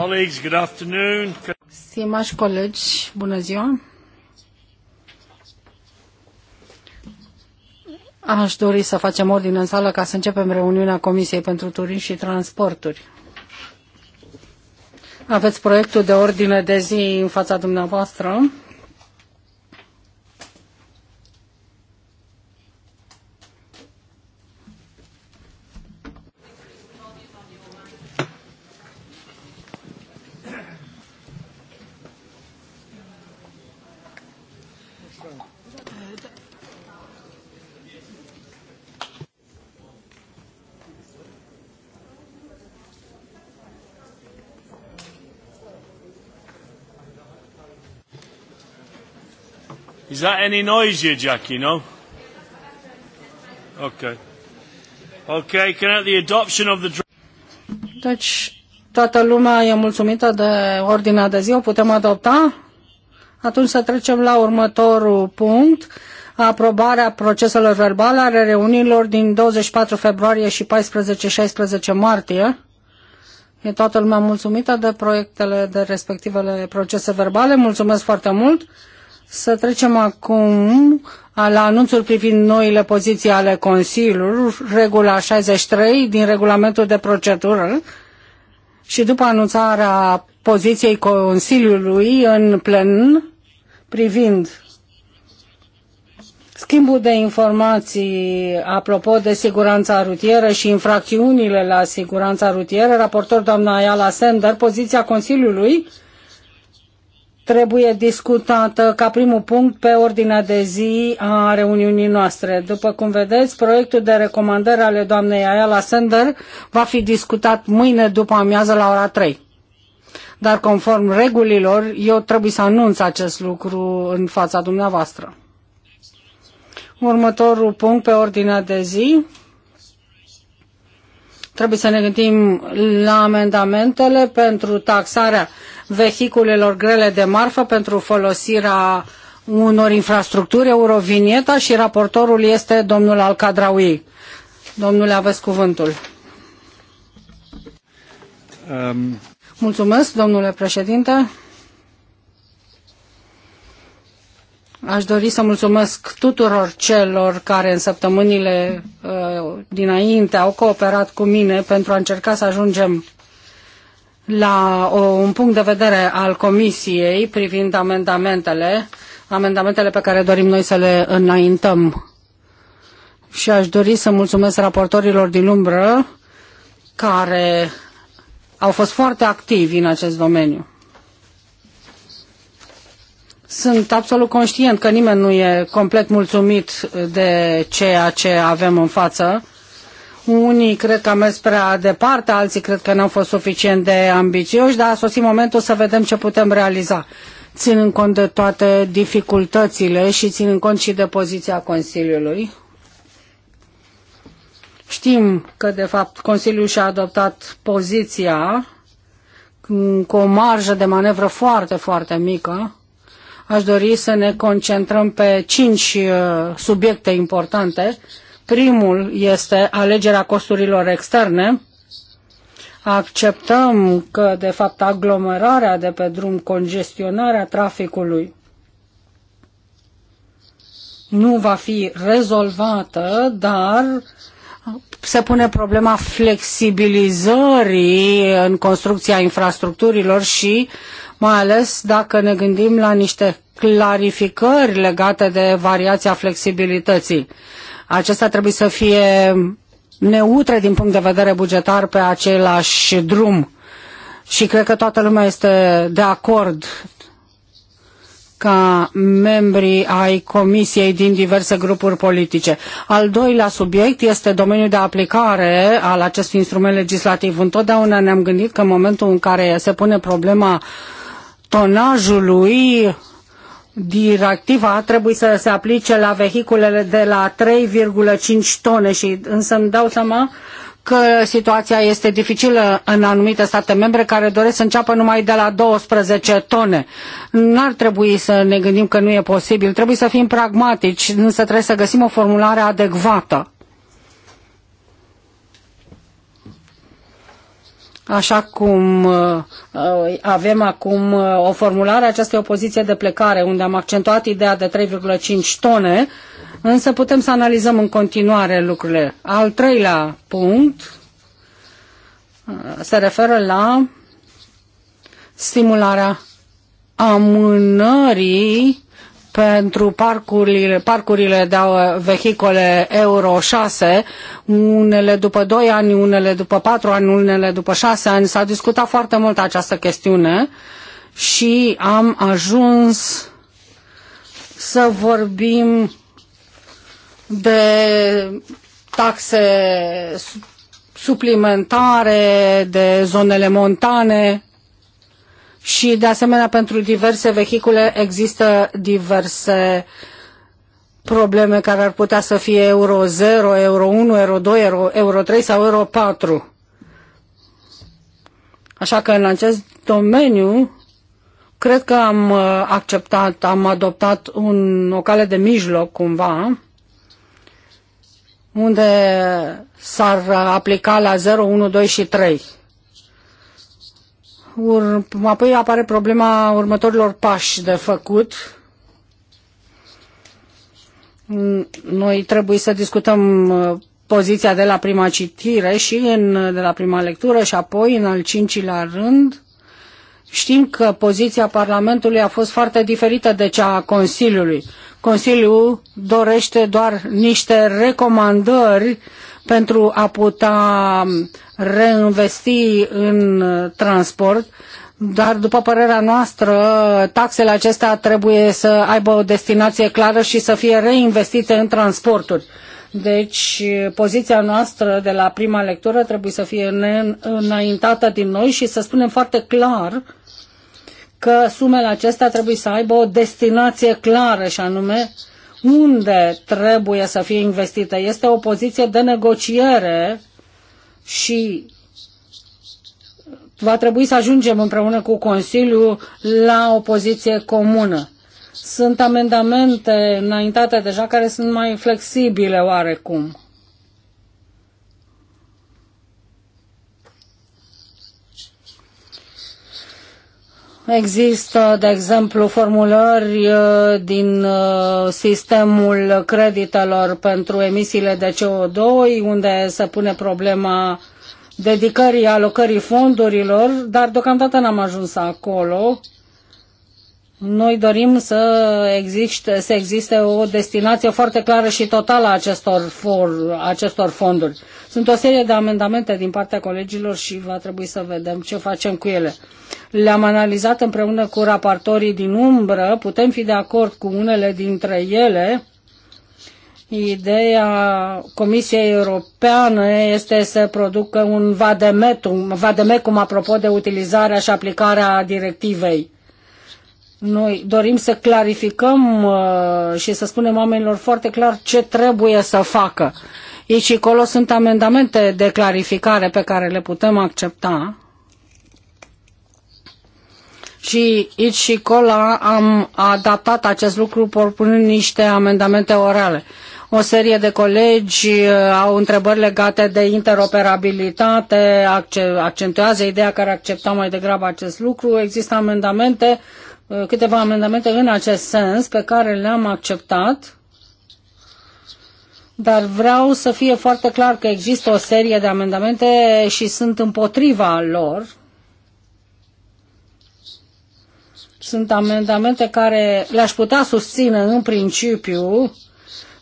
Colleagues, good afternoon. Stimați colegi, bună ziua. Aș dori să facem ordine în sală ca să începem reuniunea Comisiei pentru Turism și Transporturi. Aveți proiectul de ordine de zi în fața dumneavoastră. Is that any here, Jackie? No? Okay. Okay, can I the adoption of the Deci, toată lumea e mulțumită de ordinea de zi, o putem adopta? Atunci să trecem la următorul punct, aprobarea proceselor verbale ale reuniilor din 24 februarie și 14-16 martie. E toată lumea mulțumită de proiectele de respectivele procese verbale. Mulțumesc foarte mult! Să trecem acum la anunțul privind noile poziții ale Consiliului, regula 63 din regulamentul de procedură și după anunțarea poziției Consiliului în plen privind schimbul de informații apropo de siguranța rutieră și infracțiunile la siguranța rutieră, raportor doamna Ayala Sender, poziția Consiliului trebuie discutată ca primul punct pe ordinea de zi a reuniunii noastre. După cum vedeți, proiectul de recomandări ale doamnei Ayala Sender va fi discutat mâine după amiază la ora 3. Dar conform regulilor, eu trebuie să anunț acest lucru în fața dumneavoastră. Următorul punct pe ordinea de zi Trebuie să ne gândim la amendamentele pentru taxarea vehiculelor grele de marfă, pentru folosirea unor infrastructuri, Eurovinieta și raportorul este domnul Alcadraui. Domnule, aveți cuvântul. Um. Mulțumesc, domnule președinte. Aș dori să mulțumesc tuturor celor care în săptămânile uh, dinainte au cooperat cu mine pentru a încerca să ajungem la un punct de vedere al Comisiei privind amendamentele, amendamentele pe care dorim noi să le înaintăm. Și aș dori să mulțumesc raportorilor din umbră care au fost foarte activi în acest domeniu. Sunt absolut conștient că nimeni nu e complet mulțumit de ceea ce avem în față. Unii cred că am mers prea departe, alții cred că n-au fost suficient de ambițioși, dar a sosit momentul să vedem ce putem realiza, ținând cont de toate dificultățile și ținând cont și de poziția Consiliului. Știm că, de fapt, Consiliul și-a adoptat poziția cu o marjă de manevră foarte, foarte mică, Aș dori să ne concentrăm pe cinci uh, subiecte importante. Primul este alegerea costurilor externe. Acceptăm că, de fapt, aglomerarea de pe drum, congestionarea traficului nu va fi rezolvată, dar se pune problema flexibilizării în construcția infrastructurilor și mai ales dacă ne gândim la niște clarificări legate de variația flexibilității. Acesta trebuie să fie neutre din punct de vedere bugetar pe același drum. Și cred că toată lumea este de acord ca membrii ai comisiei din diverse grupuri politice. Al doilea subiect este domeniul de aplicare al acestui instrument legislativ. Întotdeauna ne-am gândit că în momentul în care se pune problema uh, tonajului directiva trebuie să se aplice la vehiculele de la 3,5 tone și însă îmi dau seama că situația este dificilă în anumite state membre care doresc să înceapă numai de la 12 tone. N-ar trebui să ne gândim că nu e posibil, trebuie să fim pragmatici, însă trebuie să găsim o formulare adecvată. așa cum uh, uh, avem acum uh, o formulare, aceasta e o poziție de plecare, unde am accentuat ideea de 3,5 tone, însă putem să analizăm în continuare lucrurile. Al treilea punct se referă la stimularea amânării pentru parcurile, parcurile de vehicole Euro 6, unele după 2 ani, unele după 4 ani, unele după 6 ani. S-a discutat foarte mult această chestiune și am ajuns să vorbim de taxe suplimentare, de zonele montane, și de asemenea pentru diverse vehicule există diverse probleme care ar putea să fie euro 0, euro 1, euro 2, euro, euro 3 sau euro 4. Așa că în acest domeniu cred că am uh, acceptat, am adoptat un, o cale de mijloc cumva, unde s-ar aplica la 0, 1, 2 și 3. Ur, apoi apare problema următorilor pași de făcut. Noi trebuie să discutăm uh, poziția de la prima citire și în, de la prima lectură și apoi în al cincilea rând. Știm că poziția Parlamentului a fost foarte diferită de cea a Consiliului. Consiliul dorește doar niște recomandări pentru a putea reinvesti în transport, dar după părerea noastră, taxele acestea trebuie să aibă o destinație clară și să fie reinvestite în transporturi. Deci poziția noastră de la prima lectură trebuie să fie înaintată din noi și să spunem foarte clar că sumele acestea trebuie să aibă o destinație clară și anume unde trebuie să fie investită. Este o poziție de negociere și va trebui să ajungem împreună cu Consiliul la o poziție comună. Sunt amendamente înaintate deja care sunt mai flexibile oarecum. Există, de exemplu, formulări uh, din uh, sistemul creditelor pentru emisiile de CO2, unde se pune problema dedicării, alocării fondurilor, dar deocamdată n-am ajuns acolo. Noi dorim să existe, să existe o destinație foarte clară și totală a acestor, for, acestor fonduri. Sunt o serie de amendamente din partea colegilor și va trebui să vedem ce facem cu ele. Le-am analizat împreună cu raportorii din umbră, putem fi de acord cu unele dintre ele. Ideea Comisiei Europeană este să producă un vademecum, vademecum apropo de utilizarea și aplicarea directivei. Noi dorim să clarificăm uh, și să spunem oamenilor foarte clar ce trebuie să facă. Aici acolo sunt amendamente de clarificare pe care le putem accepta. Și aici și acolo am adaptat acest lucru propunând niște amendamente orale. O serie de colegi uh, au întrebări legate de interoperabilitate, accentuează ideea care accepta mai degrabă acest lucru. Există amendamente, uh, câteva amendamente în acest sens pe care le-am acceptat dar vreau să fie foarte clar că există o serie de amendamente și sunt împotriva lor. Sunt amendamente care le-aș putea susține în principiu,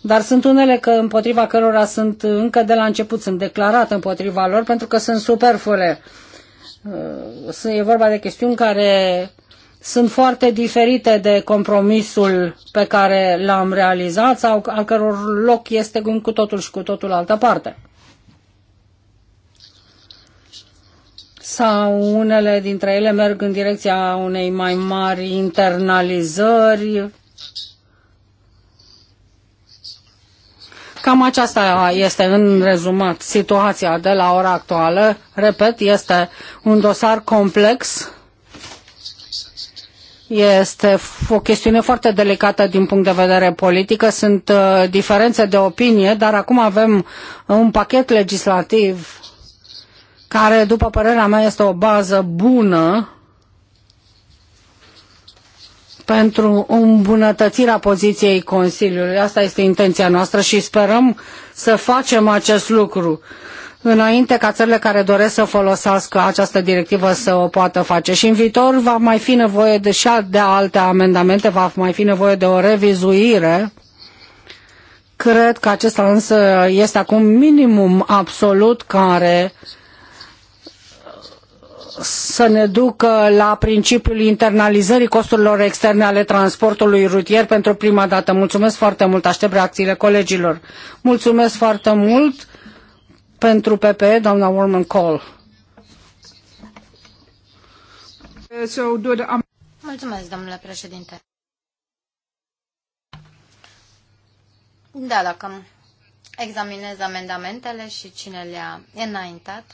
dar sunt unele că împotriva cărora sunt încă de la început, sunt declarat împotriva lor pentru că sunt superfule. Uh, e vorba de chestiuni care sunt foarte diferite de compromisul pe care l-am realizat sau al căror loc este cu totul și cu totul altă parte. Sau unele dintre ele merg în direcția unei mai mari internalizări. Cam aceasta este în rezumat situația de la ora actuală. Repet, este un dosar complex este o chestiune foarte delicată din punct de vedere politic. sunt uh, diferențe de opinie, dar acum avem un pachet legislativ care, după părerea mea, este o bază bună pentru îmbunătățirea poziției Consiliului. Asta este intenția noastră și sperăm să facem acest lucru înainte ca țările care doresc să folosească această directivă să o poată face. Și în viitor va mai fi nevoie de și de alte amendamente, va mai fi nevoie de o revizuire. Cred că acesta însă este acum minimum absolut care să ne ducă la principiul internalizării costurilor externe ale transportului rutier pentru prima dată. Mulțumesc foarte mult, aștept reacțiile colegilor. Mulțumesc foarte mult. Pentru PPE, doamna Warman Call. Mulțumesc, domnule președinte. Da, dacă examinez amendamentele și cine le-a înaintat,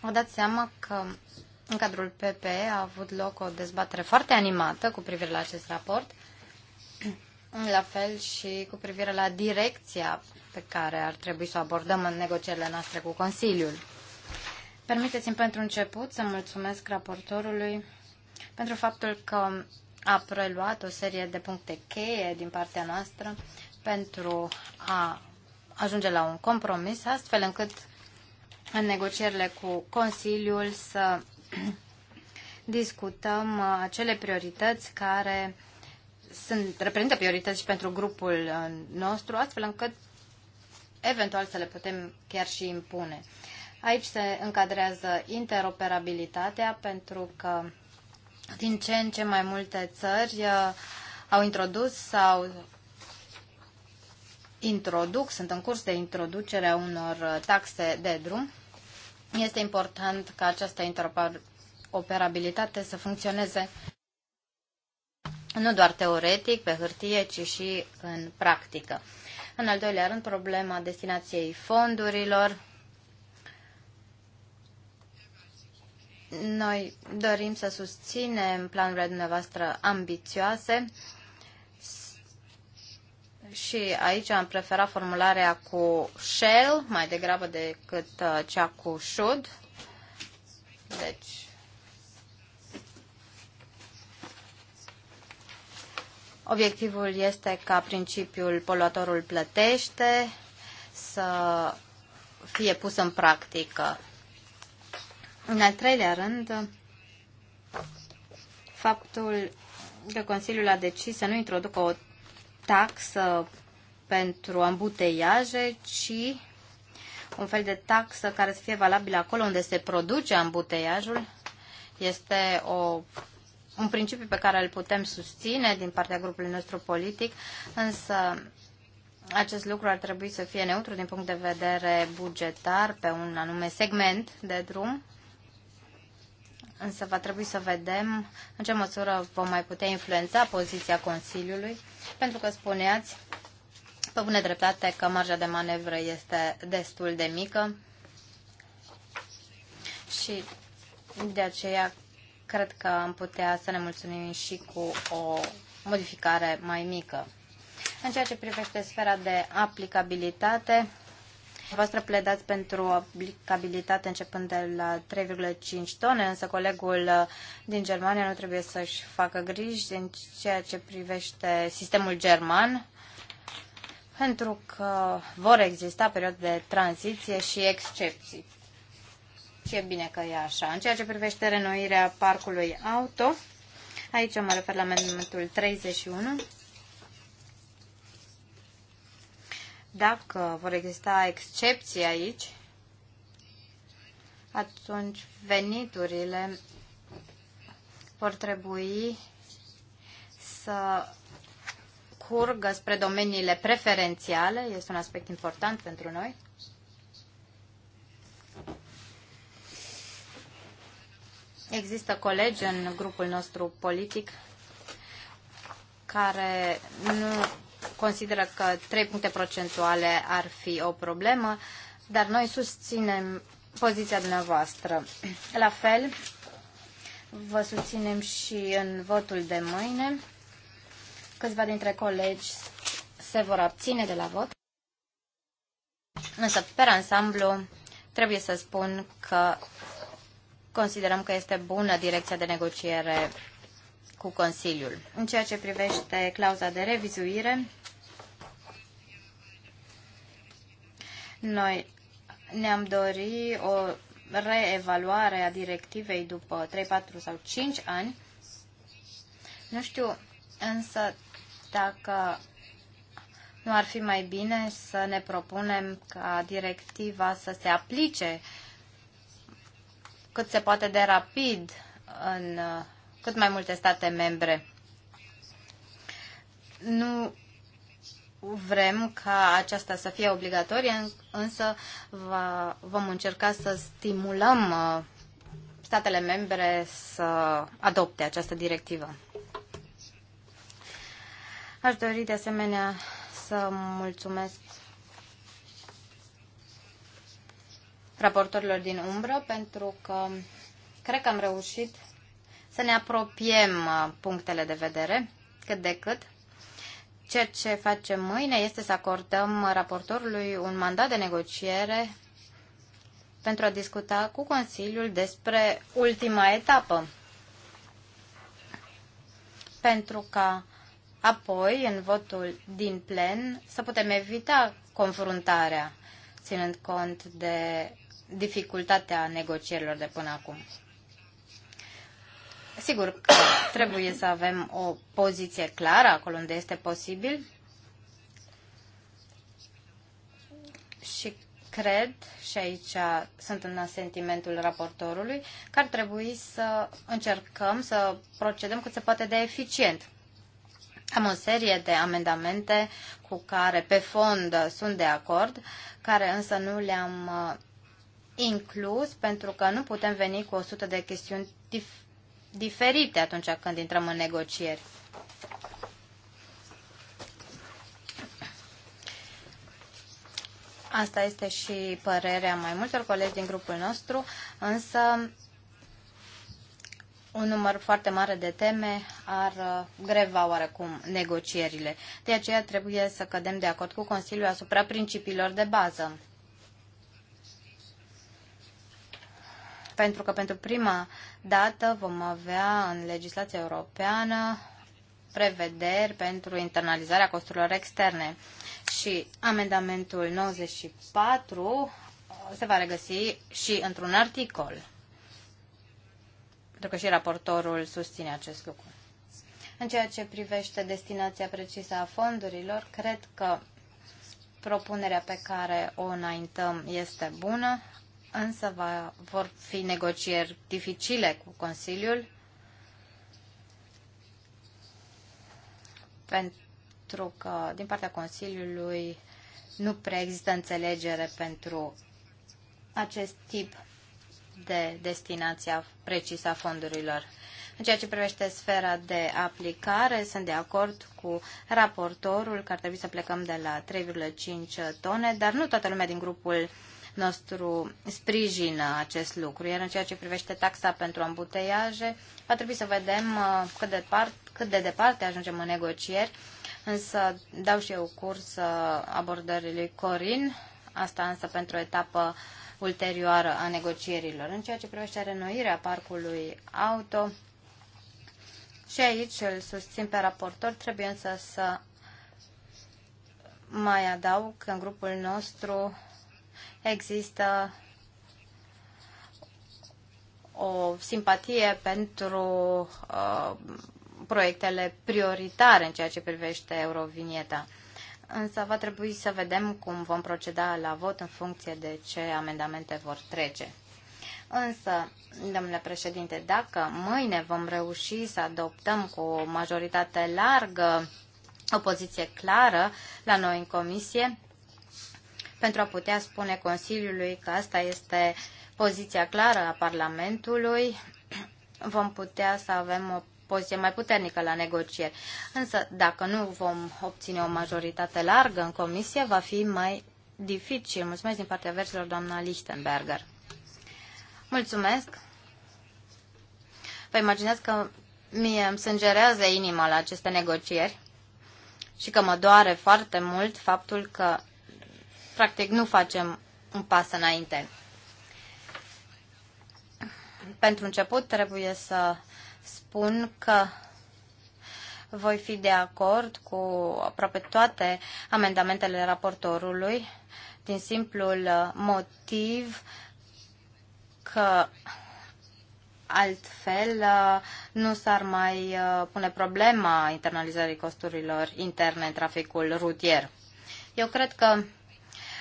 am dat seama că în cadrul PPE a avut loc o dezbatere foarte animată cu privire la acest raport la fel și cu privire la direcția pe care ar trebui să o abordăm în negocierile noastre cu Consiliul. Permiteți-mi pentru început să mulțumesc raportorului pentru faptul că a preluat o serie de puncte cheie din partea noastră pentru a ajunge la un compromis, astfel încât în negocierile cu Consiliul să discutăm acele priorități care sunt, reprezintă priorități și pentru grupul uh, nostru, astfel încât eventual să le putem chiar și impune. Aici se încadrează interoperabilitatea pentru că din ce în ce mai multe țări uh, au introdus sau introduc, sunt în curs de introducere a unor uh, taxe de drum. Este important ca această interoperabilitate să funcționeze nu doar teoretic, pe hârtie, ci și în practică. În al doilea rând, problema destinației fondurilor. Noi dorim să susținem planurile dumneavoastră ambițioase și aici am preferat formularea cu shell mai degrabă decât uh, cea cu should. Deci, Obiectivul este ca principiul poluatorul plătește să fie pus în practică. În al treilea rând, faptul că Consiliul a decis să nu introducă o taxă pentru ambuteiaje, ci un fel de taxă care să fie valabilă acolo unde se produce ambuteiajul, este o un principiu pe care îl putem susține din partea grupului nostru politic, însă acest lucru ar trebui să fie neutru din punct de vedere bugetar pe un anume segment de drum, însă va trebui să vedem în ce măsură vom mai putea influența poziția Consiliului, pentru că spuneați, pe bună dreptate, că marja de manevră este destul de mică și de aceea Cred că am putea să ne mulțumim și cu o modificare mai mică. În ceea ce privește sfera de aplicabilitate, Voastră pledați pentru aplicabilitate începând de la 3,5 tone, însă colegul din Germania nu trebuie să-și facă griji în ceea ce privește sistemul german, pentru că vor exista perioade de tranziție și excepții. Și e bine că e așa. În ceea ce privește renoirea parcului auto, aici mă refer la amendamentul 31. Dacă vor exista excepții aici, atunci veniturile vor trebui să curgă spre domeniile preferențiale, este un aspect important pentru noi. Există colegi în grupul nostru politic care nu consideră că 3 puncte procentuale ar fi o problemă, dar noi susținem poziția dumneavoastră. La fel, vă susținem și în votul de mâine. Câțiva dintre colegi se vor abține de la vot. Însă, pe ansamblu, trebuie să spun că Considerăm că este bună direcția de negociere cu Consiliul. În ceea ce privește clauza de revizuire, noi ne-am dorit o reevaluare a directivei după 3, 4 sau 5 ani. Nu știu însă dacă nu ar fi mai bine să ne propunem ca directiva să se aplice cât se poate de rapid în uh, cât mai multe state membre. Nu vrem ca aceasta să fie obligatorie, însă va, vom încerca să stimulăm uh, statele membre să adopte această directivă. Aș dori de asemenea să mulțumesc raportorilor din umbră pentru că cred că am reușit să ne apropiem uh, punctele de vedere cât de cât. Ceea ce facem mâine este să acordăm raportorului un mandat de negociere pentru a discuta cu Consiliul despre ultima etapă. Pentru ca apoi, în votul din plen, să putem evita confruntarea, ținând cont de dificultatea negocierilor de până acum. Sigur că trebuie să avem o poziție clară acolo unde este posibil și cred, și aici sunt în asentimentul raportorului, că ar trebui să încercăm să procedăm cât se poate de eficient. Am o serie de amendamente cu care pe fond sunt de acord, care însă nu le-am inclus pentru că nu putem veni cu o sută de chestiuni dif- diferite atunci când intrăm în negocieri. Asta este și părerea mai multor colegi din grupul nostru, însă un număr foarte mare de teme ar uh, greva oarecum negocierile. De aceea trebuie să cădem de acord cu Consiliul asupra principiilor de bază. pentru că pentru prima dată vom avea în legislația europeană prevederi pentru internalizarea costurilor externe. Și amendamentul 94 se va regăsi și într-un articol, pentru că și raportorul susține acest lucru. În ceea ce privește destinația precisă a fondurilor, cred că propunerea pe care o înaintăm este bună însă va, vor fi negocieri dificile cu Consiliul pentru că din partea Consiliului nu prea există înțelegere pentru acest tip de destinația precisă a fondurilor. În ceea ce privește sfera de aplicare, sunt de acord cu raportorul că ar trebui să plecăm de la 3,5 tone, dar nu toată lumea din grupul nostru sprijină acest lucru. Iar în ceea ce privește taxa pentru ambuteiaje, va trebui să vedem uh, cât de, part, cât de departe ajungem în negocieri, însă dau și eu curs uh, abordării lui Corin, asta însă pentru o etapă ulterioară a negocierilor. În ceea ce privește renoirea parcului auto, și aici îl susțin pe raportor, trebuie însă să mai adaug că în grupul nostru există o simpatie pentru uh, proiectele prioritare în ceea ce privește Eurovinieta. Însă va trebui să vedem cum vom proceda la vot în funcție de ce amendamente vor trece. Însă, domnule președinte, dacă mâine vom reuși să adoptăm cu o majoritate largă o poziție clară la noi în comisie, pentru a putea spune Consiliului că asta este poziția clară a Parlamentului, vom putea să avem o poziție mai puternică la negocieri. Însă, dacă nu vom obține o majoritate largă în comisie, va fi mai dificil. Mulțumesc din partea verzilor, doamna Lichtenberger. Mulțumesc. Vă imaginați că mie îmi sângerează inima la aceste negocieri și că mă doare foarte mult faptul că practic nu facem un pas înainte. Pentru început trebuie să spun că voi fi de acord cu aproape toate amendamentele raportorului din simplul motiv că altfel uh, nu s-ar mai uh, pune problema internalizării costurilor interne în traficul rutier. Eu cred că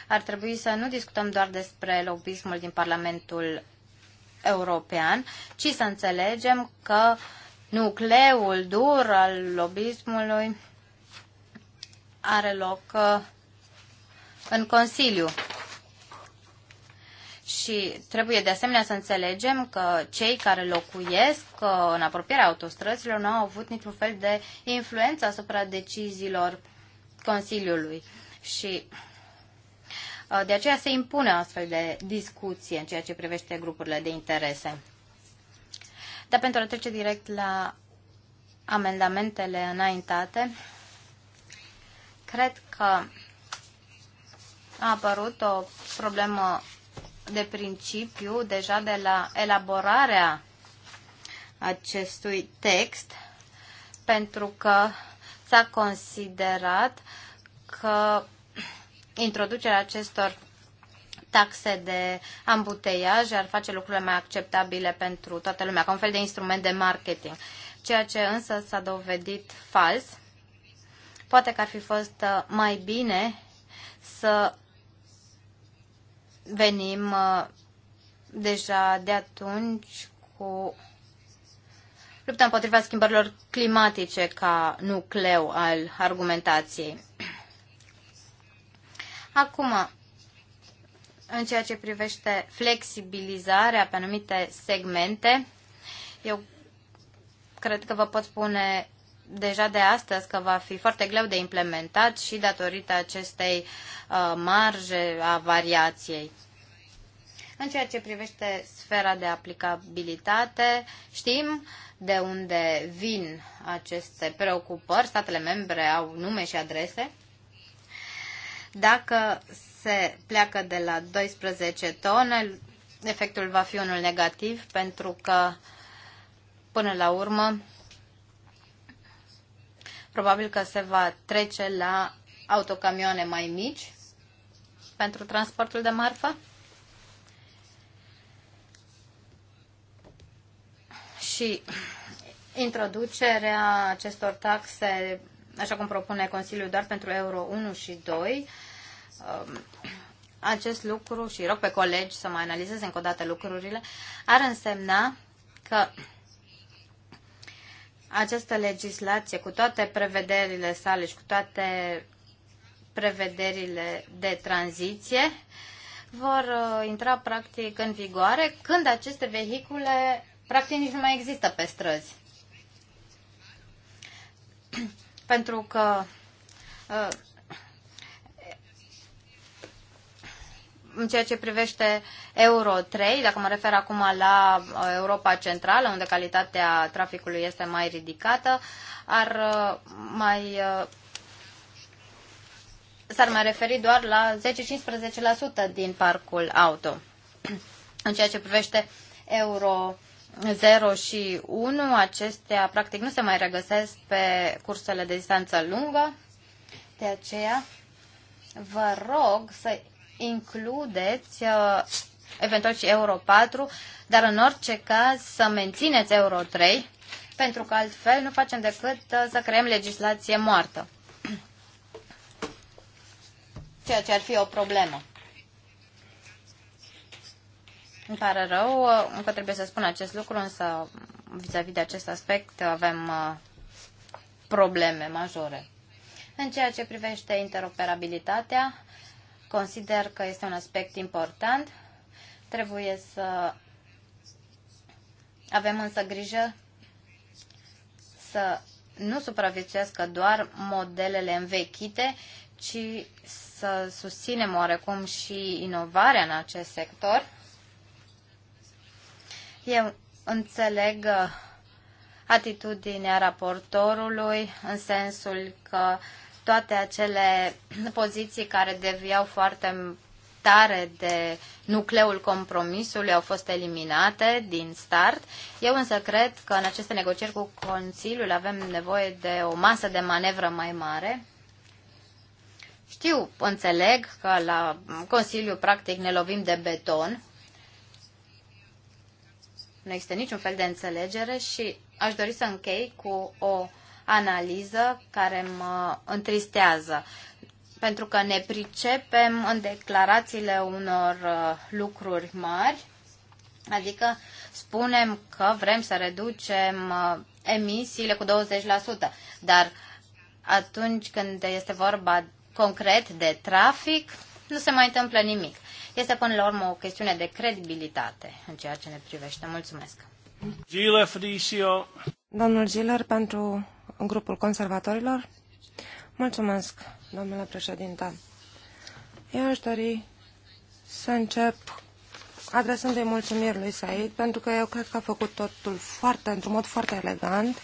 ar trebui să nu discutăm doar despre lobismul din Parlamentul European, ci să înțelegem că nucleul dur al lobismului are loc uh, în Consiliu. Și trebuie de asemenea să înțelegem că cei care locuiesc uh, în apropierea autostrăților nu au avut niciun fel de influență asupra deciziilor Consiliului. Și Uh, de aceea se impune o astfel de discuție în ceea ce privește grupurile de interese. Dar pentru a trece direct la amendamentele înaintate, cred că a apărut o problemă de principiu deja de la elaborarea acestui text, pentru că s-a considerat că introducerea acestor taxe de ambuteiaj ar face lucrurile mai acceptabile pentru toată lumea, ca un fel de instrument de marketing. Ceea ce însă s-a dovedit fals. Poate că ar fi fost uh, mai bine să venim uh, deja de atunci cu lupta împotriva schimbărilor climatice ca nucleu al argumentației. Acum, în ceea ce privește flexibilizarea pe anumite segmente, eu cred că vă pot spune deja de astăzi că va fi foarte greu de implementat și datorită acestei uh, marje a variației. În ceea ce privește sfera de aplicabilitate, știm de unde vin aceste preocupări. Statele membre au nume și adrese. Dacă se pleacă de la 12 tone, efectul va fi unul negativ pentru că până la urmă probabil că se va trece la autocamioane mai mici pentru transportul de marfă. Și introducerea acestor taxe, așa cum propune Consiliul, doar pentru euro 1 și 2, Um, acest lucru și rog pe colegi să mai analizeze încă o dată lucrurile, ar însemna că această legislație, cu toate prevederile sale și cu toate prevederile de tranziție, vor uh, intra practic în vigoare când aceste vehicule practic nici nu mai există pe străzi. Pentru că uh, în ceea ce privește Euro 3, dacă mă refer acum la uh, Europa Centrală, unde calitatea traficului este mai ridicată, ar uh, mai uh, s-ar mai referi doar la 10-15% din parcul auto. În ceea ce privește Euro 0 și 1, acestea practic nu se mai regăsesc pe cursele de distanță lungă, de aceea vă rog să includeți uh, eventual și Euro 4, dar în orice caz să mențineți Euro 3, pentru că altfel nu facem decât uh, să creăm legislație moartă. Ceea ce ar fi o problemă. Îmi pare rău uh, încă trebuie să spun acest lucru, însă vis-a-vis -vis de acest aspect avem probleme majore. În ceea ce privește interoperabilitatea, consider că este un aspect important. Trebuie să avem însă grijă să nu supraviețuiască doar modelele învechite, ci să susținem oarecum și inovarea în acest sector. Eu înțeleg uh, atitudinea raportorului în sensul că uh, toate acele poziții care deviau foarte tare de nucleul compromisului au fost eliminate din start. Eu însă cred că în aceste negocieri cu Consiliul avem nevoie de o masă de manevră mai mare. Știu, înțeleg că la Consiliu practic ne lovim de beton. Nu există niciun fel de înțelegere și aș dori să închei cu o analiză care mă întristează, pentru că ne pricepem în declarațiile unor uh, lucruri mari, adică spunem că vrem să reducem uh, emisiile cu 20%, dar atunci când este vorba concret de trafic, nu se mai întâmplă nimic. Este până la urmă o chestiune de credibilitate în ceea ce ne privește. Mulțumesc! Giller, Domnul Giller pentru grupul conservatorilor? Mulțumesc, domnule președinte. Eu aș dori să încep adresându-i mulțumiri lui Said, pentru că eu cred că a făcut totul foarte, într-un mod foarte elegant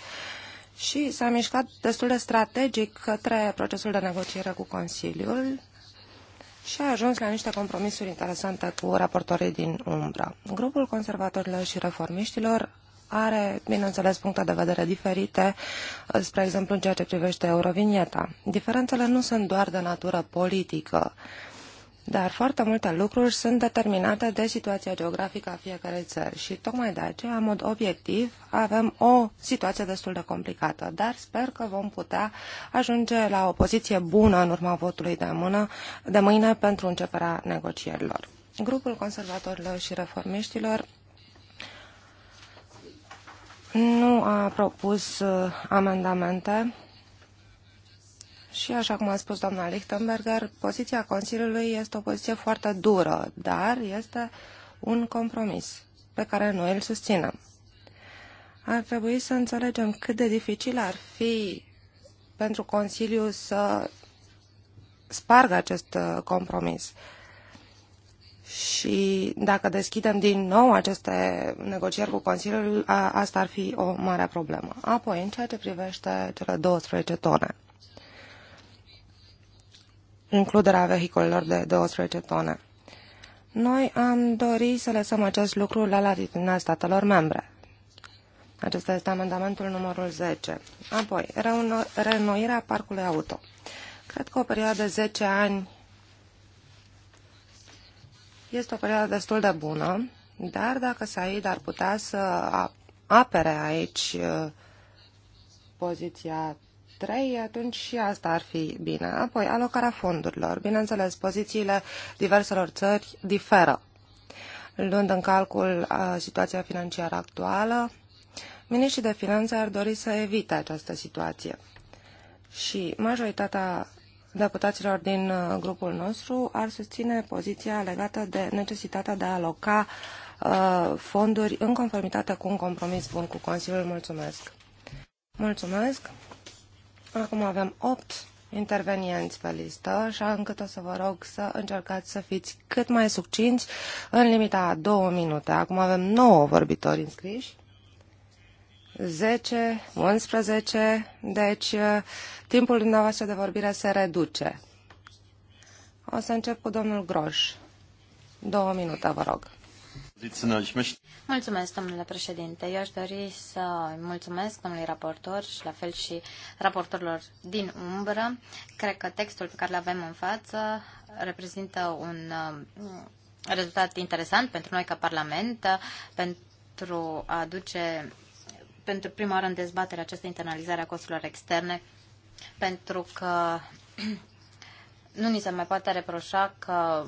și s-a mișcat destul de strategic către procesul de negociere cu Consiliul și a ajuns la niște compromisuri interesante cu raportorii din umbra. Grupul conservatorilor și reformiștilor are, bineînțeles, puncte de vedere diferite, uh, spre exemplu în ceea ce privește Eurovinieta. Diferențele nu sunt doar de natură politică, dar foarte multe lucruri sunt determinate de situația geografică a fiecărei țări și tocmai de aceea, în mod obiectiv, avem o situație destul de complicată, dar sper că vom putea ajunge la o poziție bună în urma votului de, mână, de mâine pentru începerea negocierilor. Grupul conservatorilor și reformiștilor nu a propus uh, amendamente și, așa cum a spus doamna Lichtenberger, poziția Consiliului este o poziție foarte dură, dar este un compromis pe care noi îl susținem. Ar trebui să înțelegem cât de dificil ar fi pentru Consiliu să spargă acest uh, compromis. Uh, și dacă deschidem din nou aceste negocieri cu Consiliul, asta ar fi o mare problemă. Apoi, în ceea ce privește cele 12 tone, includerea vehiculelor de 12 tone, noi am dorit să lăsăm acest lucru la latitudinea statelor membre. Acesta este amendamentul numărul 10. Apoi, renoirea parcului auto. Cred că o perioadă de 10 ani este o perioadă destul de bună, dar dacă Said ar putea să apere aici uh, poziția 3, atunci și asta ar fi bine. Apoi, alocarea fondurilor. Bineînțeles, pozițiile diverselor țări diferă. Luând în calcul uh, situația financiară actuală, Miniștrii de finanțe ar dori să evite această situație și majoritatea deputaților din uh, grupul nostru ar susține poziția legată de necesitatea de a aloca uh, fonduri în conformitate cu un compromis bun cu Consiliul. Mulțumesc! Mulțumesc! Acum avem 8 intervenienți pe listă, așa încât o să vă rog să încercați să fiți cât mai succinți în limita a două minute. Acum avem 9 vorbitori înscriși. 10, 11, deci uh, timpul dumneavoastră de vorbire se reduce. O să încep cu domnul Groș. Două minute, vă rog. Mulțumesc, domnule președinte. Eu aș dori să mulțumesc domnului raportor și la fel și raportorilor din umbră. Cred că textul pe care îl avem în față reprezintă un uh, rezultat interesant pentru noi ca Parlament, uh, pentru a aduce pentru prima oară în dezbatere această internalizare a costurilor externe, pentru că nu ni se mai poate reproșa că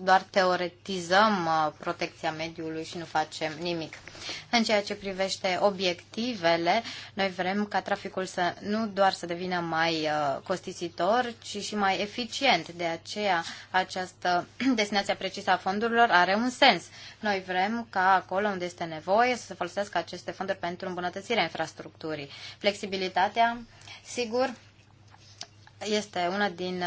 doar teoretizăm uh, protecția mediului și nu facem nimic. În ceea ce privește obiectivele, noi vrem ca traficul să nu doar să devină mai uh, costisitor, ci și mai eficient. De aceea această destinație precisă a fondurilor are un sens. Noi vrem ca acolo unde este nevoie să se folosească aceste fonduri pentru îmbunătățirea infrastructurii. Flexibilitatea, sigur, este una din uh,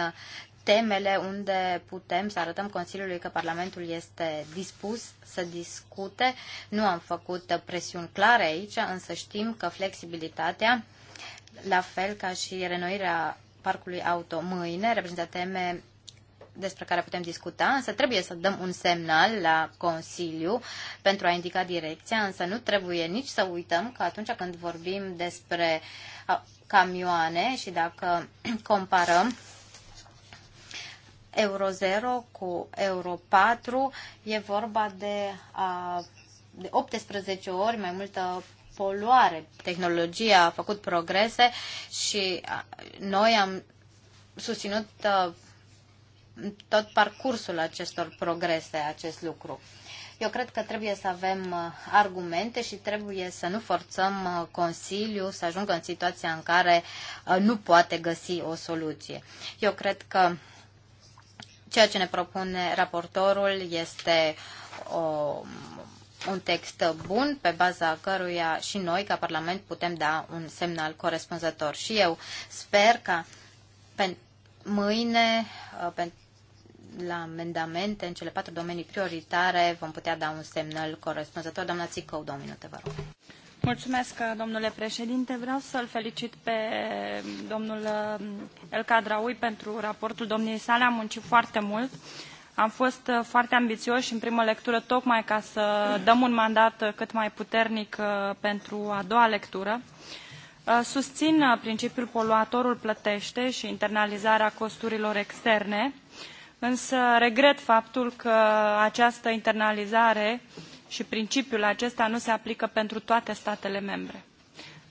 temele unde putem să arătăm Consiliului că Parlamentul este dispus să discute. Nu am făcut presiuni clare aici, însă știm că flexibilitatea, la fel ca și renoirea parcului auto mâine, reprezintă teme despre care putem discuta, însă trebuie să dăm un semnal la Consiliu pentru a indica direcția, însă nu trebuie nici să uităm că atunci când vorbim despre camioane și dacă comparăm Euro 0 cu Euro 4 e vorba de, a, de 18 ori mai multă poluare. Tehnologia a făcut progrese și noi am susținut tot parcursul acestor progrese, acest lucru. Eu cred că trebuie să avem argumente și trebuie să nu forțăm Consiliul să ajungă în situația în care nu poate găsi o soluție. Eu cred că Ceea ce ne propune raportorul este o, un text bun pe baza căruia și noi, ca Parlament, putem da un semnal corespunzător. Și eu sper ca pe, mâine, uh, pe, la amendamente în cele patru domenii prioritare, vom putea da un semnal corespunzător. Doamna Țicău, două minute, vă rog. Mulțumesc, domnule președinte. Vreau să-l felicit pe domnul eh, El Cadraui pentru raportul domniei sale. Am muncit foarte mult. Am fost eh, foarte ambițioși în primă lectură, tocmai ca să dăm un mandat eh, cât mai puternic pentru a doua lectură. Susțin principiul poluatorul plătește și internalizarea costurilor externe, însă regret faptul că această internalizare uh, și principiul acesta nu se aplică pentru toate statele membre.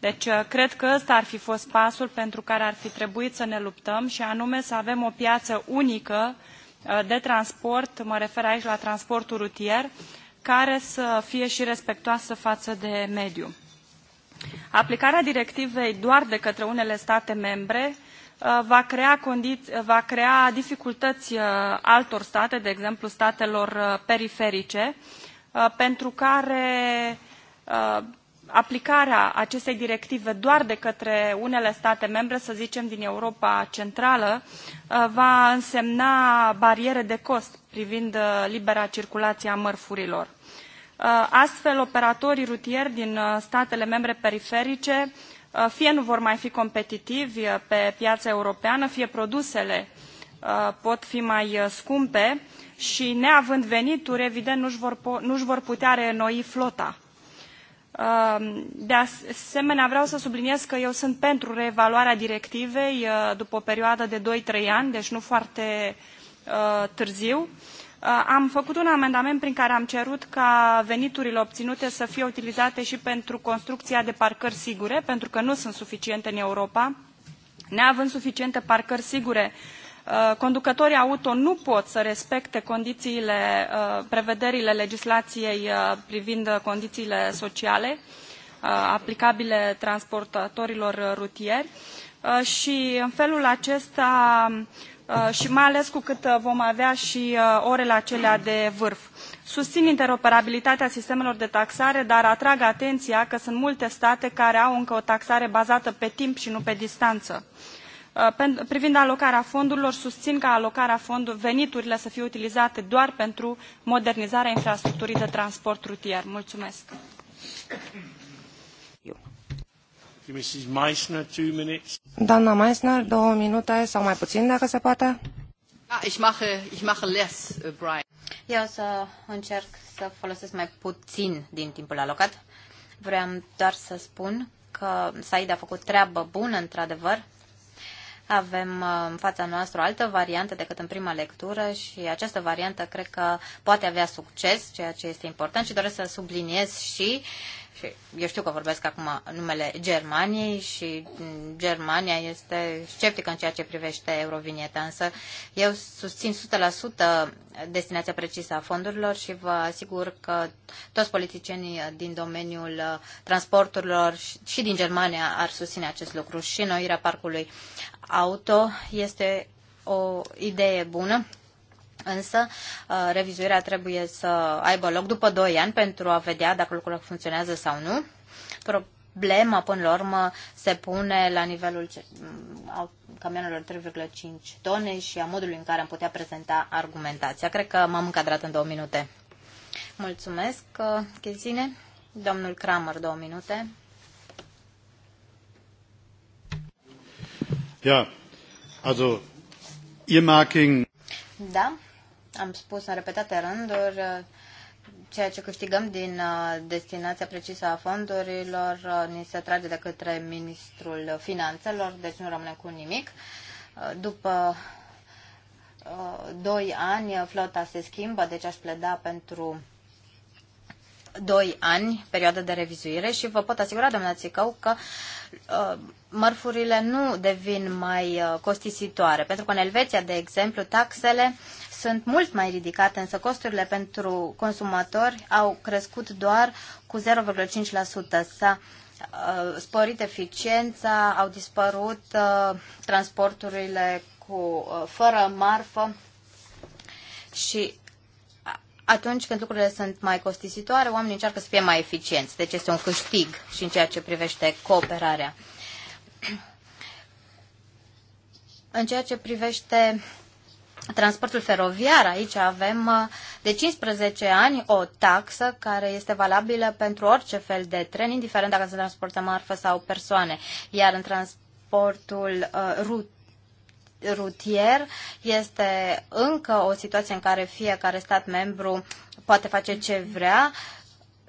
Deci, uh, cred că ăsta ar fi fost pasul pentru care ar fi trebuit să ne luptăm și anume să avem o piață unică uh, de transport, mă refer aici la transportul rutier, care să fie și respectoasă față de mediu. Aplicarea directivei doar de către unele state membre uh, va crea, va crea dificultăți altor state, de exemplu statelor periferice, uh, Uh, pentru care uh, aplicarea acestei directive doar de către unele state membre, să zicem din Europa Centrală, uh, va însemna bariere de cost privind libera circulație a mărfurilor. Astfel, operatorii rutieri din statele membre periferice fie nu vor mai fi competitivi pe piața europeană, fie produsele pot fi mai scumpe, uh, și neavând venituri, evident, nu-și vor, nu vor putea reînnoi flota. Uh, de asemenea, vreau să subliniez că eu sunt pentru reevaluarea directivei uh, după o perioadă de 2-3 ani, deci nu foarte uh, târziu. Am făcut un amendament prin care am cerut ca veniturile obținute să fie utilizate și pentru construcția de parcări sigure, pentru că nu sunt suficiente în Europa. Neavând suficiente parcări sigure, Uh, conducătorii auto nu pot să respecte condițiile, uh, prevederile legislației uh, privind condițiile sociale aplicabile transportatorilor rutieri și în felul acesta și mai ales cu cât vom avea și orele acelea de vârf. Susțin interoperabilitatea sistemelor de taxare, dar atrag atenția că sunt multe state care au încă o taxare bazată pe timp și nu pe distanță. Uh, privind alocarea fondurilor, susțin ca alocarea fondurilor veniturile să fie utilizate doar pentru modernizarea infrastructurii de transport rutier. Mulțumesc. Meissner, Doamna Meissner, două minute sau mai puțin, dacă se poate. Da, ich mache, ich mache less, uh, Brian. Eu o să încerc să folosesc mai puțin din timpul alocat. Vreau doar să spun că Said a făcut treabă bună, într-adevăr, avem uh, în fața noastră o altă variantă decât în prima lectură și această variantă cred că poate avea succes, ceea ce este important și doresc să subliniez și uh, și eu știu că vorbesc acum numele Germaniei și mm, Germania este sceptică în ceea ce privește Eurovinieta, însă eu susțin 100% destinația precisă a fondurilor și vă asigur că toți politicienii din domeniul transporturilor și din Germania ar susține acest lucru și noirea parcului auto este o idee bună Însă, uh, revizuirea trebuie să aibă loc după 2 ani pentru a vedea dacă lucrurile funcționează sau nu. Problema, până la urmă, se pune la nivelul mm, camionelor 3,5 tone și a modului în care am putea prezenta argumentația. Cred că m-am încadrat în două minute. Mulțumesc, uh, Chezine. Domnul Kramer, două minute. Ja, also, earmarking... Da, am spus în repetate rânduri ceea ce câștigăm din uh, destinația precisă a fondurilor uh, ni se trage de către Ministrul Finanțelor, deci nu rămâne cu nimic. Uh, după doi ani flota se schimbă, deci aș pleda pentru doi ani, perioada de revizuire și vă pot asigura, domnule Țicău, că mărfurile nu devin mai costisitoare, pentru că în Elveția, de exemplu, taxele uh, sunt mult mai ridicate, însă costurile pentru consumatori au crescut doar cu 0,5%. S-a uh, sporit eficiența, au dispărut uh, transporturile cu, uh, fără marfă și atunci când lucrurile sunt mai costisitoare, oamenii încearcă să fie mai eficienți. Deci este un câștig și în ceea ce privește cooperarea. În ceea ce privește transportul feroviar, aici avem uh, de 15 ani o taxă care este valabilă pentru orice fel de tren, indiferent dacă se transportă marfă sau persoane. Iar în transportul uh, rut rutier este încă o situație în care fiecare stat membru poate face ce vrea.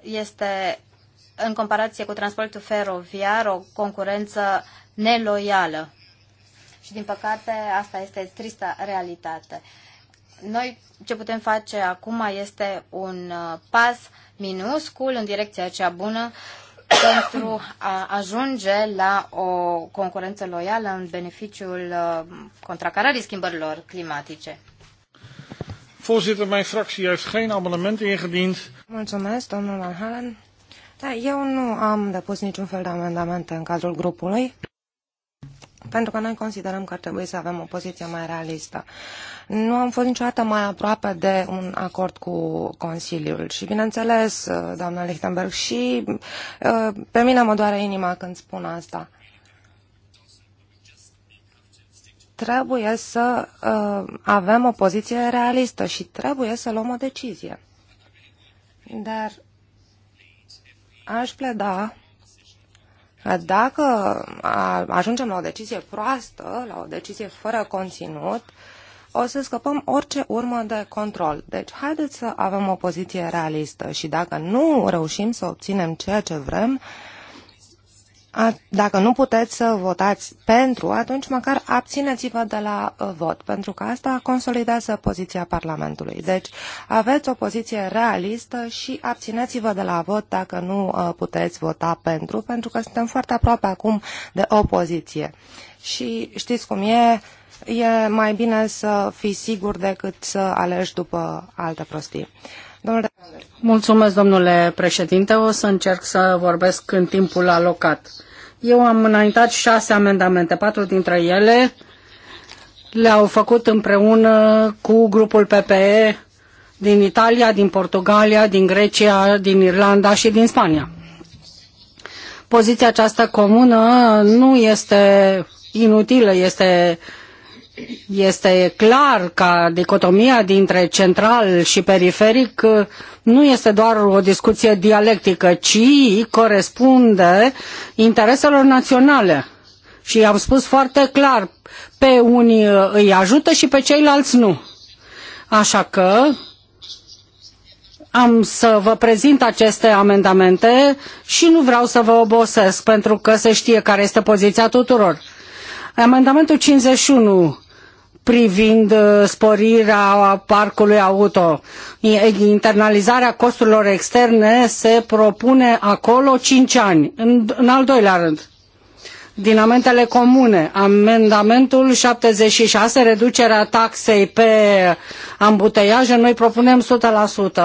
Este în comparație cu transportul feroviar o concurență neloială. Și din păcate asta este trista realitate. Noi ce putem face acum este un uh, pas minuscul în direcția cea bună pentru a ajunge la o concurență loială în beneficiul uh, contracararii schimbărilor climatice. Voorzitter, mijn fractie heeft geen amendement ingediend. Mulțumesc, domnul Van Halen. Da, eu nu am depus niciun fel de amendament în cadrul grupului. Pentru că noi considerăm că ar trebui să avem o poziție mai realistă. Nu am fost niciodată mai aproape de un acord cu Consiliul și, bineînțeles, uh, doamna Lichtenberg, și uh, pe mine mă doare inima când spun asta. Trebuie să uh, avem o poziție realistă și trebuie să luăm o decizie. Dar aș pleda dacă ajungem la o decizie proastă, la o decizie fără conținut, o să scăpăm orice urmă de control. Deci, haideți să avem o poziție realistă și dacă nu reușim să obținem ceea ce vrem, uh, a, dacă nu puteți să votați pentru, atunci măcar abțineți-vă de la uh, vot, pentru că asta consolidează poziția Parlamentului. Deci aveți o poziție realistă și abțineți-vă de la vot dacă nu uh, puteți vota pentru, pentru că suntem foarte aproape acum de opoziție. Și știți cum e, e mai bine să fii sigur decât să alegi după alte prostii. Domnule... Mulțumesc, domnule președinte. O să încerc să vorbesc în timpul alocat. Eu am înaintat șase amendamente, patru dintre ele le-au făcut împreună cu grupul PPE din Italia, din Portugalia, din Grecia, din Irlanda și din Spania. Poziția aceasta comună nu este inutilă, este uh, este clar că dicotomia dintre central și periferic uh, nu este doar o discuție dialectică, ci corespunde intereselor naționale. Și am spus foarte clar, pe unii uh, îi ajută și pe ceilalți nu. Așa că am să vă prezint aceste amendamente și nu vreau să vă obosesc, pentru că se știe care este poziția tuturor. Amendamentul 51 privind uh, sporirea parcului auto. Internalizarea costurilor externe se propune acolo 5 ani. În, în al doilea rând, dinamentele comune, amendamentul 76, reducerea taxei pe ambuteiaje, noi propunem 100%.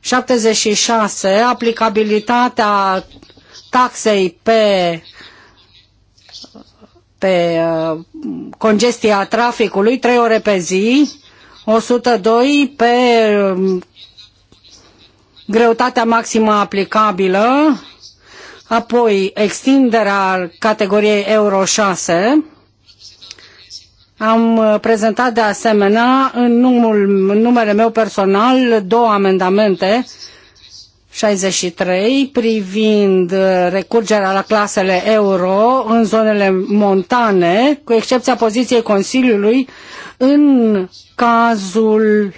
76, aplicabilitatea taxei pe pe uh, congestia traficului, 3 ore pe zi, 102 pe um, greutatea maximă aplicabilă, apoi extinderea categoriei Euro 6, am uh, prezentat de asemenea în, numul, în numele meu personal două amendamente 63 privind uh, recurgerea la clasele euro în zonele montane, cu excepția poziției Consiliului, în cazul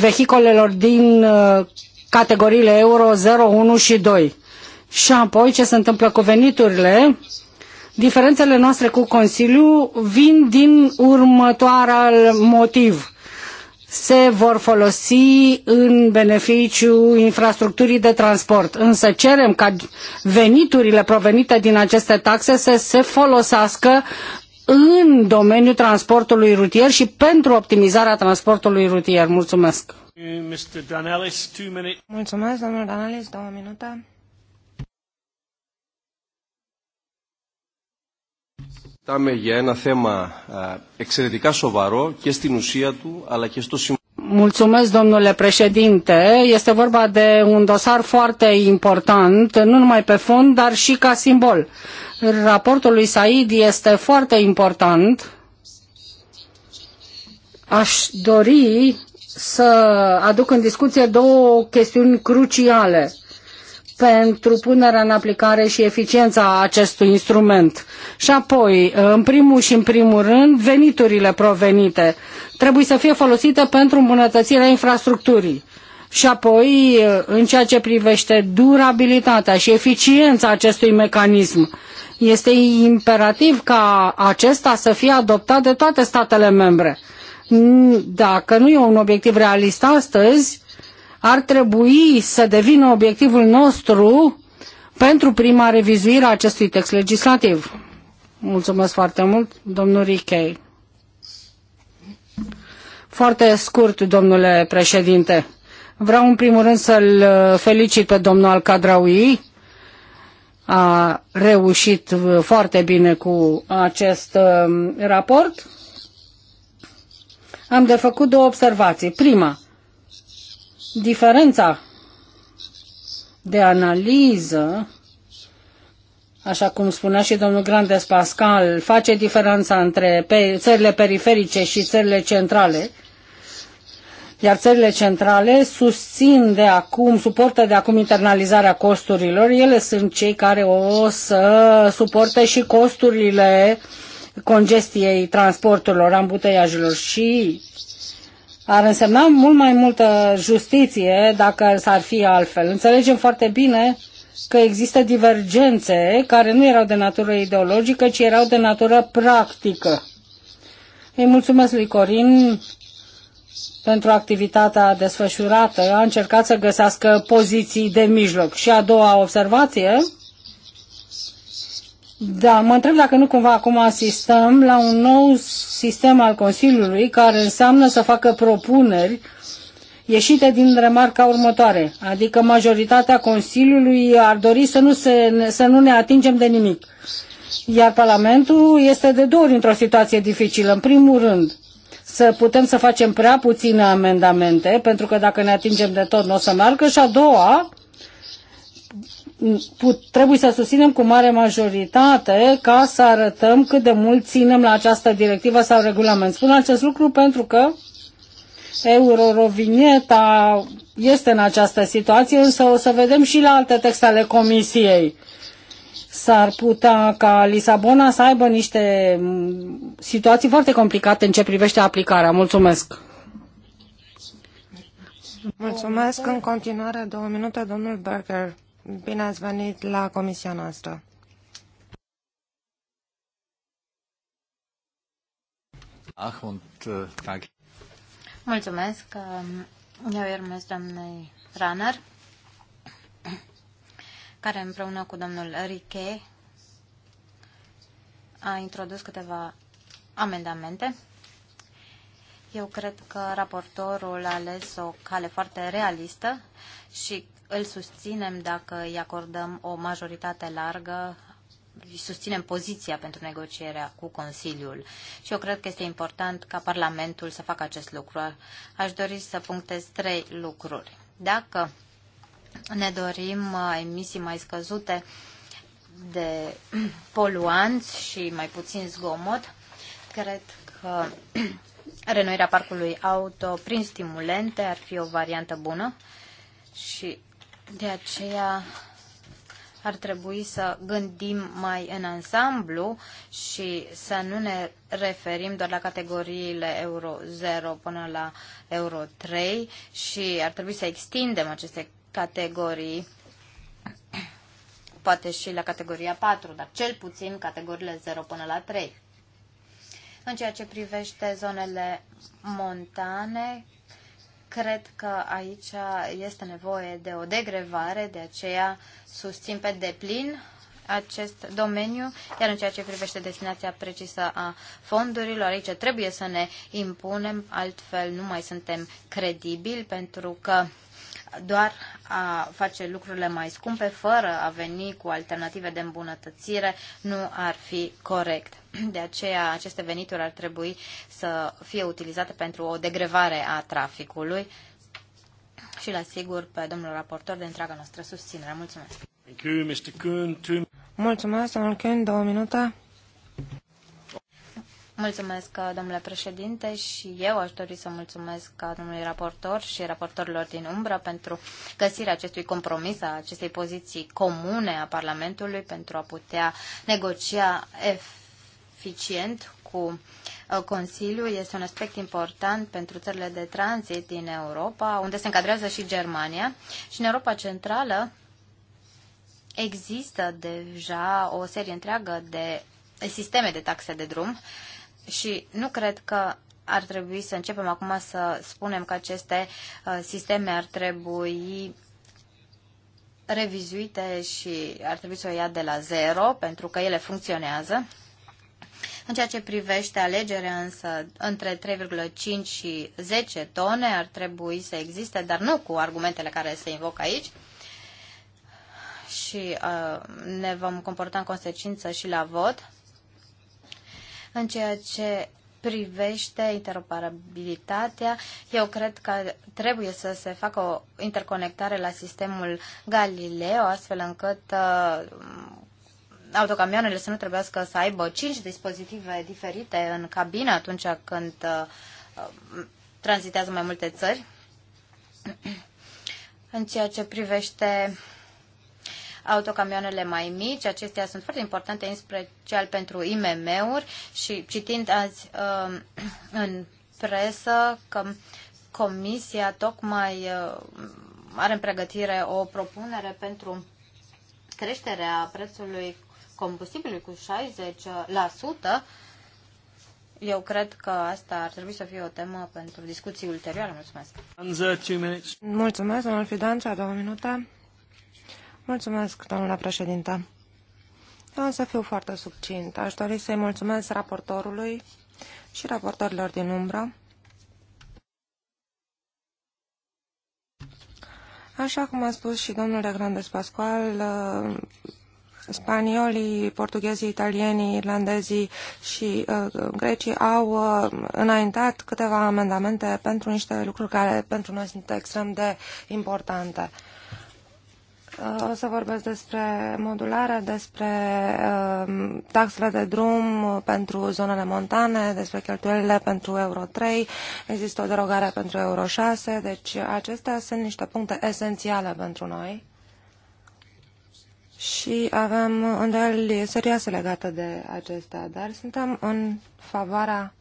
vehicolelor din uh, categoriile euro 0, 1 și 2. Și apoi ce se întâmplă cu veniturile? Diferențele noastre cu Consiliul vin din următoarea motiv – se vor folosi în beneficiu infrastructurii de transport. Însă cerem ca veniturile provenite din aceste taxe să se folosească în domeniul transportului rutier și pentru optimizarea transportului rutier. Mulțumesc! Mulțumesc, domnul Danelis, două minute. Μιλάμε για ένα θέμα εξαιρετικά σοβαρό και στην ουσία του αλλά και στο σημείο. Mulțumesc, domnule președinte. Este vorba de un dosar foarte important, nu numai pe fond, dar și ca simbol. Raportul lui Said este foarte important. Aș dori să aduc în discuție două chestiuni cruciale pentru punerea în aplicare și eficiența acestui instrument. Și apoi, în primul și în primul rând, veniturile provenite trebuie să fie folosite pentru îmbunătățirea infrastructurii. Și apoi, în ceea ce privește durabilitatea și eficiența acestui mecanism, este imperativ ca acesta să fie adoptat de toate statele membre. Dacă nu e un obiectiv realist astăzi, ar trebui să devină obiectivul nostru pentru prima revizuire a acestui text legislativ. Mulțumesc foarte mult, domnul Richei. Foarte scurt, domnule președinte. Vreau în primul rând să-l uh, felicit pe domnul Alcadraui. A reușit uh, foarte bine cu acest uh, raport. Am de făcut două observații. Prima, diferența de analiză, așa cum spunea și domnul Grandes Pascal, face diferența între țările periferice și țările centrale, iar țările centrale susțin de acum, suportă de acum internalizarea costurilor, ele sunt cei care o să suporte și costurile congestiei transporturilor, ambuteiajelor și ar însemna mult mai multă justiție dacă s-ar fi altfel. Înțelegem foarte bine că există divergențe care nu erau de natură ideologică, ci erau de natură practică. Îi mulțumesc lui Corin pentru activitatea desfășurată. A încercat să găsească poziții de mijloc. Și a doua observație, da, mă întreb dacă nu cumva acum asistăm la un nou sistem al Consiliului care înseamnă să facă propuneri ieșite din remarca următoare, adică majoritatea Consiliului ar dori să nu, se, să nu ne atingem de nimic. Iar Parlamentul este de două ori într-o situație dificilă. În primul rând, să putem să facem prea puține amendamente, pentru că dacă ne atingem de tot nu o să meargă, și a doua, put, trebuie să susținem cu mare majoritate ca să arătăm cât de mult ținem la această directivă sau regulament. Spun acest lucru pentru că eurovinieta este în această situație, însă o să vedem și la alte texte ale Comisiei. S-ar putea ca Lisabona să aibă niște situații foarte complicate în ce privește aplicarea. Mulțumesc! Mulțumesc. În continuare, două minute, domnul Berger. Bine ați venit la comisia noastră. Ach, und, uh, danke. Mulțumesc. Um, eu îi urmez doamnei Runner, care împreună cu domnul Riche a introdus câteva amendamente. Eu cred că raportorul a ales o cale foarte realistă și îl susținem dacă îi acordăm o majoritate largă susținem poziția pentru negocierea cu Consiliul și eu cred că este important ca Parlamentul să facă acest lucru. Aș dori să punctez trei lucruri. Dacă ne dorim uh, emisii mai scăzute de poluanți și mai puțin zgomot, cred că renoirea parcului auto prin stimulente ar fi o variantă bună și de aceea ar trebui să gândim mai în ansamblu și să nu ne referim doar la categoriile euro 0 până la euro 3 și ar trebui să extindem aceste categorii poate și la categoria 4, dar cel puțin categoriile 0 până la 3. În ceea ce privește zonele montane, Cred că aici este nevoie de o degrevare, de aceea susțin pe deplin acest domeniu, iar în ceea ce privește destinația precisă a fondurilor, aici trebuie să ne impunem, altfel nu mai suntem credibili, pentru că doar a face lucrurile mai scumpe, fără a veni cu alternative de îmbunătățire, nu ar fi corect. De aceea, aceste venituri ar trebui să fie utilizate pentru o degrevare a traficului și la sigur pe domnul raportor de întreaga noastră susținere. Mulțumesc! Thank you, Mr. Kuhn. Two... Mulțumesc, domnul Kuhn, două minute. Mulțumesc, domnule președinte, și eu aș dori să mulțumesc domnului raportor și raportorilor din umbră pentru găsirea acestui compromis, a acestei poziții comune a Parlamentului pentru a putea negocia efectiv eficient cu uh, Consiliul este un aspect important pentru țările de tranzit din Europa, unde se încadrează și Germania. Și în Europa Centrală există deja o serie întreagă de sisteme de taxe de drum și nu cred că ar trebui să începem acum să spunem că aceste uh, sisteme ar trebui revizuite și ar trebui să o ia de la zero, pentru că ele funcționează. În ceea ce privește alegerea însă între 3,5 și 10 tone ar trebui să existe, dar nu cu argumentele care se invocă aici. Și uh, ne vom comporta în consecință și la vot. În ceea ce privește interoperabilitatea, eu cred că trebuie să se facă o interconectare la sistemul Galileo, astfel încât uh, autocamioanele să nu trebuiască să aibă cinci dispozitive diferite în cabină atunci când uh, tranzitează mai multe țări. În ceea ce privește autocamioanele mai mici, acestea sunt foarte importante, în special pentru IMM-uri și citind azi uh, în presă că Comisia tocmai uh, are în pregătire o propunere pentru creșterea prețului combustibilului cu 60%, eu cred că asta ar trebui să fie o temă pentru discuții ulterioare. Mulțumesc. Mulțumesc, domnul Fidanța, două minute. Mulțumesc, domnule președinte. Eu o să fiu foarte subțint. Aș dori să-i mulțumesc raportorului și raportorilor din umbră. Așa cum a spus și domnul de Grandes Pascual, spaniolii, portughezii, italienii, irlandezii și uh, grecii au uh, înaintat câteva amendamente pentru niște lucruri care pentru noi sunt extrem de importante. Uh, o să vorbesc despre modularea, despre uh, taxele de drum pentru zonele montane, despre cheltuielile pentru Euro 3, există o derogare pentru Euro 6, deci acestea sunt niște puncte esențiale pentru noi și aveam îndoieli serioase legate de acestea, dar suntem în favoarea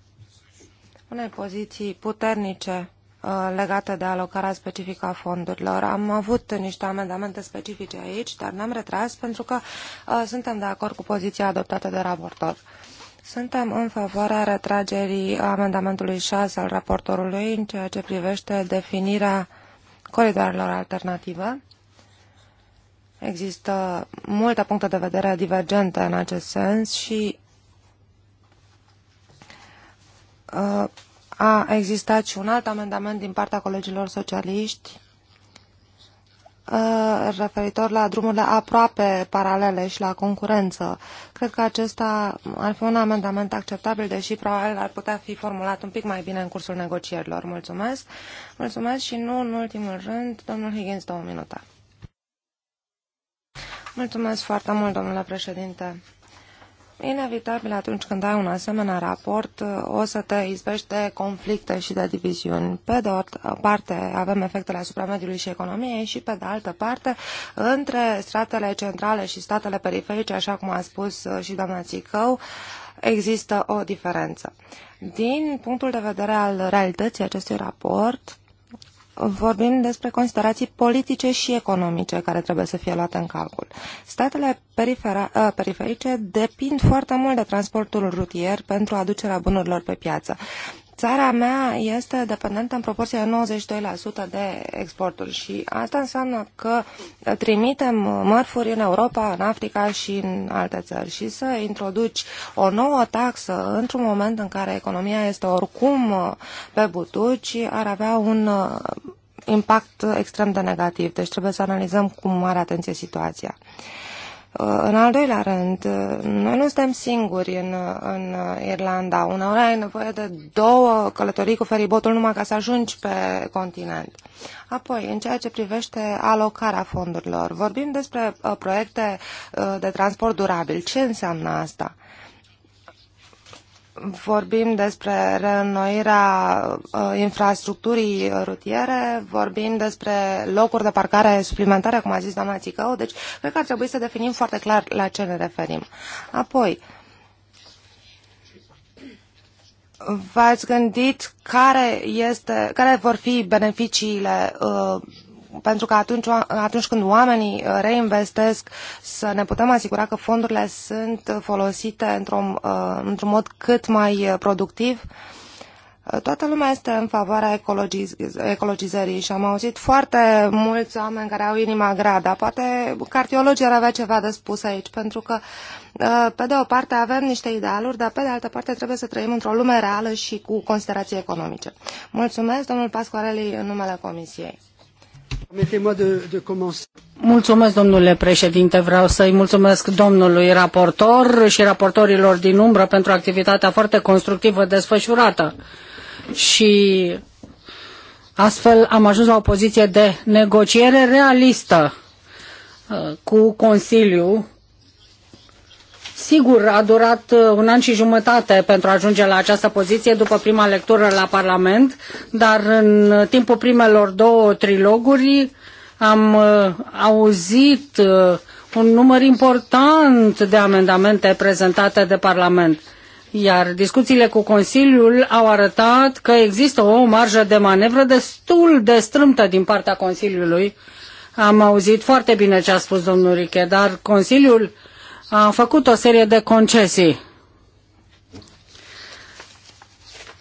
unei poziții puternice uh, legate de alocarea specifică a fondurilor. Am avut niște amendamente specifice aici, dar ne-am retras pentru că uh, suntem de acord cu poziția adoptată de raportor. Suntem în favoarea retragerii amendamentului 6 al raportorului în ceea ce privește definirea coridoarelor alternative Există multe puncte de vedere divergente în acest sens și uh, a existat și un alt amendament din partea colegilor socialiști uh, referitor la drumurile aproape paralele și la concurență. Cred că acesta ar fi un amendament acceptabil, deși probabil ar putea fi formulat un pic mai bine în cursul negocierilor. Mulțumesc! Mulțumesc și nu în ultimul rând, domnul Higgins, două minute. Mulțumesc foarte mult, domnule președinte. Inevitabil atunci când ai un asemenea raport o să te izbești de conflicte și de diviziuni. Pe de o parte avem efectele asupra mediului și economiei și pe de altă parte între stratele centrale și statele periferice, așa cum a spus uh, și doamna Țicău, există o diferență. Din punctul de vedere al realității acestui raport, vorbim despre considerații politice și economice care trebuie să fie luate în calcul. Statele perifera, ă, periferice depind foarte mult de transportul rutier pentru aducerea bunurilor pe piață. Țara mea este dependentă în proporție de 92% de exporturi și asta înseamnă că trimitem mărfuri în Europa, în Africa și în alte țări. Și să introduci o nouă taxă într-un moment în care economia este oricum pe butuci ar avea un uh, impact extrem de negativ. Deci trebuie să analizăm cu mare atenție situația. Uh, în al doilea rând, uh, noi nu suntem singuri în, uh, în Irlanda. Uneori ai nevoie de două călătorii cu feribotul numai ca să ajungi pe continent. Apoi, în ceea ce privește alocarea fondurilor, vorbim despre proiecte de transport durabil. Ce înseamnă asta? vorbim despre reînnoirea uh, infrastructurii rutiere, vorbim despre locuri de parcare suplimentare, cum a zis doamna Țicău, deci cred că ar trebui să definim foarte clar la ce ne referim. Apoi, v-ați gândit care, este, care vor fi beneficiile uh, pentru că atunci, atunci când oamenii uh, reinvestesc, să ne putem asigura că fondurile sunt folosite într-un, uh, într-un mod cât mai uh, productiv. Toată lumea este în favoarea ecologiz ecologizării și am auzit foarte mulți oameni care au inima grea, dar poate cardiologii ar avea ceva de spus aici, pentru că pe de o parte avem niște idealuri, dar pe de altă parte trebuie să trăim într-o lume reală și cu considerații economice. Mulțumesc, domnul Pascoareli, în numele Comisiei. Mulțumesc, domnule președinte. Vreau să-i mulțumesc domnului raportor și raportorilor din umbră pentru activitatea foarte constructivă desfășurată. Și astfel am ajuns la o poziție de negociere realistă uh, cu Consiliul Sigur, a durat uh, un an și jumătate pentru a ajunge la această poziție după prima lectură la Parlament, dar în timpul primelor două triloguri am uh, auzit uh, un număr important de amendamente prezentate de Parlament iar discuțiile cu Consiliul au arătat că există o marjă de manevră destul de strâmtă din partea Consiliului. Am auzit foarte bine ce a spus domnul Riche, dar Consiliul a făcut o serie de concesii.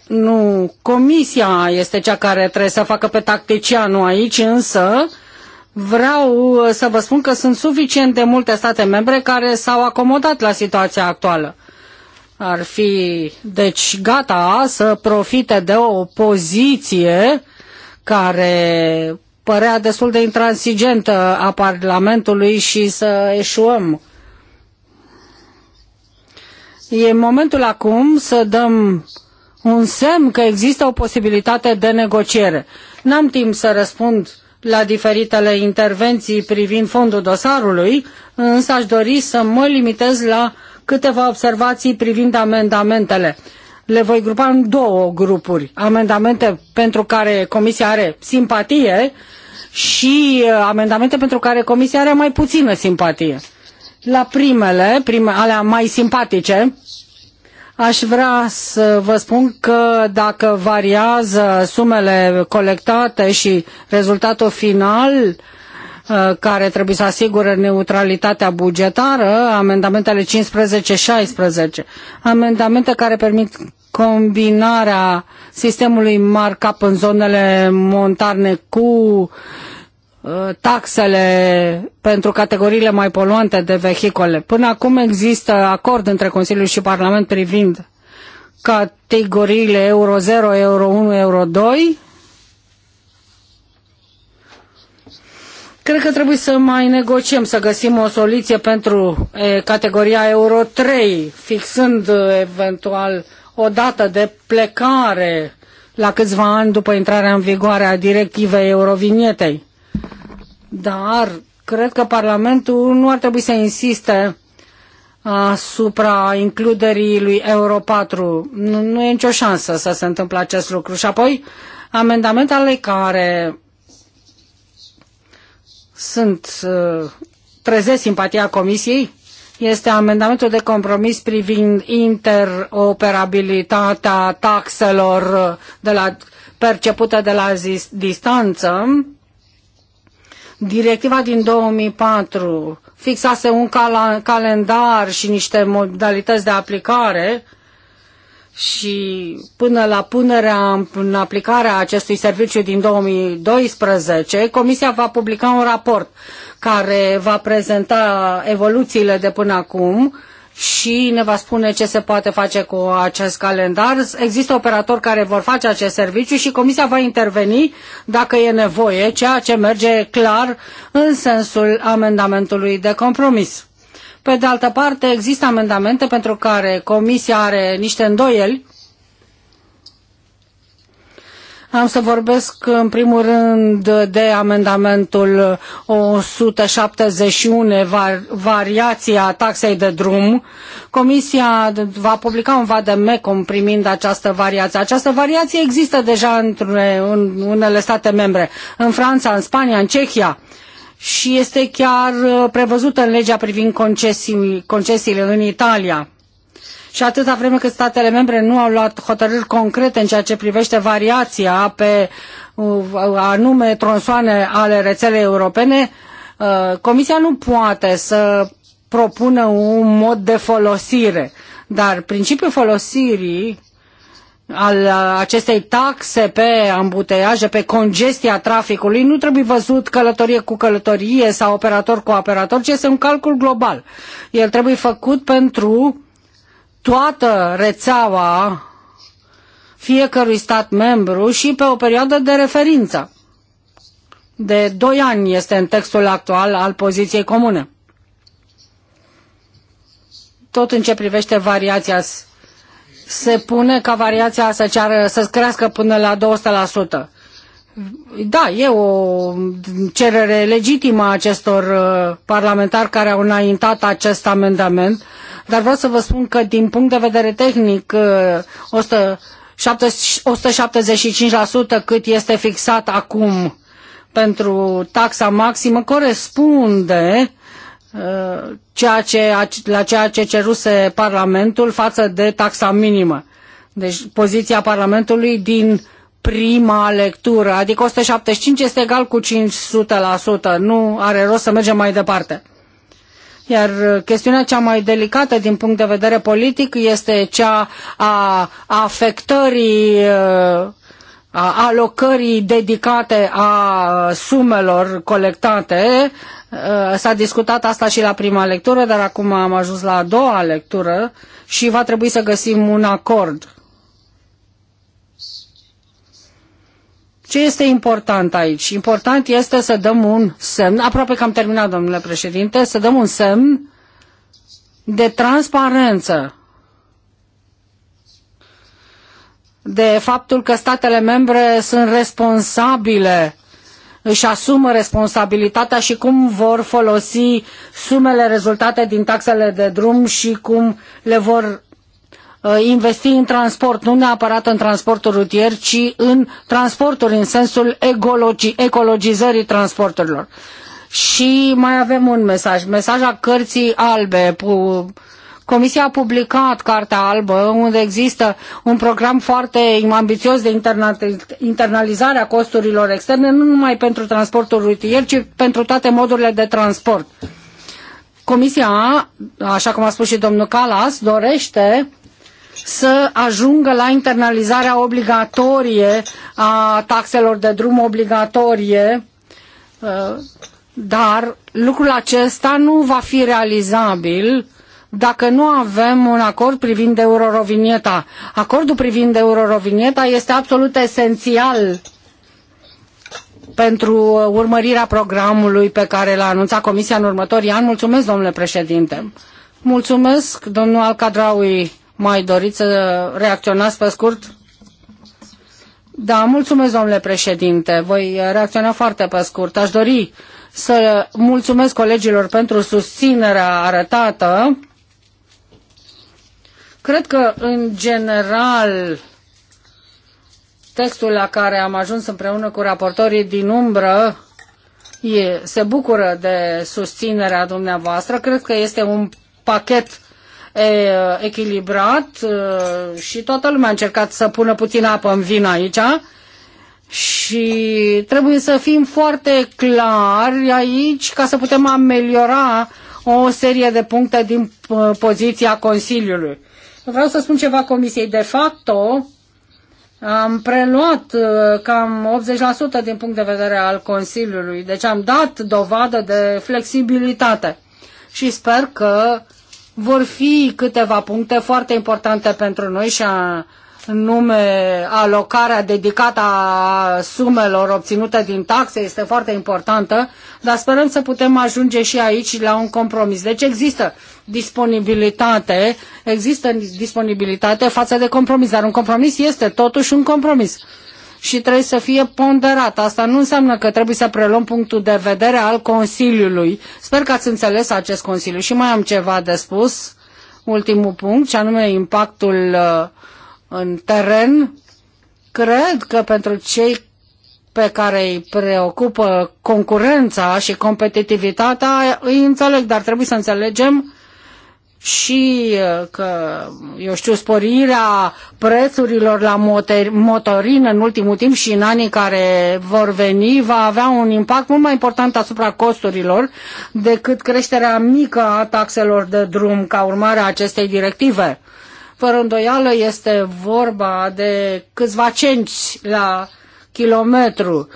Nu, comisia este cea care trebuie să facă pe tacticianul aici, însă vreau uh, să vă spun că sunt suficient de multe state membre care s-au acomodat la situația actuală. Ar fi, deci, gata să profite de o poziție care părea destul de intransigentă a Parlamentului și să eșuăm E momentul acum să dăm un semn că există o posibilitate de negociere. N-am timp să răspund la diferitele intervenții privind fondul dosarului, însă aș dori să mă limitez la câteva observații privind amendamentele. Le voi grupa în două grupuri. Amendamente pentru care Comisia are simpatie și uh, amendamente pentru care Comisia are mai puțină simpatie. La primele, prime, alea mai simpatice, Aș vrea să vă spun că dacă variază sumele colectate și rezultatul final uh, care trebuie să asigure neutralitatea bugetară, amendamentele 15-16, amendamente care permit combinarea sistemului markup în zonele montane cu taxele pentru categoriile mai poluante de vehicole. Până acum există acord între Consiliu și Parlament privind categoriile Euro 0, Euro 1, Euro 2. Cred că trebuie să mai negociem, să găsim o soluție pentru e, categoria Euro 3, fixând eventual o dată de plecare la câțiva ani după intrarea în vigoare a directivei Eurovinietei dar cred că Parlamentul nu ar trebui să insiste asupra includerii lui Euro 4. Nu, nu e nicio șansă să se întâmple acest lucru. Și apoi, amendamentele care sunt uh, trezesc simpatia Comisiei este amendamentul de compromis privind interoperabilitatea taxelor de la, percepută de la distanță Directiva din 2004 fixase un cal calendar și niște modalități de aplicare și până la punerea în aplicare a acestui serviciu din 2012, Comisia va publica un raport care va prezenta evoluțiile de până acum și ne va spune ce se poate face cu acest calendar. Există operatori care vor face acest serviciu și Comisia va interveni dacă e nevoie, ceea ce merge clar în sensul amendamentului de compromis. Pe de altă parte, există amendamente pentru care Comisia are niște îndoieli am să vorbesc în primul rând de amendamentul 171, variația taxei de drum. Comisia va publica un vademecum primind această variație. Această variație există deja în unele state membre, în Franța, în Spania, în Cehia și este chiar uh, prevăzută în legea privind concesii, concesiile în Italia și atâta vreme cât statele membre nu au luat hotărâri concrete în ceea ce privește variația pe uh, anume tronsoane ale rețelei europene, uh, Comisia nu poate să propună un mod de folosire, dar principiul folosirii al acestei taxe pe ambuteiaje, pe congestia traficului, nu trebuie văzut călătorie cu călătorie sau operator cu operator, ci este un calcul global. El trebuie făcut pentru toată rețeaua fiecărui stat membru și pe o perioadă de referință. De doi ani este în textul actual al poziției comune. Tot în ce privește variația se pune ca variația să, ceară, să crească până la 200%. Da, e o cerere legitimă a acestor uh, parlamentari care au înaintat acest amendament dar vreau să vă spun că din punct de vedere tehnic 175% uh, cât este fixat acum pentru taxa maximă corespunde uh, ceea ce, la ceea ce ceruse Parlamentul față de taxa minimă. Deci poziția Parlamentului din prima lectură, adică 175 este egal cu 500%, nu are rost să mergem mai departe. Iar uh, chestiunea cea mai delicată din punct de vedere politic este cea a afectării uh, a alocării dedicate a sumelor colectate. Uh, s-a discutat asta și la prima lectură, dar acum am ajuns la a doua lectură și va trebui să găsim un acord. Ce este important aici? Important este să dăm un semn, aproape că am terminat, domnule președinte, să dăm un semn de transparență de faptul că statele membre sunt responsabile își asumă responsabilitatea și cum vor folosi sumele rezultate din taxele de drum și cum le vor Uh, investi în transport, nu neapărat în transportul rutier, ci în transporturi, în sensul ecologi, ecologizării transporturilor. Și mai avem un mesaj, mesaja cărții albe. Comisia a publicat Cartea Albă, unde există un program foarte ambițios de internalizare a costurilor externe, nu numai pentru transportul rutier, ci pentru toate modurile de transport. Comisia, așa cum a spus și domnul Calas, dorește să ajungă la internalizarea obligatorie a taxelor de drum obligatorie, uh, dar lucrul acesta nu va fi realizabil dacă nu avem un acord privind eurorovinieta. Acordul privind eurorovinieta este absolut esențial pentru urmărirea programului pe care l-a anunțat Comisia în următorii ani. Mulțumesc, domnule președinte. Mulțumesc, domnul Alcadraui. Mai doriți să reacționați pe scurt? Da, mulțumesc, domnule președinte. Voi reacționa foarte pe scurt. Aș dori să mulțumesc colegilor pentru susținerea arătată. Cred că, în general, textul la care am ajuns împreună cu raportorii din umbră e, se bucură de susținerea dumneavoastră. Cred că este un pachet echilibrat și toată lumea a încercat să pună puțin apă în vin aici și trebuie să fim foarte clari aici ca să putem ameliora o serie de puncte din poziția Consiliului. Vreau să spun ceva Comisiei. De facto, am preluat cam 80% din punct de vedere al Consiliului, deci am dat dovadă de flexibilitate și sper că vor fi câteva puncte foarte importante pentru noi și a, nume alocarea dedicată a sumelor obținute din taxe este foarte importantă, dar sperăm să putem ajunge și aici la un compromis. Deci există disponibilitate, există disponibilitate față de compromis, dar un compromis este totuși un compromis și trebuie să fie ponderat. Asta nu înseamnă că trebuie să preluăm punctul de vedere al Consiliului. Sper că ați înțeles acest Consiliu. Și mai am ceva de spus, ultimul punct, și anume impactul uh, în teren. Cred că pentru cei pe care îi preocupă concurența și competitivitatea, îi înțeleg, dar trebuie să înțelegem și uh, că, eu știu, sporirea prețurilor la motorină în ultimul timp și în anii care vor veni va avea un impact mult mai important asupra costurilor decât creșterea mică a taxelor de drum ca urmare a acestei directive. Fără îndoială este vorba de câțiva cenți la kilometru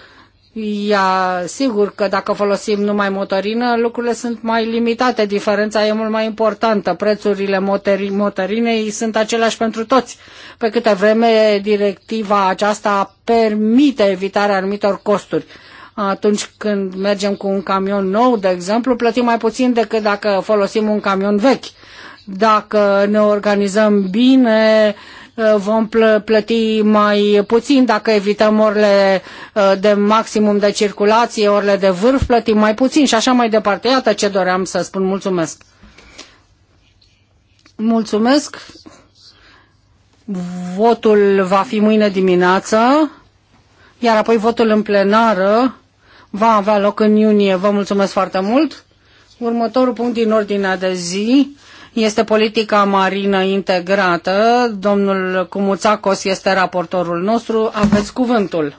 Ia, sigur că dacă folosim numai motorină, lucrurile sunt mai limitate, diferența e mult mai importantă. Prețurile motori, motorinei sunt aceleași pentru toți. Pe câte vreme directiva aceasta permite evitarea anumitor costuri. Atunci când mergem cu un camion nou, de exemplu, plătim mai puțin decât dacă folosim un camion vechi. Dacă ne organizăm bine, uh, Uh, vom plăti mai puțin dacă evităm orele uh, de maximum de circulație, orele de vârf, plătim mai puțin și așa mai departe. Iată ce doream să spun. Mulțumesc! Mulțumesc! Votul va fi mâine dimineață, iar apoi votul în plenară va avea loc în iunie. Vă mulțumesc foarte mult! Următorul punct din ordinea de zi este politica marină integrată. Domnul Cumuțacos este raportorul nostru. Aveți cuvântul.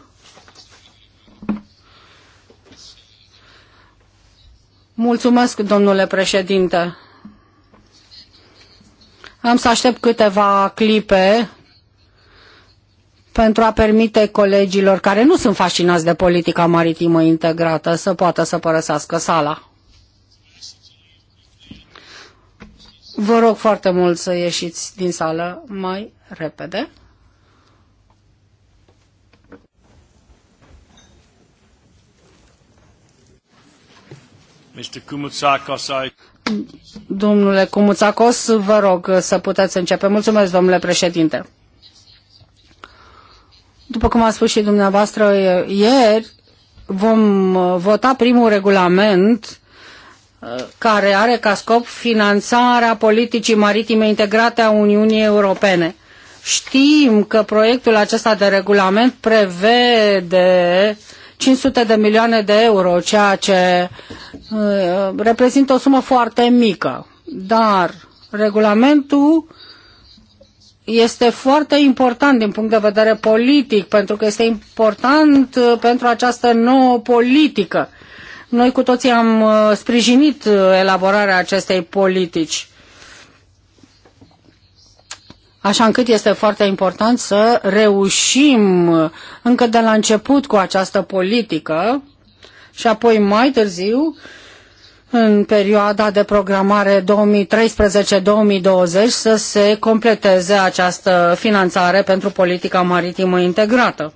Mulțumesc, domnule președinte. Am să aștept câteva clipe pentru a permite colegilor care nu sunt fascinați de politica maritimă integrată să poată să părăsească sala. Vă rog foarte mult să ieșiți din sală mai repede. Mr. Kumutsakos, I... Domnule Kumutsakos, vă rog să puteți începe. Mulțumesc, domnule președinte. După cum a spus și dumneavoastră ieri, vom uh, vota primul regulament care are ca scop finanțarea politicii maritime integrate a Uniunii Europene. Știm că proiectul acesta de regulament prevede 500 de milioane de euro, ceea ce uh, reprezintă o sumă foarte mică. Dar regulamentul este foarte important din punct de vedere politic, pentru că este important uh, pentru această nouă politică noi cu toții am uh, sprijinit uh, elaborarea acestei politici. Așa încât este foarte important să reușim uh, încă de la început cu această politică și apoi mai târziu în perioada de programare 2013-2020 să se completeze această finanțare pentru politica maritimă integrată.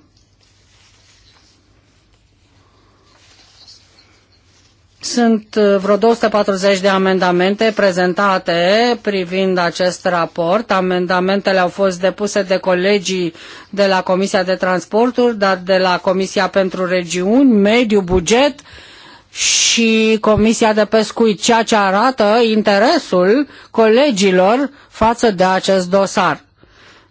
Sunt uh, vreo 240 de amendamente prezentate privind acest raport. Amendamentele au fost depuse de colegii de la Comisia de Transporturi, dar de la Comisia pentru Regiuni, Mediu, Buget și Comisia de Pescuit, ceea ce arată interesul colegilor față de acest dosar.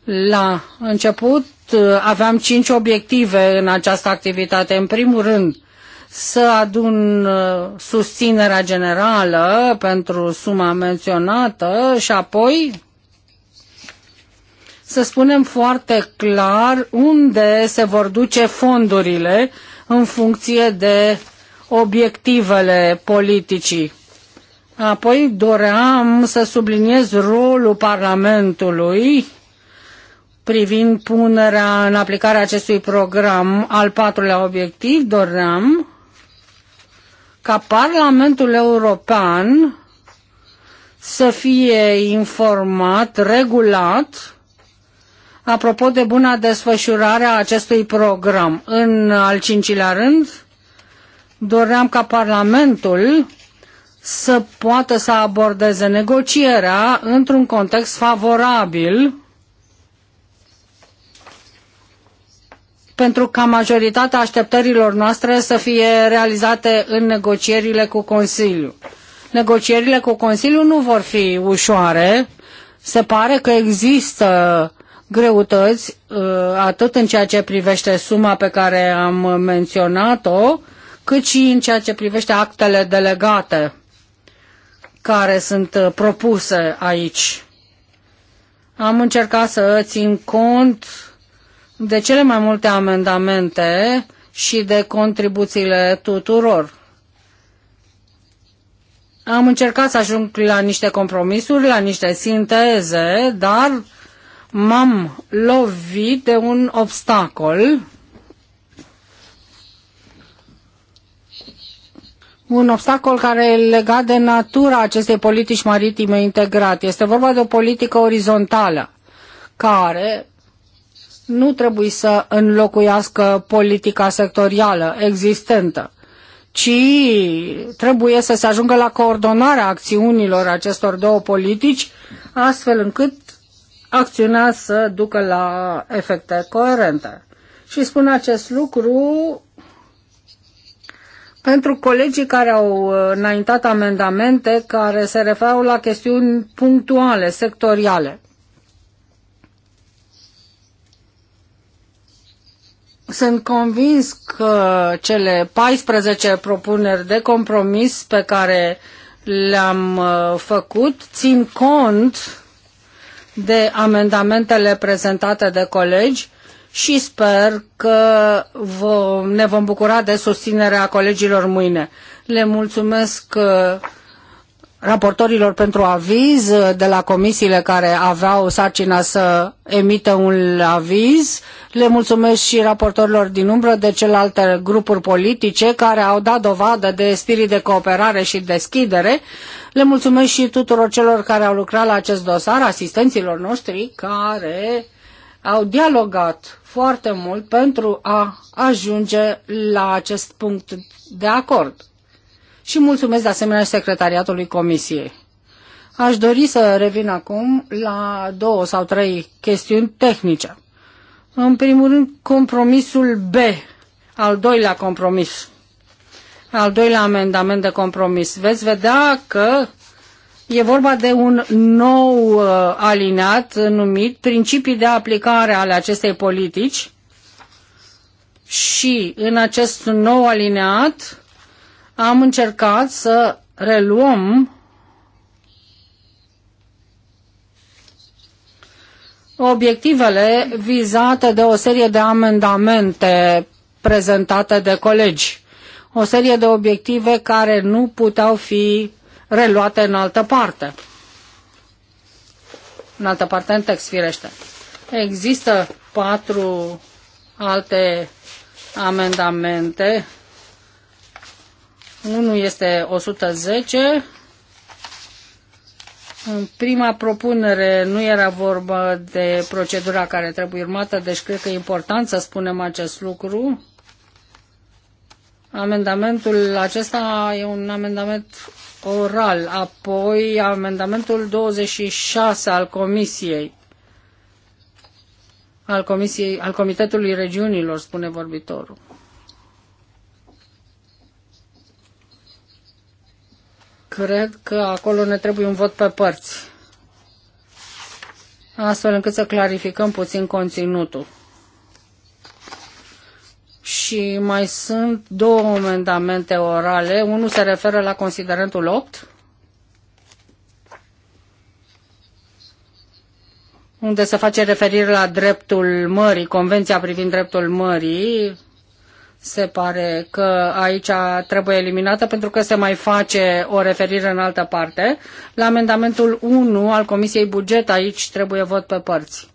La început uh, aveam cinci obiective în această activitate. În primul rând, să adun uh, susținerea generală pentru suma menționată și apoi să spunem foarte clar unde se vor duce fondurile în funcție de obiectivele politicii. Apoi doream să subliniez rolul Parlamentului privind punerea în aplicare acestui program al patrulea obiectiv, doream ca Parlamentul European să fie informat regulat apropo de buna desfășurare a acestui program. În al cincilea rând, doream ca Parlamentul să poată să abordeze negocierea într-un context favorabil pentru ca majoritatea așteptărilor noastre să fie realizate în negocierile cu Consiliul. Negocierile cu Consiliul nu vor fi ușoare. Se pare că există greutăți uh, atât în ceea ce privește suma pe care am menționat-o, cât și în ceea ce privește actele delegate care sunt uh, propuse aici. Am încercat să țin cont de cele mai multe amendamente și de contribuțiile tuturor. Am încercat să ajung la niște compromisuri, la niște sinteze, dar m-am lovit de un obstacol. Un obstacol care e legat de natura acestei politici maritime integrate. Este vorba de o politică orizontală care nu trebuie să înlocuiască politica sectorială existentă, ci trebuie să se ajungă la coordonarea acțiunilor acestor două politici, astfel încât acțiunea să ducă la efecte coerente. Și spun acest lucru pentru colegii care au înaintat amendamente care se referau la chestiuni punctuale, sectoriale. Sunt convins că cele 14 propuneri de compromis pe care le-am uh, făcut țin cont de amendamentele prezentate de colegi și sper că vom, ne vom bucura de susținerea colegilor mâine. Le mulțumesc uh, raportorilor pentru aviz uh, de la comisiile care aveau sarcina să emită un aviz. Le mulțumesc și raportorilor din umbră de celelalte grupuri politice care au dat dovadă de spirit de cooperare și deschidere. Le mulțumesc și tuturor celor care au lucrat la acest dosar, asistenților noștri care au dialogat foarte mult pentru a ajunge la acest punct de acord și mulțumesc de asemenea secretariatului Comisiei. Aș dori să revin acum la două sau trei chestiuni tehnice. În primul rând, compromisul B, al doilea compromis, al doilea amendament de compromis. Veți vedea că e vorba de un nou uh, alineat numit principii de aplicare ale acestei politici și în acest nou alineat am încercat să reluăm obiectivele vizate de o serie de amendamente prezentate de colegi. O serie de obiective care nu puteau fi reluate în altă parte. În altă parte, în text, firește. Există patru alte amendamente 1 este 110. În prima propunere nu era vorba de procedura care trebuie urmată, deci cred că e important să spunem acest lucru. Amendamentul acesta e un amendament oral, apoi amendamentul 26 al Comisiei, al, comisiei, al Comitetului Regiunilor, spune vorbitorul. Cred că acolo ne trebuie un vot pe părți, astfel încât să clarificăm puțin conținutul. Și mai sunt două amendamente orale. Unul se referă la considerentul 8, unde se face referire la dreptul mării, Convenția privind dreptul mării, se pare că aici trebuie eliminată pentru că se mai face o referire în altă parte. La amendamentul 1 al Comisiei Buget aici trebuie vot pe părți.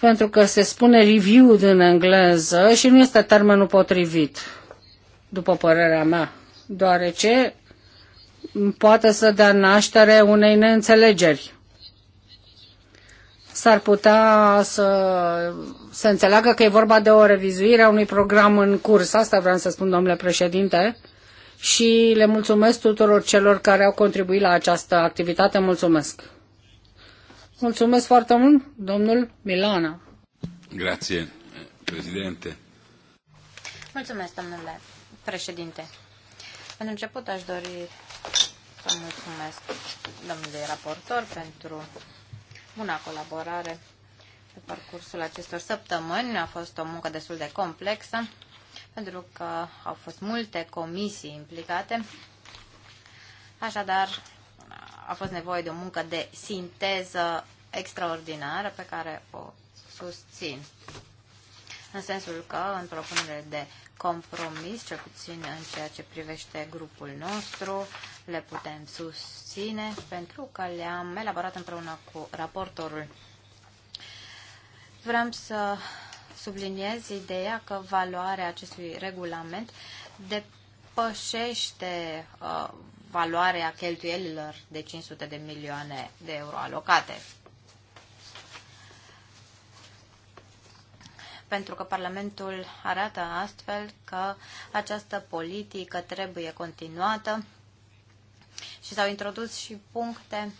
Pentru că se spune reviewed în engleză și nu este termenul potrivit, după părerea mea, deoarece poate să dea naștere unei neînțelegeri s-ar putea să se înțeleagă că e vorba de o revizuire a unui program în curs. Asta vreau să spun, domnule președinte. Și le mulțumesc tuturor celor care au contribuit la această activitate. Mulțumesc. Mulțumesc foarte mult, domnul Milana. Grație, președinte. Mulțumesc, domnule președinte. În început aș dori să mulțumesc domnului raportor pentru buna colaborare pe parcursul acestor săptămâni. A fost o muncă destul de complexă, pentru că au fost multe comisii implicate. Așadar, a fost nevoie de o muncă de sinteză extraordinară pe care o susțin în sensul că în propunerile de compromis, cel puțin în ceea ce privește grupul nostru, le putem susține pentru că le-am elaborat împreună cu raportorul. Vreau să subliniez ideea că valoarea acestui regulament depășește uh, valoarea cheltuielilor de 500 de milioane de euro alocate pentru că Parlamentul arată astfel că această politică trebuie continuată și s-au introdus și puncte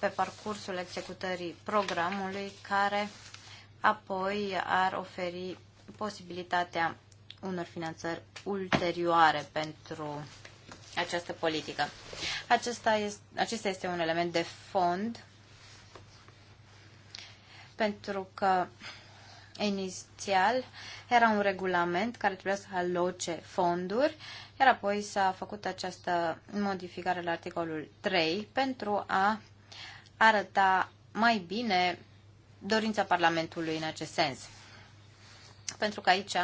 pe parcursul executării programului care apoi ar oferi posibilitatea unor finanțări ulterioare pentru această politică. Acesta este, acesta este un element de fond pentru că inițial era un regulament care trebuia să aloce fonduri, iar apoi s-a făcut această modificare la articolul 3 pentru a arăta mai bine dorința Parlamentului în acest sens. Pentru că aici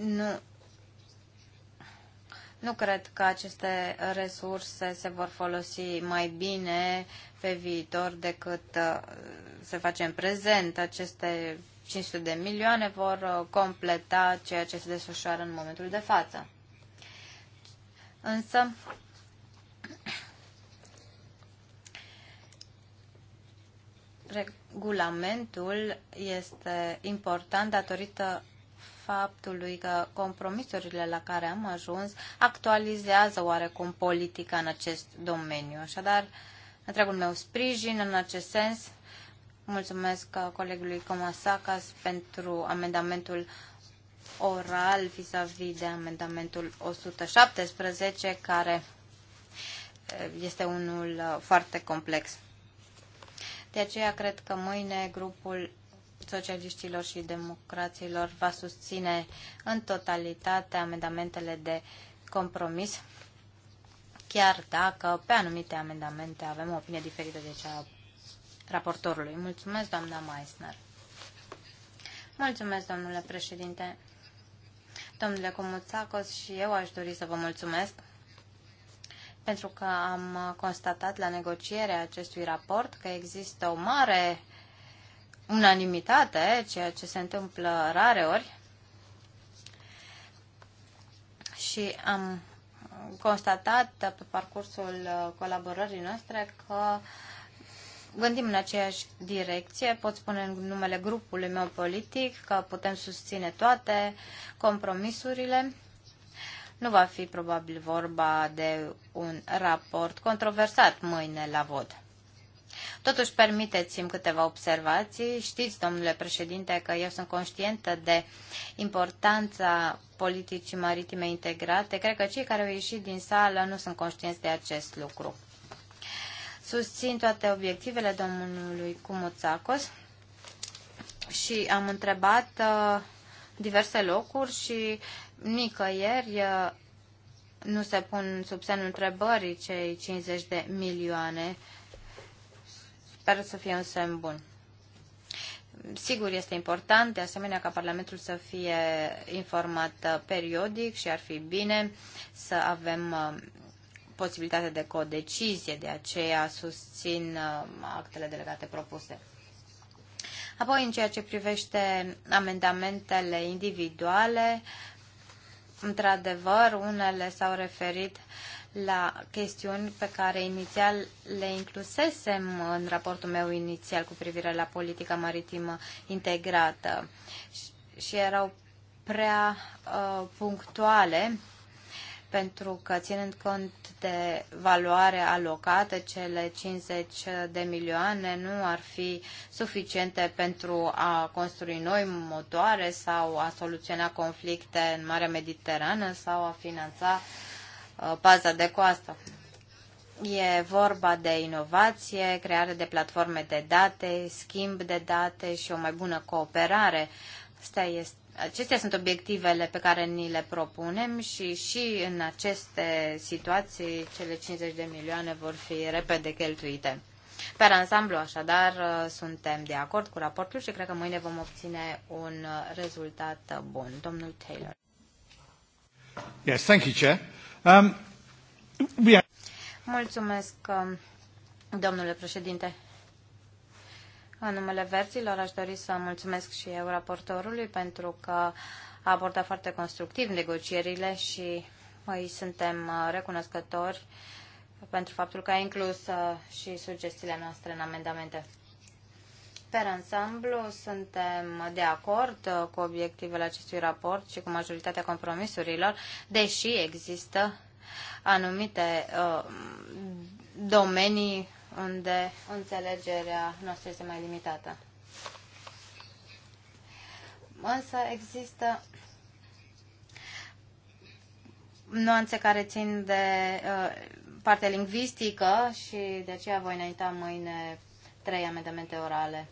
nu nu cred că aceste resurse se vor folosi mai bine pe viitor decât uh, se face în prezent. Aceste 500 de milioane vor uh, completa ceea ce se desfășoară în momentul de față. Însă, regulamentul este important datorită faptului că compromisurile la care am ajuns actualizează oarecum politica în acest domeniu. Așadar, întregul meu sprijin în acest sens. Mulțumesc uh, colegului Comasacas pentru amendamentul oral vis-a-vis -vis de amendamentul 117, care uh, este unul uh, foarte complex. De aceea cred că mâine grupul socialiștilor și democraților va susține în totalitate amendamentele de compromis, chiar dacă pe anumite amendamente avem o opinie diferită de cea a raportorului. Mulțumesc, doamna Meissner. Mulțumesc, domnule președinte. Domnule Comuțacos și eu aș dori să vă mulțumesc pentru că am constatat la negocierea acestui raport că există o mare unanimitate, ceea ce se întâmplă rareori. Și am constatat pe parcursul uh, colaborării noastre că gândim în aceeași direcție. Pot spune în numele grupului meu politic că putem susține toate compromisurile. Nu va fi probabil vorba de un raport controversat mâine la vot. Totuși, permiteți-mi câteva observații. Știți, domnule președinte, că eu sunt conștientă de importanța politicii maritime integrate. Cred că cei care au ieșit din sală nu sunt conștienți de acest lucru. Susțin toate obiectivele domnului Cumuțacos și am întrebat uh, diverse locuri și nicăieri uh, nu se pun sub semnul întrebării cei 50 de milioane Sper să fie un semn bun. Sigur, este important, de asemenea, ca Parlamentul să fie informat uh, periodic și ar fi bine să avem uh, posibilitatea de codecizie, de aceea susțin uh, actele delegate propuse. Apoi, în ceea ce privește amendamentele individuale, într-adevăr, unele s-au referit uh, la chestiuni pe care inițial le inclusesem în raportul meu inițial cu privire la politica maritimă integrată și erau prea uh, punctuale pentru că ținând cont de valoare alocată, cele 50 de milioane nu ar fi suficiente pentru a construi noi motoare sau a soluționa conflicte în Marea Mediterană sau a finanța uh, Uh, paza de coastă. E vorba de inovație, creare de platforme de date, schimb de date și o mai bună cooperare. Asta este Acestea sunt obiectivele pe care ni le propunem și și în aceste situații cele 50 de milioane vor fi repede cheltuite. Pe ansamblu, așadar, uh, suntem de acord cu raportul și cred că mâine vom obține un uh, rezultat bun. Domnul Taylor. Yes, thank you, Chair. Um, mulțumesc, um, domnule președinte. În numele verzilor aș dori să mulțumesc și eu raportorului pentru că a abordat foarte constructiv negocierile și noi suntem uh, recunoscători pentru faptul că a inclus uh, și sugestiile noastre în amendamente. Per ansamblu, suntem de acord uh, cu obiectivele acestui raport și cu majoritatea compromisurilor, deși există anumite uh, domenii unde înțelegerea noastră este mai limitată. Însă există nuanțe care țin de uh, partea lingvistică și de aceea voi înainta mâine trei amendamente orale.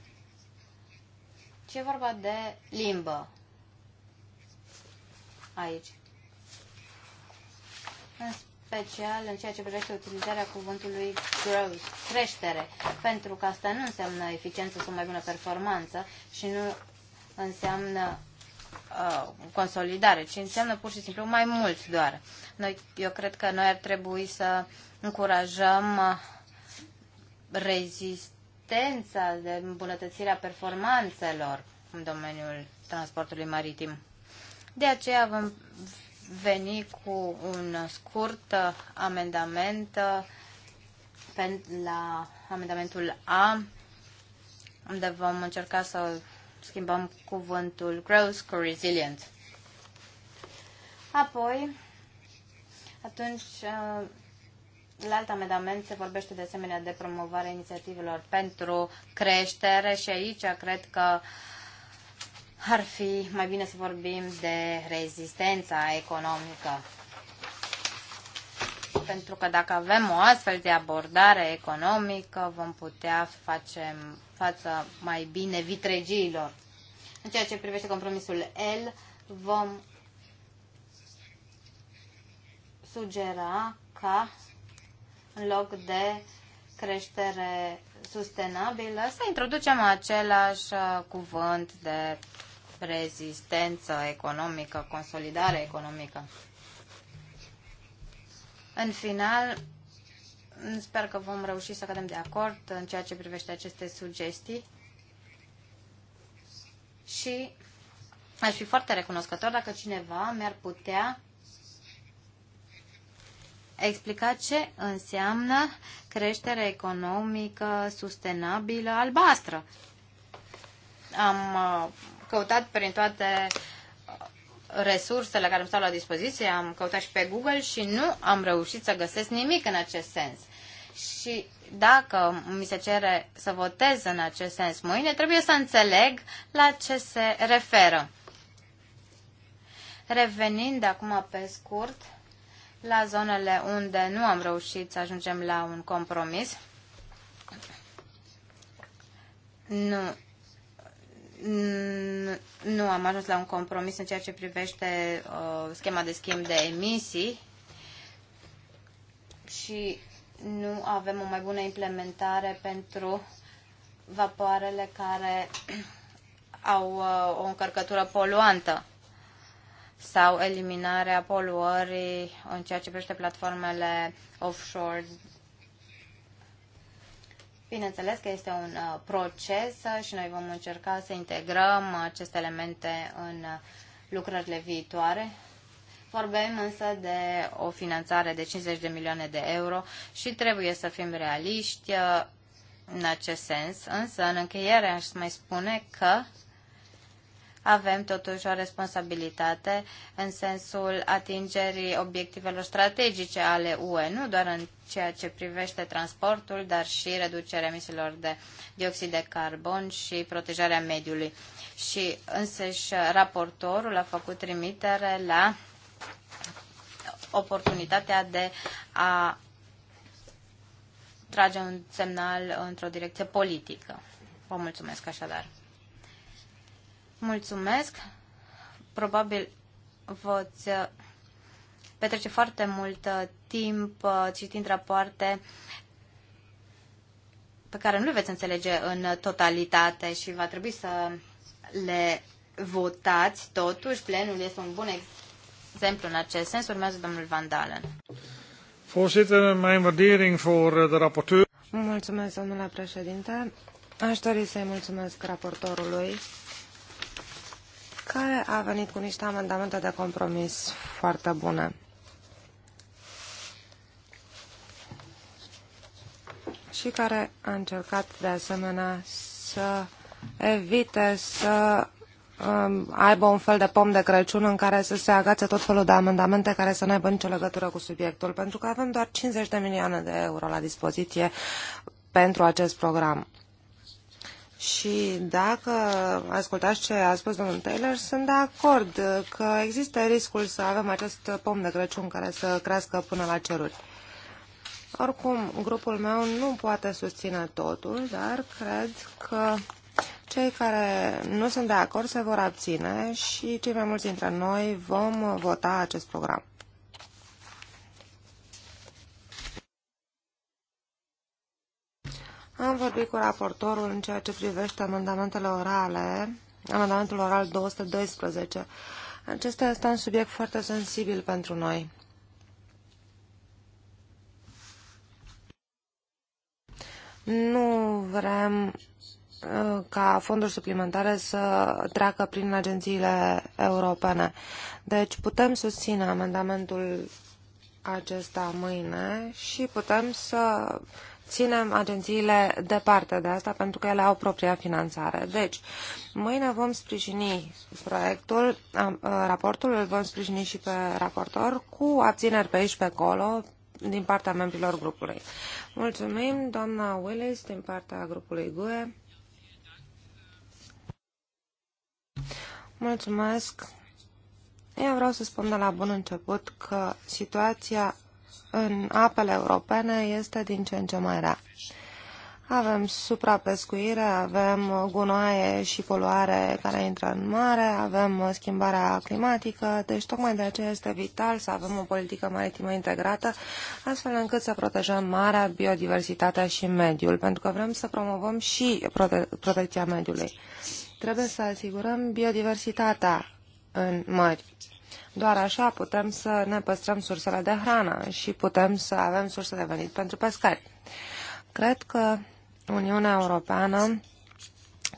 Și e vorba de limbă aici. În special în ceea ce privește utilizarea cuvântului growth, creștere, pentru că asta nu înseamnă eficiență sau mai bună performanță și nu înseamnă uh, consolidare, ci înseamnă pur și simplu mai mult doar. Noi, eu cred că noi ar trebui să încurajăm uh, rezist competența de îmbunătățirea performanțelor în domeniul transportului maritim. De aceea vom veni cu un scurt amendament la amendamentul A, unde vom încerca să schimbăm cuvântul growth cu resilient. Apoi, atunci la alt amendament se vorbește de asemenea de promovarea inițiativelor pentru creștere și aici cred că ar fi mai bine să vorbim de rezistența economică. Pentru că dacă avem o astfel de abordare economică, vom putea face față mai bine vitregiilor. În ceea ce privește compromisul L, vom sugera ca în loc de creștere sustenabilă, să introducem același uh, cuvânt de rezistență economică, consolidare economică. În final, sper că vom reuși să cădem de acord în ceea ce privește aceste sugestii și aș fi foarte recunoscător dacă cineva mi-ar putea explicat ce înseamnă creștere economică sustenabilă albastră. Am uh, căutat prin toate uh, resursele care îmi stau la dispoziție, am căutat și pe Google și nu am reușit să găsesc nimic în acest sens. Și dacă mi se cere să votez în acest sens mâine, trebuie să înțeleg la ce se referă. Revenind acum pe scurt la zonele unde nu am reușit să ajungem la un compromis. Nu, nu am ajuns la un compromis în ceea ce privește uh, schema de schimb de emisii și nu avem o mai bună implementare pentru vapoarele care au uh, o încărcătură poluantă sau eliminarea poluării în ceea ce privește platformele offshore. Bineînțeles că este un uh, proces și noi vom încerca să integrăm aceste elemente în uh, lucrările viitoare. Vorbim însă de o finanțare de 50 de milioane de euro și trebuie să fim realiști uh, în acest sens. Însă, în încheiere, aș mai spune că avem totuși o responsabilitate în sensul atingerii obiectivelor strategice ale UE, nu doar în ceea ce privește transportul, dar și reducerea emisiilor de dioxid de carbon și protejarea mediului. Și însăși raportorul a făcut trimitere la oportunitatea de a trage un semnal într-o direcție politică. Vă mulțumesc așadar. Mulțumesc. Probabil voți uh, petrece foarte mult uh, timp uh, citind rapoarte pe care nu le veți înțelege în totalitate și va trebui să le votați. Totuși, plenul este un bun exemplu în acest sens. Urmează domnul Van Dalen. Mulțumesc, domnule președinte. Aș dori să-i mulțumesc raportorului care a venit cu niște amendamente de compromis foarte bune. și care a încercat de asemenea să evite să um, aibă un fel de pom de Crăciun în care să se agațe tot felul de amendamente care să nu aibă nicio legătură cu subiectul, pentru că avem doar 50 de milioane de euro la dispoziție pentru acest program. Și dacă ascultați ce a spus domnul Taylor, sunt de acord că există riscul să avem acest pom de Crăciun care să crească până la ceruri. Oricum, grupul meu nu poate susține totul, dar cred că cei care nu sunt de acord se vor abține și cei mai mulți dintre noi vom vota acest program. Am vorbit cu raportorul în ceea ce privește amendamentele orale, amendamentul oral 212. Acesta este un subiect foarte sensibil pentru noi. Nu vrem uh, ca fonduri suplimentare să treacă prin agențiile europene. Deci putem susține amendamentul acesta mâine și putem să ținem agențiile departe de asta pentru că ele au propria finanțare. Deci, mâine vom sprijini proiectul, ă, raportul, îl vom sprijini și pe raportor cu abțineri pe aici pe acolo din partea membrilor grupului. Mulțumim, doamna Willis, din partea grupului GUE. Mulțumesc. Eu vreau să spun de la bun început că situația în apele europene este din ce în ce mai rea. Avem suprapescuire, avem gunoaie și poluare care intră în mare, avem schimbarea climatică, deci tocmai de aceea este vital să avem o politică maritimă integrată, astfel încât să protejăm marea, biodiversitatea și mediul, pentru că vrem să promovăm și prote protecția mediului. Trebuie să asigurăm biodiversitatea în mări doar așa putem să ne păstrăm sursele de hrană și putem să avem surse de venit pentru pescari. Cred că Uniunea Europeană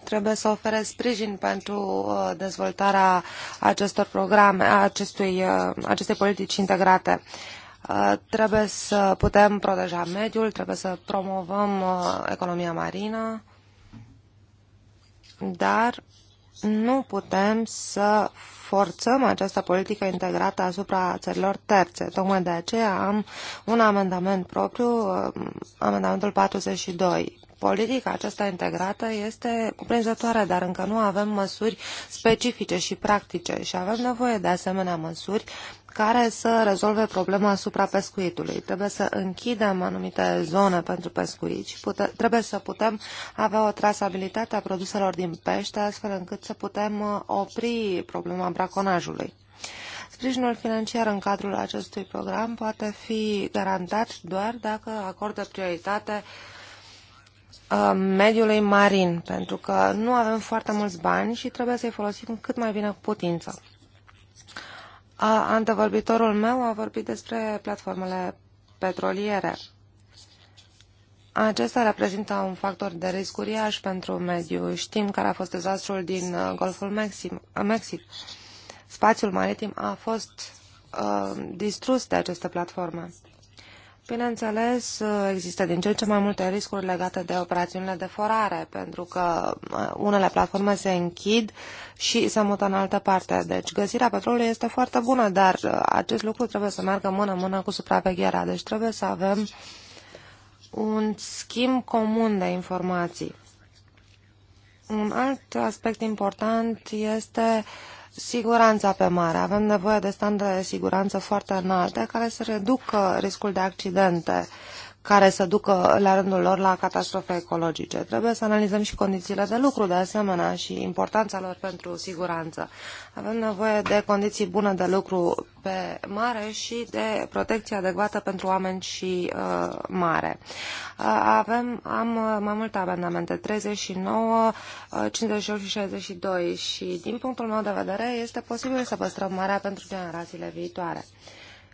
trebuie să ofere sprijin pentru uh, dezvoltarea acestor programe, acestui, uh, acestei politici integrate. Uh, trebuie să putem proteja mediul, trebuie să promovăm economia marină, dar nu putem să forțăm această politică integrată asupra țărilor terțe. Tocmai de aceea am un amendament propriu, um, amendamentul 42. Politica aceasta integrată este cuprinzătoare, dar încă nu avem măsuri specifice și practice și avem nevoie de asemenea măsuri care să rezolve problema suprapescuitului. Trebuie să închidem anumite zone pentru pescuit și pute- trebuie să putem avea o trasabilitate a produselor din pește, astfel încât să putem uh, opri problema braconajului. Sprijinul financiar în cadrul acestui program poate fi garantat doar dacă acordă prioritate uh, mediului marin, pentru că nu avem foarte mulți bani și trebuie să-i folosim cât mai bine cu putință. A, antevorbitorul meu a vorbit despre platformele petroliere. Acesta reprezintă un factor de risc uriaș pentru mediu. Știm care a fost dezastrul din uh, Golful Mexic. Uh, Mexic. Spațiul maritim a fost uh, distrus de aceste platforme. Bineînțeles, există din ce în ce mai multe riscuri legate de operațiunile de forare, pentru că uh, unele platforme se închid și se mută în altă parte. Deci găsirea petrolului este foarte bună, dar uh, acest lucru trebuie să meargă mână-mână cu supravegherea. Deci trebuie să avem un schimb comun de informații. Un alt aspect important este uh, siguranța pe mare. Avem nevoie de standarde de siguranță foarte înalte care să reducă riscul de accidente care să ducă la rândul lor la catastrofe ecologice. Trebuie să analizăm și condițiile de lucru de asemenea și importanța lor pentru siguranță. Avem nevoie de condiții bune de lucru pe mare și de protecție adecvată pentru oameni și uh, mare. Uh, avem, am uh, mai multe amendamente, 39, uh, 58 și 62 și din punctul meu de vedere este posibil să păstrăm marea pentru generațiile viitoare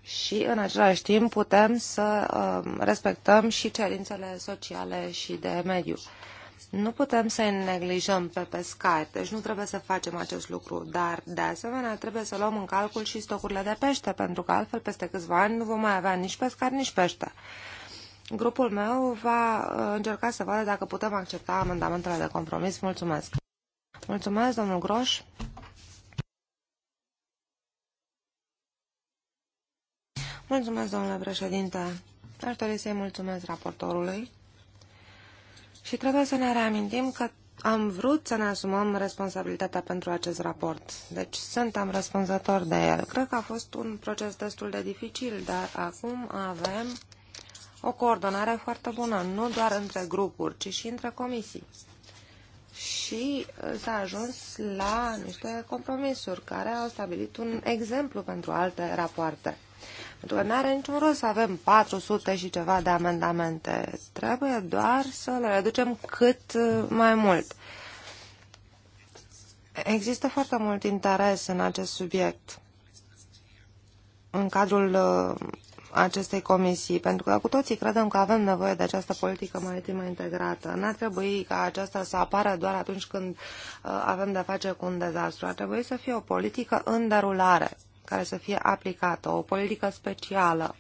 și în același timp putem să um, respectăm și cerințele sociale și de mediu. Nu putem să îi neglijăm pe pescari, deci nu trebuie să facem acest lucru, dar de asemenea trebuie să luăm în calcul și stocurile de pește, pentru că altfel peste câțiva ani nu vom mai avea nici pescari, nici pește. Grupul meu va uh, încerca să vadă dacă putem accepta amendamentele de compromis. Mulțumesc! Mulțumesc, domnul Groș! Mulțumesc, domnule președinte. Aș dori să-i mulțumesc raportorului și trebuie să ne reamintim că am vrut să ne asumăm responsabilitatea pentru acest raport. Deci suntem răspunzători de el. Cred că a fost un proces destul de dificil, dar acum avem o coordonare foarte bună, nu doar între grupuri, ci și între comisii. Și s-a ajuns la niște compromisuri care au stabilit un exemplu pentru alte rapoarte. Pentru că nu are niciun rost să avem 400 și ceva de amendamente. Trebuie doar să le reducem cât uh, mai mult. Există foarte mult interes în acest subiect în cadrul uh, acestei comisii, pentru că cu toții credem că avem nevoie de această politică maritimă integrată. N-ar trebui ca aceasta să apară doar atunci când uh, avem de face cu un dezastru. Ar trebui să fie o politică în derulare, care să fie aplicată, o politică specială.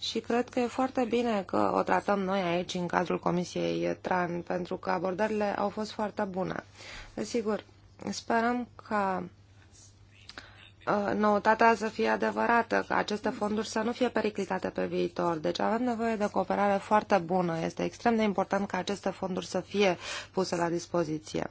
Și cred că e foarte bine că o tratăm noi aici, în cadrul Comisiei TRAN, pentru că abordările au fost foarte bune. Desigur, sperăm ca Uh, noutatea să fie adevărată, că aceste fonduri să nu fie periclitate pe viitor. Deci avem nevoie de cooperare foarte bună. Este extrem de important ca aceste fonduri să fie puse la dispoziție.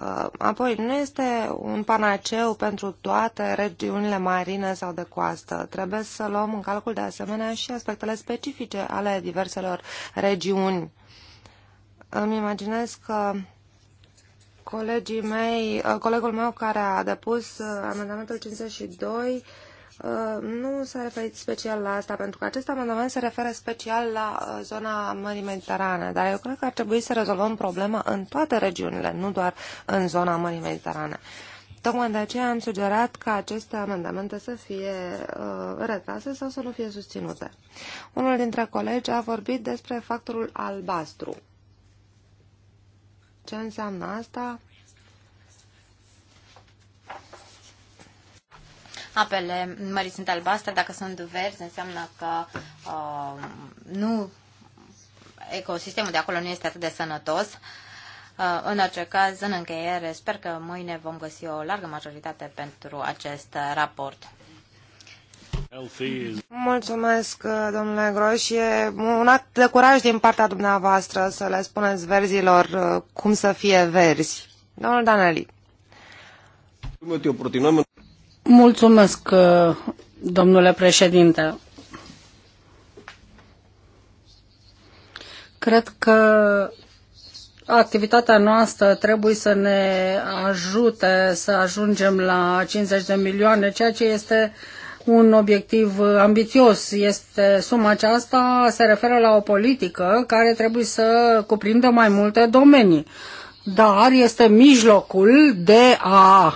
Uh, apoi, nu este un panaceu pentru toate regiunile marine sau de coastă. Trebuie să luăm în calcul de asemenea și aspectele specifice ale diverselor regiuni. Îmi imaginez că Colegii mei, uh, colegul meu care a depus uh, amendamentul 52 uh, nu s-a referit special la asta, pentru că acest amendament se referă special la zona Mării Mediterane, dar eu cred că ar trebui să rezolvăm problema în toate regiunile, nu doar în zona Mării Mediterane. Tocmai de aceea am sugerat ca aceste amendamente să fie uh, retrase sau să nu fie susținute. Unul dintre colegi a vorbit despre factorul albastru. Ce înseamnă asta? Apele mării sunt albastre, dacă sunt verzi, înseamnă că uh, nu ecosistemul de acolo nu este atât de sănătos. Uh, în orice caz, în încheiere, sper că mâine vom găsi o largă majoritate pentru acest raport. Mulțumesc, domnule Groșie, E un act de curaj din partea dumneavoastră să le spuneți verzilor uh, cum să fie verzi. Domnul Danali. Mulțumesc, uh, domnule președinte. Cred că activitatea noastră trebuie să ne ajute să ajungem la 50 de milioane, ceea ce este uh, un obiectiv uh, ambițios. Este suma aceasta se referă la o politică care trebuie să cuprindă mai multe domenii. Dar este mijlocul de a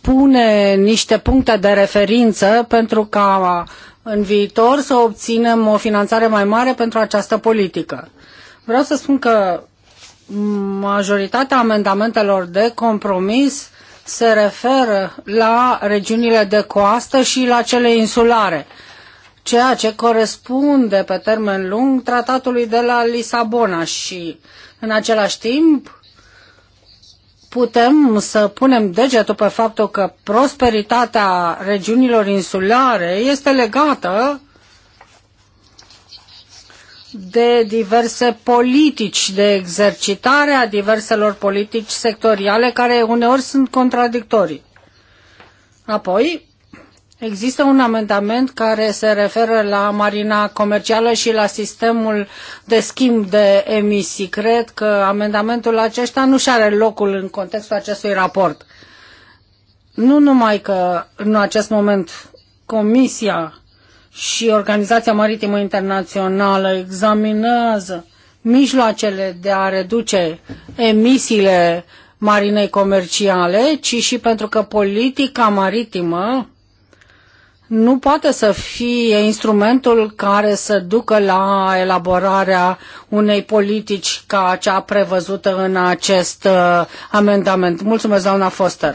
pune niște puncte de referință pentru ca în viitor să obținem o finanțare mai mare pentru această politică. Vreau să spun că majoritatea amendamentelor de compromis se referă la regiunile de coastă și la cele insulare, ceea ce corespunde pe termen lung tratatului de la Lisabona și în același timp putem să punem degetul pe faptul că prosperitatea regiunilor insulare este legată de diverse politici de exercitare a diverselor politici sectoriale care uneori sunt contradictorii. Apoi, Există un amendament care se referă la marina comercială și la sistemul de schimb de emisii. Cred că amendamentul acesta nu și are locul în contextul acestui raport. Nu numai că în acest moment Comisia și Organizația Maritimă Internațională examinează mijloacele de a reduce emisiile marinei comerciale, ci și pentru că politica maritimă nu poate să fie instrumentul care să ducă la elaborarea unei politici ca cea prevăzută în acest uh, amendament. Mulțumesc, doamna Foster.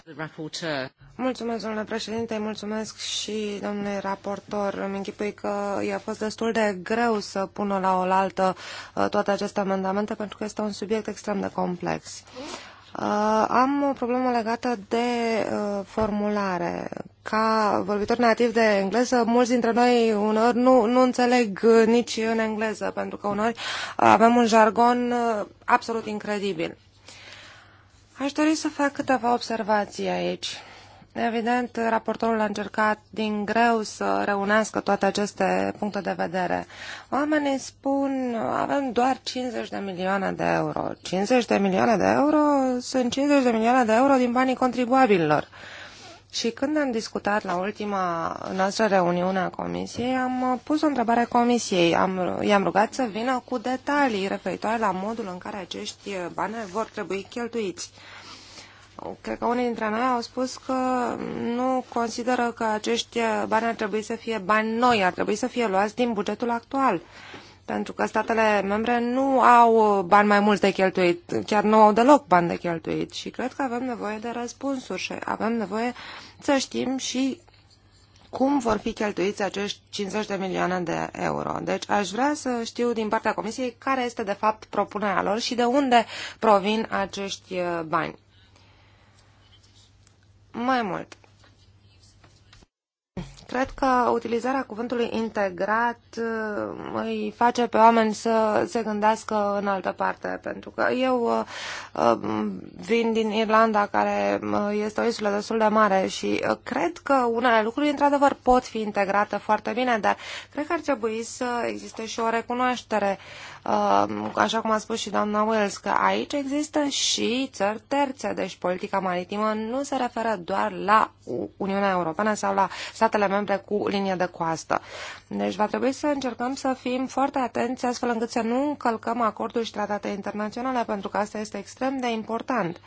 Mulțumesc, domnule președinte, mulțumesc și domnule raportor. Îmi închipui că i-a fost destul de greu să pună la oaltă uh, toate aceste amendamente, pentru că este un subiect extrem de complex. Uh, am o problemă legată de uh, formulare. Ca vorbitor nativ de engleză, mulți dintre noi uneori nu, nu înțeleg nici în engleză, pentru că uneori avem un jargon absolut incredibil. Aș dori să fac câteva observații aici. Evident, raportorul a încercat din greu să reunească toate aceste puncte de vedere. Oamenii spun, avem doar 50 de milioane de euro. 50 de milioane de euro sunt 50 de milioane de euro din banii contribuabililor. Și când am discutat la ultima noastră reuniune a comisiei, am pus o întrebare comisiei. Am, i-am rugat să vină cu detalii referitoare la modul în care acești bani vor trebui cheltuiți. Cred că unii dintre noi au spus că nu consideră că acești bani ar trebui să fie bani noi, ar trebui să fie luați din bugetul actual. Pentru că statele membre nu au bani mai mulți de cheltuit, chiar nu au deloc bani de cheltuit și cred că avem nevoie de răspunsuri și avem nevoie să știm și cum vor fi cheltuiți acești 50 de milioane de euro. Deci aș vrea să știu din partea Comisiei care este de fapt propunerea lor și de unde provin acești uh, bani. Mai mult, cred că utilizarea cuvântului integrat uh, îi face pe oameni să se gândească în altă parte, pentru că eu uh, uh, vin din Irlanda, care este o insulă destul de mare și cred că unele lucruri, într-adevăr, pot fi integrate foarte bine, dar cred că ar trebui să existe și o recunoaștere uh, Um, așa cum a spus și doamna Wells, că aici există și țări terțe, deci politica maritimă nu se referă doar la Uniunea Europeană sau la statele membre cu linie de coastă. Deci va trebui să încercăm să fim foarte atenți astfel încât să nu încălcăm acordul și tratate internaționale, pentru că asta este extrem de important.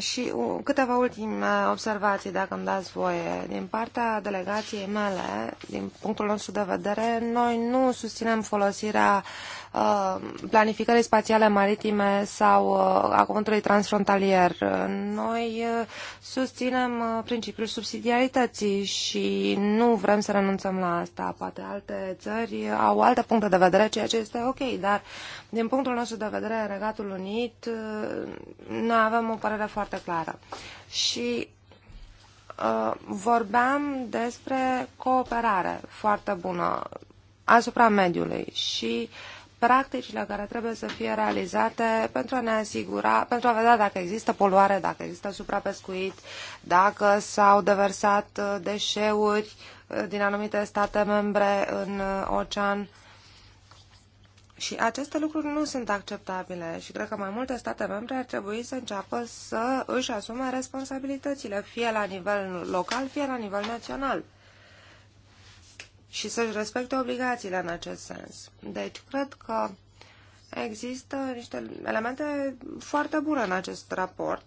Și uh, câteva ultime observații, dacă îmi dați voie. Din partea delegației mele, din punctul nostru de vedere, noi nu susținem folosirea uh, Uh, planificării spațiale maritime sau uh, a cuvântului transfrontalier. Noi uh, susținem principiul subsidiarității și nu vrem să renunțăm la asta. Poate alte țări au alte puncte de vedere, ceea ce este ok, dar din punctul nostru de vedere, Regatul Unit, noi avem o părere foarte clară. Și vorbeam despre cooperare foarte bună asupra mediului și uh, practicile care trebuie să fie realizate pentru a ne asigura, pentru a vedea dacă există poluare, dacă există suprapescuit, dacă s-au deversat uh, deșeuri uh, din anumite state membre în uh, ocean. Și aceste lucruri nu sunt acceptabile și cred că mai multe state membre ar trebui să înceapă să își asume responsabilitățile, fie la nivel local, fie la nivel național și să-și respecte obligațiile în acest sens. Deci, cred că există niște elemente foarte bune în acest raport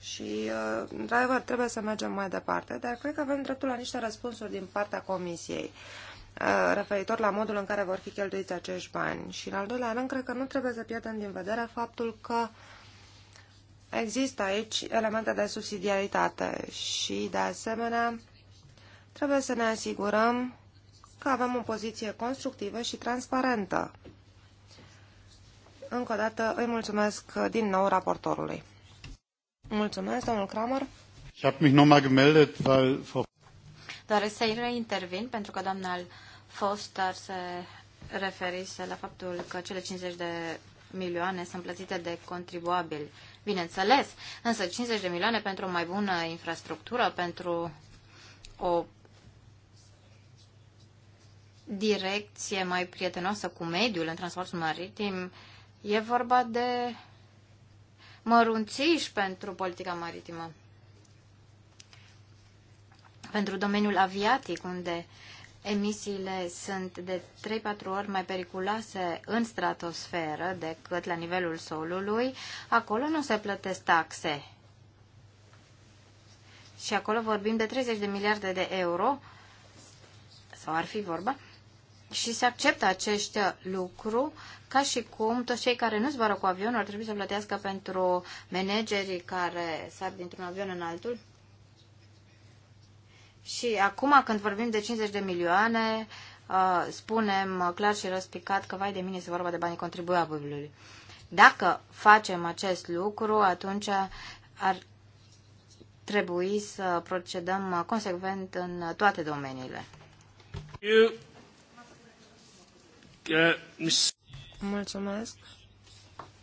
și, uh, într-adevăr, trebuie să mergem mai departe, dar cred că avem dreptul la niște răspunsuri din partea Comisiei uh, referitor la modul în care vor fi cheltuiți acești bani. Și, în al doilea rând, cred că nu trebuie să pierdem din vedere faptul că există aici elemente de subsidiaritate și, de asemenea, trebuie să ne asigurăm că avem o poziție constructivă și transparentă. Încă o dată îi mulțumesc din nou raportorului. Mulțumesc, domnul Kramer. Ich habe mich nochmal gemeldet, weil Frau Doresc să reintervin pentru că doamna Foster se referise la faptul că cele 50 de milioane sunt plătite de contribuabili. Bineînțeles, însă 50 de milioane pentru o mai bună infrastructură, pentru o direcție mai prietenoasă cu mediul în transportul maritim. E vorba de mărunțiși pentru politica maritimă. Pentru domeniul aviatic, unde emisiile sunt de 3-4 ori mai periculoase în stratosferă decât la nivelul solului, acolo nu se plătesc taxe. Și acolo vorbim de 30 de miliarde de euro, sau ar fi vorba, și se acceptă acest lucru ca și cum toți cei care nu zboară cu avionul ar trebui să plătească pentru managerii care sar dintr-un avion în altul? Și acum când vorbim de 50 de milioane, uh, spunem clar și răspicat că vai de mine se vorba de banii contribuabilului. Dacă facem acest lucru, atunci ar trebui să procedăm consecvent în toate domeniile. Mulțumesc.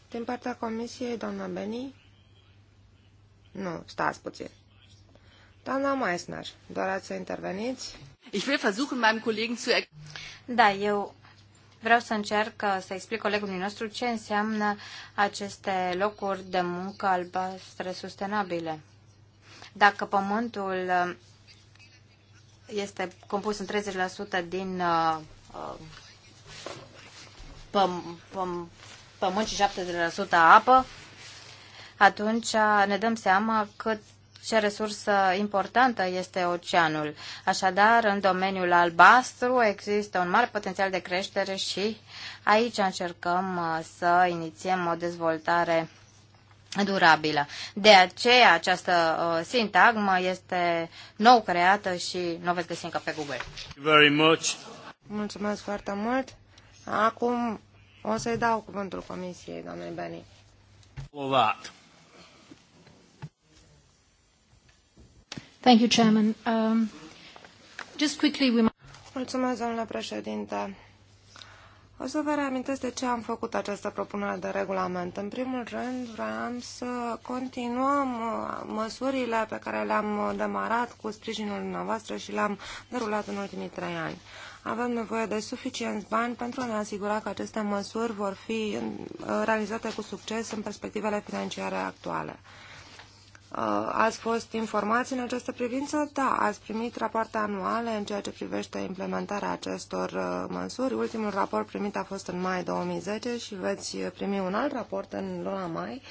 Din partea comisiei, doamna Beni? Nu, stați puțin. Doamna Meissner, doreați să interveniți? Ich will versuchen, meinem Kollegen zu Da, eu vreau să încerc uh, să explic colegului nostru ce înseamnă aceste locuri de muncă albastre sustenabile. Dacă pământul uh, este compus în 30% din uh, păm, păm, pământ și 70% apă, atunci ne dăm seama cât ce resursă importantă este oceanul. Așadar, în domeniul albastru există un mare potențial de creștere și aici încercăm uh, să inițiem o dezvoltare durabilă. De aceea această uh, sintagmă este nou creată și nu o veți găsi încă pe Google. Very much. Mulțumesc foarte mult. Acum o să-i dau cuvântul Comisiei, doamnei Beni. Lovat. Thank you, Chairman. Um, just quickly, we... Mulțumesc, domnule președinte. O să vă reamintesc de ce am făcut această propunere de regulament. În primul rând, vreau să continuăm uh, măsurile pe care le-am demarat cu sprijinul dumneavoastră și le-am derulat în ultimii trei ani. Avem nevoie de suficienți bani pentru a ne asigura că aceste măsuri vor fi uh, realizate cu succes în perspectivele financiare actuale. Uh, ați fost informați în această privință? Da, ați primit rapoarte anuale în ceea ce privește implementarea acestor uh, măsuri. Ultimul raport primit a fost în mai 2010 și veți primi un alt raport în luna mai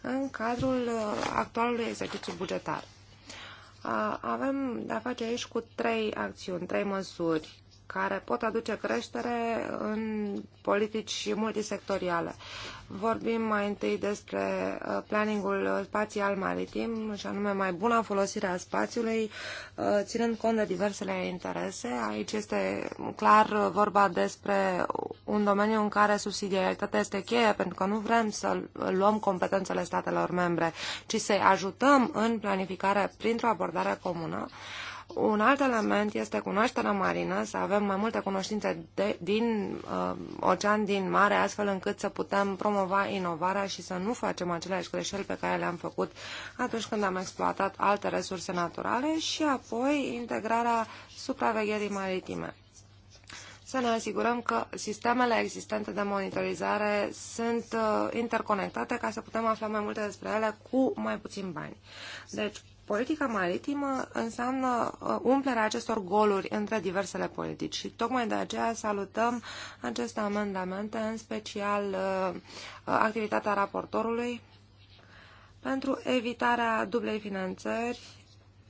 în cadrul actualului exercițiu bugetar. Avem de-a face aici cu trei acțiuni, trei măsuri care pot aduce creștere în politici multisectoriale. Vorbim mai întâi despre uh, planningul spațial maritim și anume mai bună folosire a spațiului, uh, ținând cont de diversele interese. Aici este clar vorba despre un domeniu în care subsidiaritatea este cheie, pentru că nu vrem să luăm competențele statelor membre, ci să-i ajutăm în planificare printr-o abordare comună. Un alt element este cunoașterea marină, să avem mai multe cunoștințe de, din uh, ocean, din mare, astfel încât să putem promova inovarea și să nu facem aceleași greșeli pe care le-am făcut atunci când am exploatat alte resurse naturale și apoi integrarea supravegherii maritime să ne asigurăm că sistemele existente de monitorizare sunt uh, interconectate ca să putem afla mai multe despre ele cu mai puțin bani. Deci, Politica maritimă înseamnă uh, umplerea acestor goluri între diversele politici și tocmai de aceea salutăm aceste amendamente, în special uh, uh, activitatea raportorului pentru evitarea dublei finanțări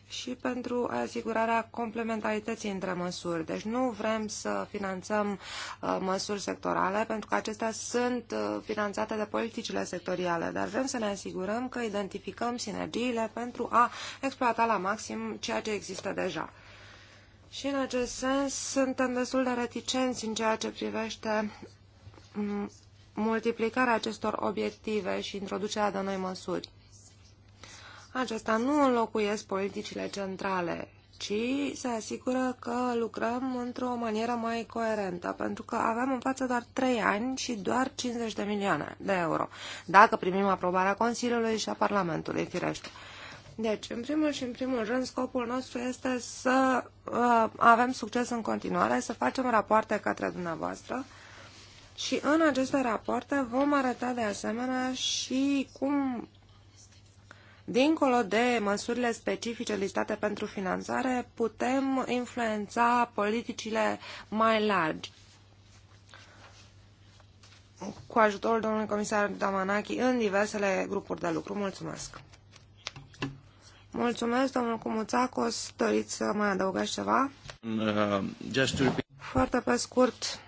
și pentru asigurarea complementarității între măsuri. Deci nu vrem să finanțăm uh, măsuri sectorale, pentru că acestea sunt uh, finanțate de politicile sectoriale, dar vrem să ne asigurăm că identificăm sinergiile pentru a exploata la maxim ceea ce există deja. Și în acest sens suntem destul de reticenți în ceea ce privește mm, multiplicarea acestor obiective și introducerea de noi măsuri. Aceasta nu înlocuiesc politicile centrale, ci se asigură că lucrăm într-o manieră mai coerentă, pentru că avem în față doar 3 ani și doar 50 de milioane de euro, dacă primim aprobarea Consiliului și a Parlamentului, firește. Deci, în primul și în primul rând, scopul nostru este să uh, avem succes în continuare, să facem rapoarte către dumneavoastră și în aceste rapoarte vom arăta de asemenea și cum Dincolo de măsurile specifice listate pentru finanțare, putem influența politicile mai largi cu ajutorul domnului comisar Damanaki în diversele grupuri de lucru. Mulțumesc! Mulțumesc, domnul Cumuțacos. Doriți să mai adăugați ceva? Uh, Foarte pe scurt,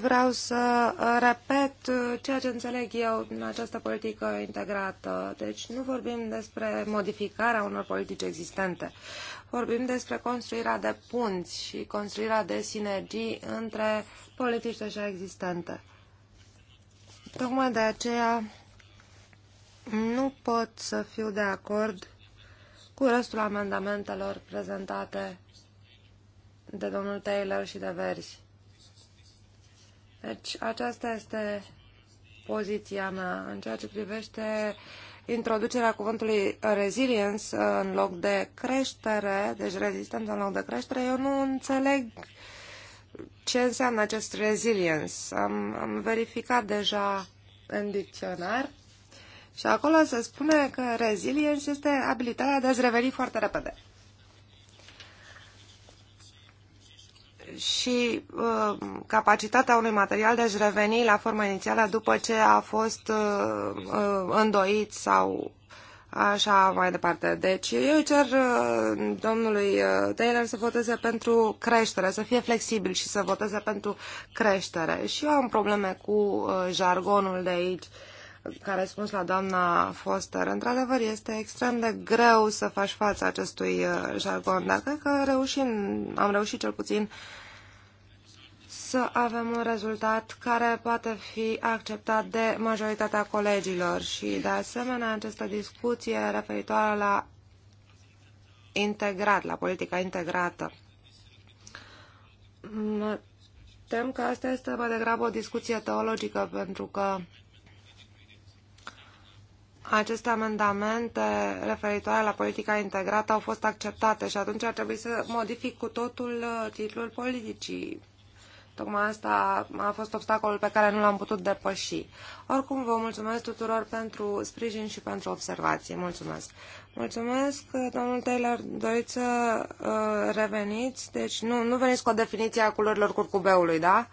Vreau să uh, repet uh, ceea ce înțeleg eu din această politică integrată. Deci nu vorbim despre modificarea unor politici existente. Vorbim despre construirea de punți și construirea de sinergii între politici deja existente. Tocmai de aceea nu pot să fiu de acord cu restul amendamentelor prezentate de domnul Taylor și de Verzi. Deci aceasta este poziția mea în ceea ce privește introducerea cuvântului resilience în loc de creștere, deci rezistență în loc de creștere, eu nu înțeleg ce înseamnă acest resilience. Am, am verificat deja în dicționar și acolo se spune că resilience este abilitatea de a-ți reveni foarte repede. și uh, capacitatea unui material de a-și reveni la forma inițială după ce a fost uh, uh, îndoit sau așa mai departe. Deci eu cer uh, domnului uh, Taylor să voteze pentru creștere, să fie flexibil și să voteze pentru creștere. Și eu am probleme cu uh, jargonul de aici care a spus la doamna Foster. Într-adevăr, este extrem de greu să faci față acestui uh, jargon, dar cred că reușim, am reușit cel puțin să avem un rezultat care poate fi acceptat de majoritatea colegilor și, de asemenea, această discuție referitoare la integrat, la politica integrată. Mă tem că asta este mai degrabă o discuție teologică, pentru că aceste amendamente referitoare la politica integrată au fost acceptate și atunci ar trebui să modific cu totul uh, titlul politicii Tocmai asta a fost obstacolul pe care nu l-am putut depăși. Oricum, vă mulțumesc tuturor pentru sprijin și pentru observații. Mulțumesc! Mulțumesc, domnul Taylor. Doriți să uh, reveniți? Deci nu, nu veniți cu o definiție a culorilor curcubeului, da?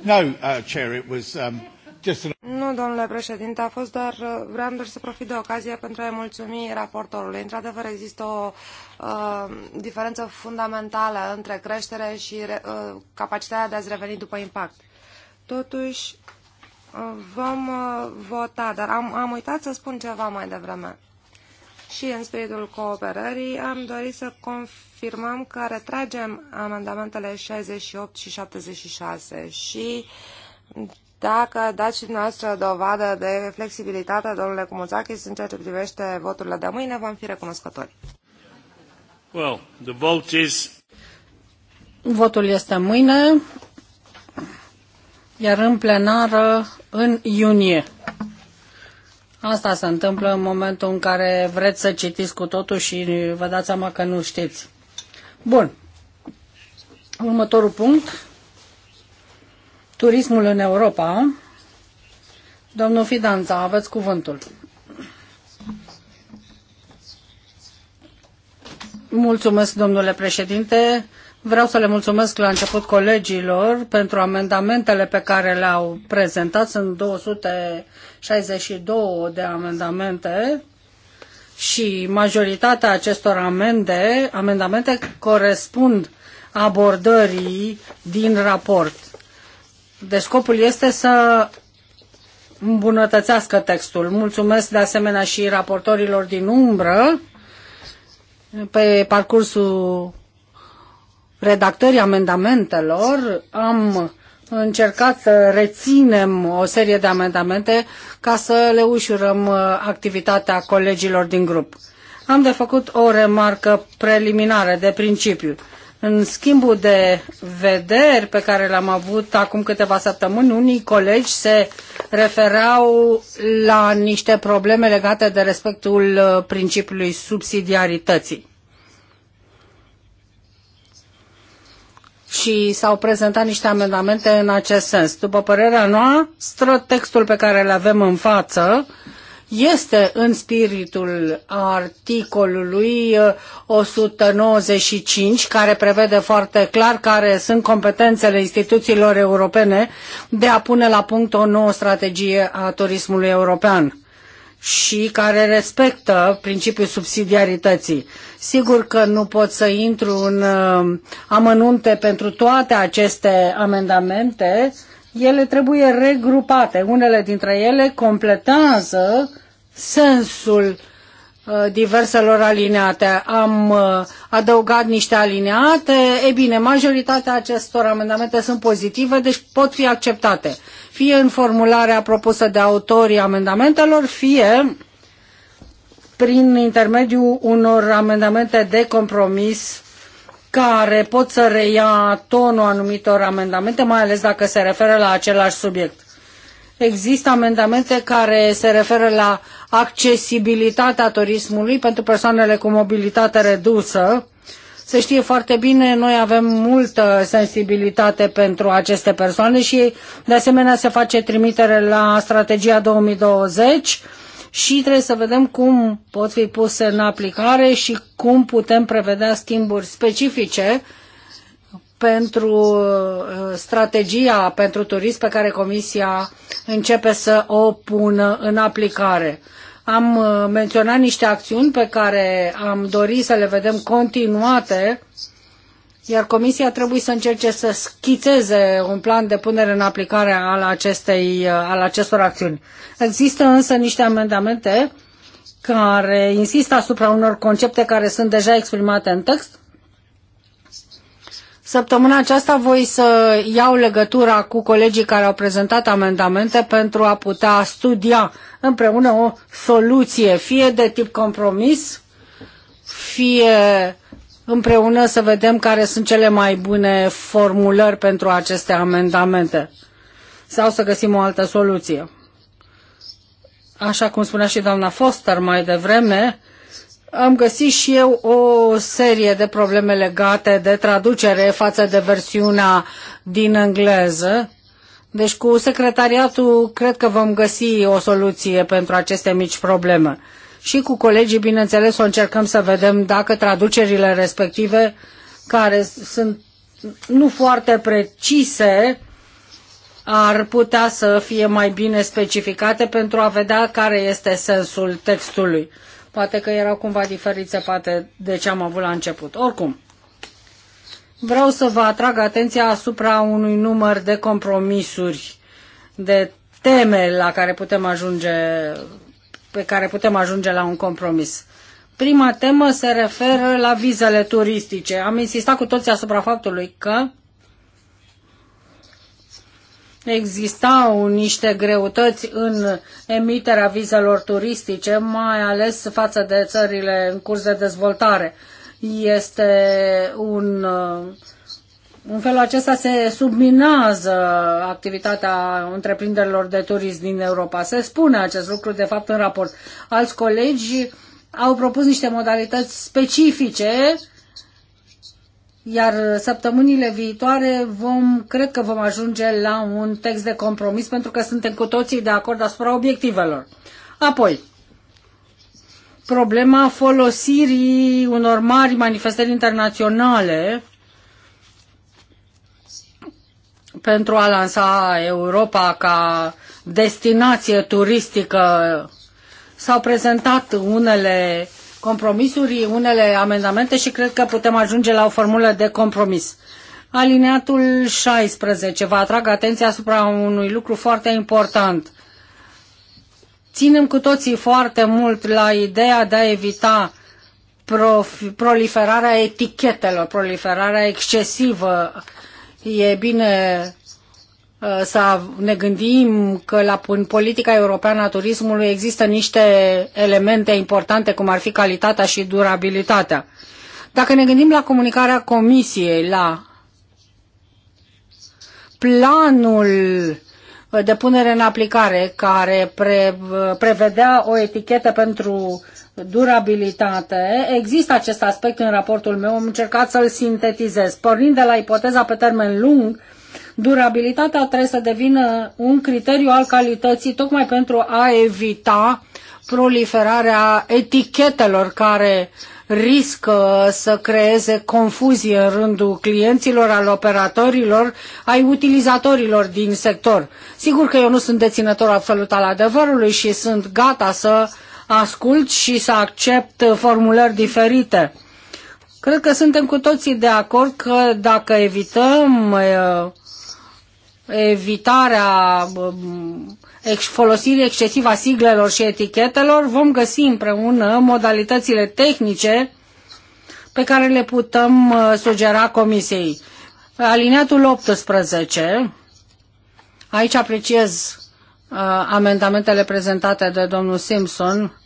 No, uh, Chair, it was um, just an... Nu, domnule președinte, a fost doar, uh, vreau doar să profit de ocazie pentru a-i mulțumi raportorului. Într-adevăr, există o uh, diferență fundamentală între creștere și uh, capacitatea de a-ți reveni după impact. Totuși, uh, vom uh, vota, dar am, am uitat să spun ceva mai devreme. Și în spiritul cooperării am dorit să confirmăm că retragem amendamentele 68 și 76 și dacă dați și dumneavoastră dovadă de flexibilitate, domnule Cumuțachis, în ceea ce privește voturile de mâine, vom fi recunoscători. Well, the vote is... Votul este mâine, iar în plenară în iunie. Asta se întâmplă în momentul în care vreți să citiți cu totul și vă dați seama că nu știți. Bun. Următorul punct turismul în Europa. Domnul Fidanța, aveți cuvântul. Mulțumesc, domnule președinte. Vreau să le mulțumesc la început colegilor pentru amendamentele pe care le-au prezentat. Sunt 262 de amendamente și majoritatea acestor amende, amendamente corespund abordării din raport. Deci scopul este să îmbunătățească textul. Mulțumesc de asemenea și raportorilor din umbră pe parcursul redactării amendamentelor. Am încercat să reținem o serie de amendamente ca să le ușurăm activitatea colegilor din grup. Am de făcut o remarcă preliminară de principiu în schimbul de vederi pe care l-am avut acum câteva săptămâni, unii colegi se referau la niște probleme legate de respectul uh, principiului subsidiarității. și s-au prezentat niște amendamente în acest sens. După părerea noastră, textul pe care îl avem în față este în spiritul articolului 195, uh, care prevede foarte clar care sunt competențele instituțiilor europene de a pune la punct o nouă strategie a turismului european și care respectă principiul subsidiarității. Sigur că nu pot să intru în uh, amănunte pentru toate aceste amendamente, ele trebuie regrupate. Unele dintre ele completează sensul uh, diverselor alineate. Am uh, adăugat niște alineate. E bine, majoritatea acestor amendamente sunt pozitive, deci pot fi acceptate. Fie în formularea propusă de autorii amendamentelor, fie prin intermediul unor amendamente de compromis care pot să reia tonul anumitor amendamente, mai ales dacă se referă la același subiect. Există amendamente care se referă la accesibilitatea turismului pentru persoanele cu mobilitate redusă. Se știe foarte bine, noi avem multă sensibilitate pentru aceste persoane și de asemenea se face trimitere la strategia 2020 și trebuie să vedem cum pot fi puse în aplicare și cum putem prevedea schimburi specifice pentru uh, strategia pentru turism pe care Comisia începe să o pună în aplicare. Am uh, menționat niște acțiuni pe care am dorit să le vedem continuate, iar Comisia trebuie să încerce să schițeze un plan de punere în aplicare al, acestei, uh, al acestor acțiuni. Există însă niște amendamente care insistă asupra unor concepte care sunt deja exprimate în text Săptămâna aceasta voi să iau legătura cu colegii care au prezentat amendamente pentru a putea studia împreună o soluție, fie de tip compromis, fie împreună să vedem care sunt cele mai bune formulări pentru aceste amendamente sau să găsim o altă soluție. Așa cum spunea și doamna Foster mai devreme, am găsit și eu o serie de probleme legate de traducere față de versiunea din engleză. Deci cu secretariatul cred că vom găsi o soluție pentru aceste mici probleme. Și cu colegii, bineînțeles, o încercăm să vedem dacă traducerile respective, care sunt nu foarte precise, ar putea să fie mai bine specificate pentru a vedea care este sensul textului Poate că erau cumva diferite poate de ce am avut la început. Oricum, vreau să vă atrag atenția asupra unui număr de compromisuri, de teme la care putem ajunge, pe care putem ajunge la un compromis. Prima temă se referă la vizele turistice. Am insistat cu toții asupra faptului că existau niște greutăți în emiterea vizelor turistice, mai ales față de țările în curs de dezvoltare. Este un în uh, felul acesta se subminează activitatea întreprinderilor de turism din Europa. Se spune acest lucru, de fapt, în raport. Alți colegi au propus niște modalități specifice iar săptămânile viitoare vom, cred că vom ajunge la un text de compromis pentru că suntem cu toții de acord asupra obiectivelor. Apoi, problema folosirii unor mari manifestări internaționale pentru a lansa Europa ca destinație turistică. S-au prezentat unele compromisuri, unele amendamente și cred că putem ajunge la o formulă de compromis. Alineatul 16 vă atrag atenția asupra unui lucru foarte important. Ținem cu toții foarte mult la ideea de a evita proliferarea etichetelor, proliferarea excesivă. E bine Uh, să ne gândim că la politica europeană a turismului există niște elemente importante, cum ar fi calitatea și durabilitatea. Dacă ne gândim la comunicarea Comisiei, la planul de punere în aplicare care pre, uh, prevedea o etichetă pentru durabilitate. Există acest aspect în raportul meu, am încercat să-l sintetizez. Pornind de la ipoteza pe termen lung, durabilitatea trebuie să devină un criteriu al calității tocmai pentru a evita proliferarea etichetelor care riscă să creeze confuzie în rândul clienților, al operatorilor, ai utilizatorilor din sector. Sigur că eu nu sunt deținător absolut al adevărului și sunt gata să ascult și să accept formulări diferite. Cred că suntem cu toții de acord că dacă evităm uh, evitarea um, folosirii excesive a siglelor și etichetelor, vom găsi împreună modalitățile tehnice pe care le putem uh, sugera Comisiei. Alineatul 18, aici apreciez uh, amendamentele prezentate de domnul Simpson,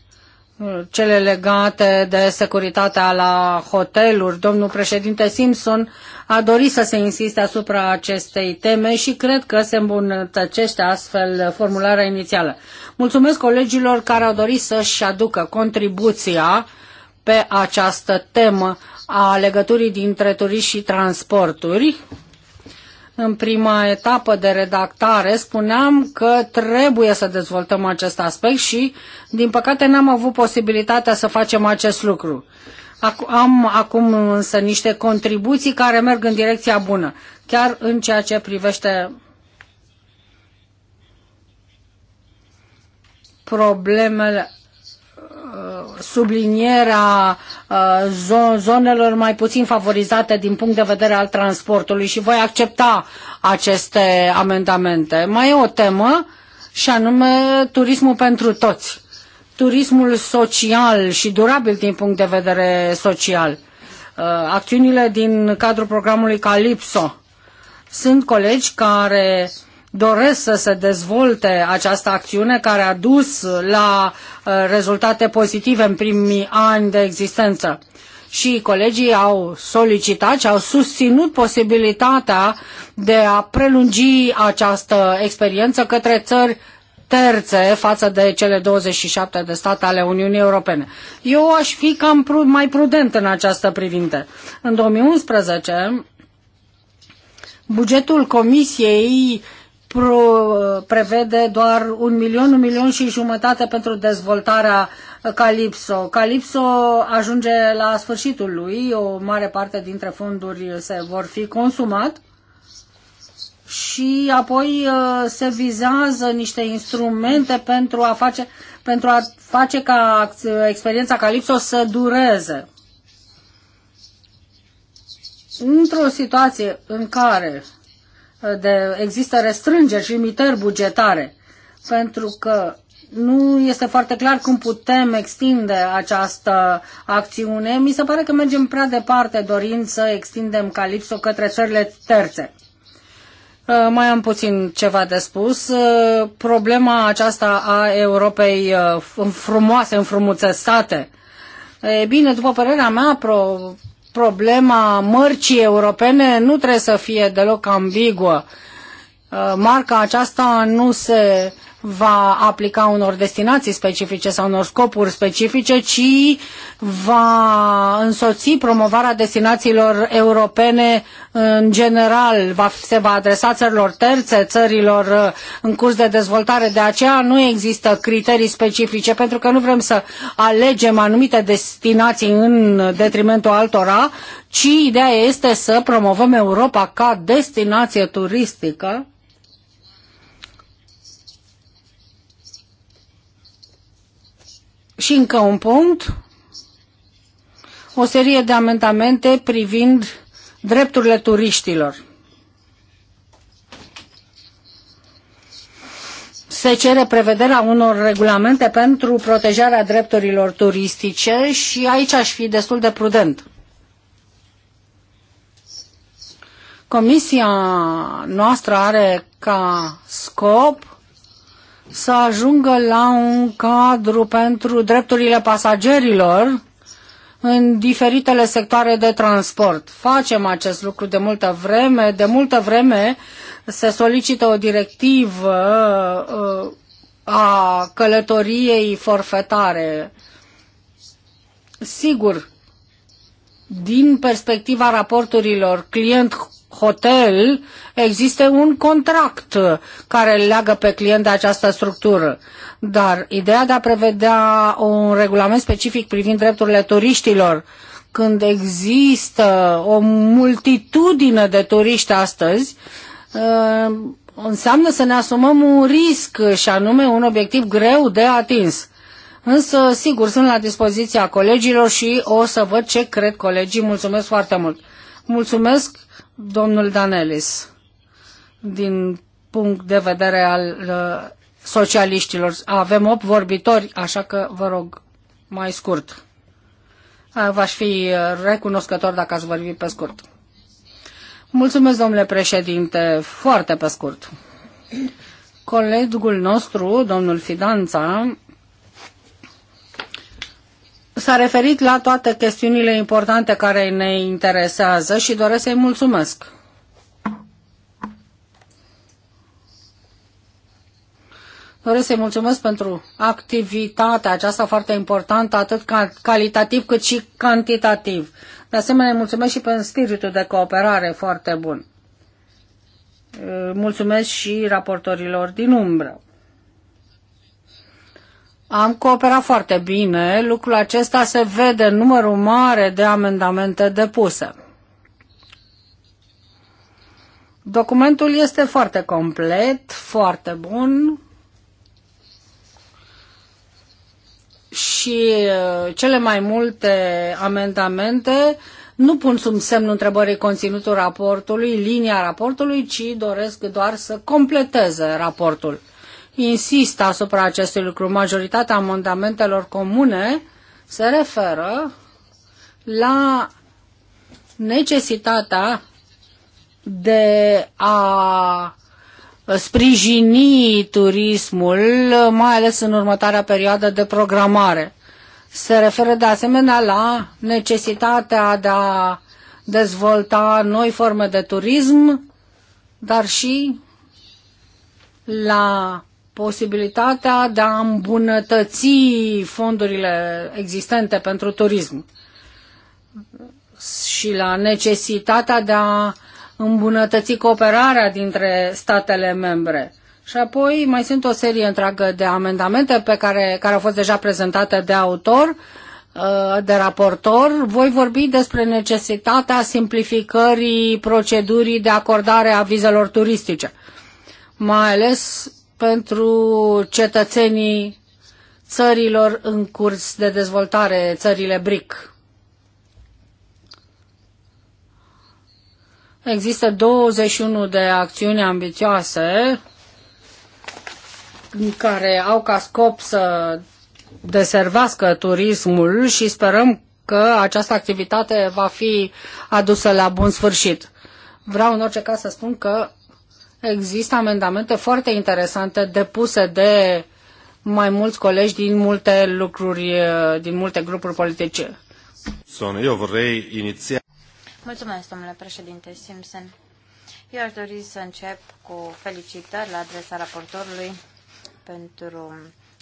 cele legate de securitatea la hoteluri. Domnul președinte Simpson a dorit să se insiste asupra acestei teme și cred că se îmbunătățește astfel formularea inițială. Mulțumesc colegilor care au dorit să-și aducă contribuția pe această temă a legăturii dintre turiști și transporturi. În prima etapă de redactare spuneam că trebuie să dezvoltăm acest aspect și, din păcate, n-am avut posibilitatea să facem acest lucru. Am acum însă niște contribuții care merg în direcția bună, chiar în ceea ce privește problemele Uh, sublinierea uh, zonelor mai puțin favorizate din punct de vedere al transportului și voi accepta aceste amendamente. Mai e o temă și anume turismul pentru toți. Turismul social și durabil din punct de vedere social. Uh, acțiunile din cadrul programului Calipso. Sunt colegi care uh, doresc să se dezvolte această acțiune care a dus la uh, rezultate pozitive în primii ani de existență. Și colegii au solicitat și au susținut posibilitatea de a prelungi această experiență către țări terțe față de cele 27 de state ale Uniunii Europene. Eu aș fi cam mai prudent în această privință. În 2011, bugetul Comisiei prevede doar un milion, un milion și jumătate pentru dezvoltarea Calipso. Calipso ajunge la sfârșitul lui, o mare parte dintre fonduri se vor fi consumat și apoi uh, se vizează niște instrumente pentru a face, pentru a face ca experiența Calipso să dureze. Într-o situație în care de, există restrângeri și limitări bugetare, pentru că nu este foarte clar cum putem extinde această acțiune. Mi se pare că mergem prea departe dorind să extindem Calipso către țările terțe. Uh, mai am puțin ceva de spus. Uh, problema aceasta a Europei uh, frumoase, înfrumuțăsate. E bine, după părerea mea, pro, problema mărcii europene nu trebuie să fie deloc ambiguă. Uh, marca aceasta nu se va aplica unor destinații specifice sau unor scopuri specifice, ci va însoți promovarea destinațiilor europene în general, va, se va adresa țărilor terțe, țărilor uh, în curs de dezvoltare. De aceea nu există criterii specifice, pentru că nu vrem să alegem anumite destinații în detrimentul altora, ci ideea este să promovăm Europa ca destinație turistică Și încă un punct, o serie de amendamente privind drepturile turiștilor. se cere prevederea unor regulamente pentru protejarea drepturilor turistice și aici aș fi destul de prudent. Comisia noastră are ca scop să ajungă la un cadru pentru drepturile pasagerilor în diferitele sectoare de transport. Facem acest lucru de multă vreme. De multă vreme se solicită o directivă uh, a călătoriei forfetare. Sigur, din perspectiva raporturilor client-hotel, există un contract care leagă pe client de această structură. Dar ideea de a prevedea un regulament specific privind drepturile turiștilor, când există o multitudine de turiști astăzi, uh, înseamnă să ne asumăm un risc și anume un obiectiv greu de atins. Însă, sigur, sunt la dispoziția colegilor și o să văd ce cred colegii. Mulțumesc foarte mult. Mulțumesc, domnul Danelis, din punct de vedere al uh, socialiștilor. Avem 8 vorbitori, așa că vă rog, mai scurt. V-aș fi uh, recunoscător dacă ați vorbi pe scurt. Mulțumesc, domnule președinte, foarte pe scurt. Colegul nostru, domnul Fidanța, s-a referit la toate chestiunile importante care ne interesează și doresc să-i mulțumesc. Doresc să-i mulțumesc pentru activitatea aceasta foarte importantă, atât calitativ cât și cantitativ. De asemenea, îi mulțumesc și pentru spiritul de cooperare foarte bun. Mulțumesc și raportorilor din umbră. Am cooperat foarte bine, lucrul acesta se vede în numărul mare de amendamente depuse. Documentul este foarte complet, foarte bun și uh, cele mai multe amendamente nu pun sub semnul întrebării conținutul raportului, linia raportului, ci doresc doar să completeze raportul insist asupra acestui lucru. Majoritatea amendamentelor comune se referă la necesitatea de a sprijini turismul, mai ales în următoarea perioadă de programare. Se referă de asemenea la necesitatea de a dezvolta noi forme de turism, dar și la posibilitatea de a îmbunătăți fondurile existente pentru turism și la necesitatea de a îmbunătăți cooperarea dintre statele membre. Și apoi mai sunt o serie întreagă de amendamente pe care, care au fost deja prezentate de autor, uh, de raportor. Voi vorbi despre necesitatea simplificării procedurii de acordare a vizelor turistice, mai ales pentru cetățenii țărilor în curs de dezvoltare, țările BRIC. Există 21 de acțiuni ambițioase care au ca scop să deservească turismul și sperăm că această activitate va fi adusă la bun sfârșit. Vreau în orice caz să spun că Există amendamente foarte interesante depuse de mai mulți colegi din multe lucruri, eh, din multe grupuri politice. Son, eu vrei iniția. Mulțumesc, domnule președinte Simpson. Eu aș dori să încep cu felicitări la adresa raportorului pentru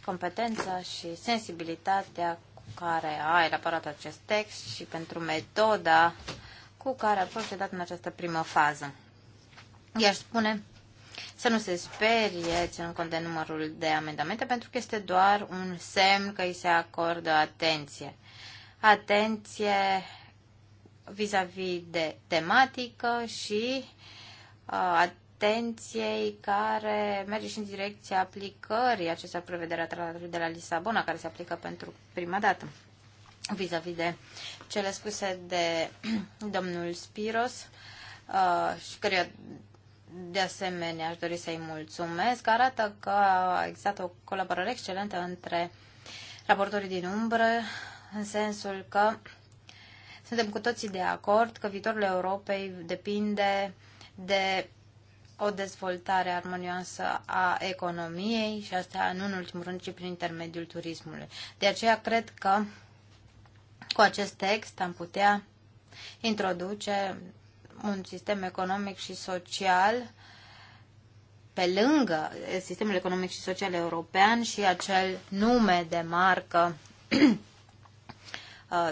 competența și sensibilitatea cu care a elaborat acest text și pentru metoda cu care a procedat în această primă fază i spune să nu se sperie ținând cont de numărul de amendamente, pentru că este doar un semn că îi se acordă atenție. Atenție vis-a-vis -vis de tematică și uh, atenției care merge și în direcția aplicării acestor prevederi a tratatului de la Lisabona, care se aplică pentru prima dată vis-a-vis -vis de cele spuse de domnul Spiros uh, și căruia de asemenea, aș dori să-i mulțumesc. Arată că a existat o colaborare excelentă între raportorii din umbră, în sensul că suntem cu toții de acord că viitorul Europei depinde de o dezvoltare armonioasă a economiei și asta nu în ultimul rând, ci prin intermediul turismului. De aceea cred că cu acest text am putea introduce un sistem economic și social pe lângă sistemul economic și social european și acel nume de marcă uh,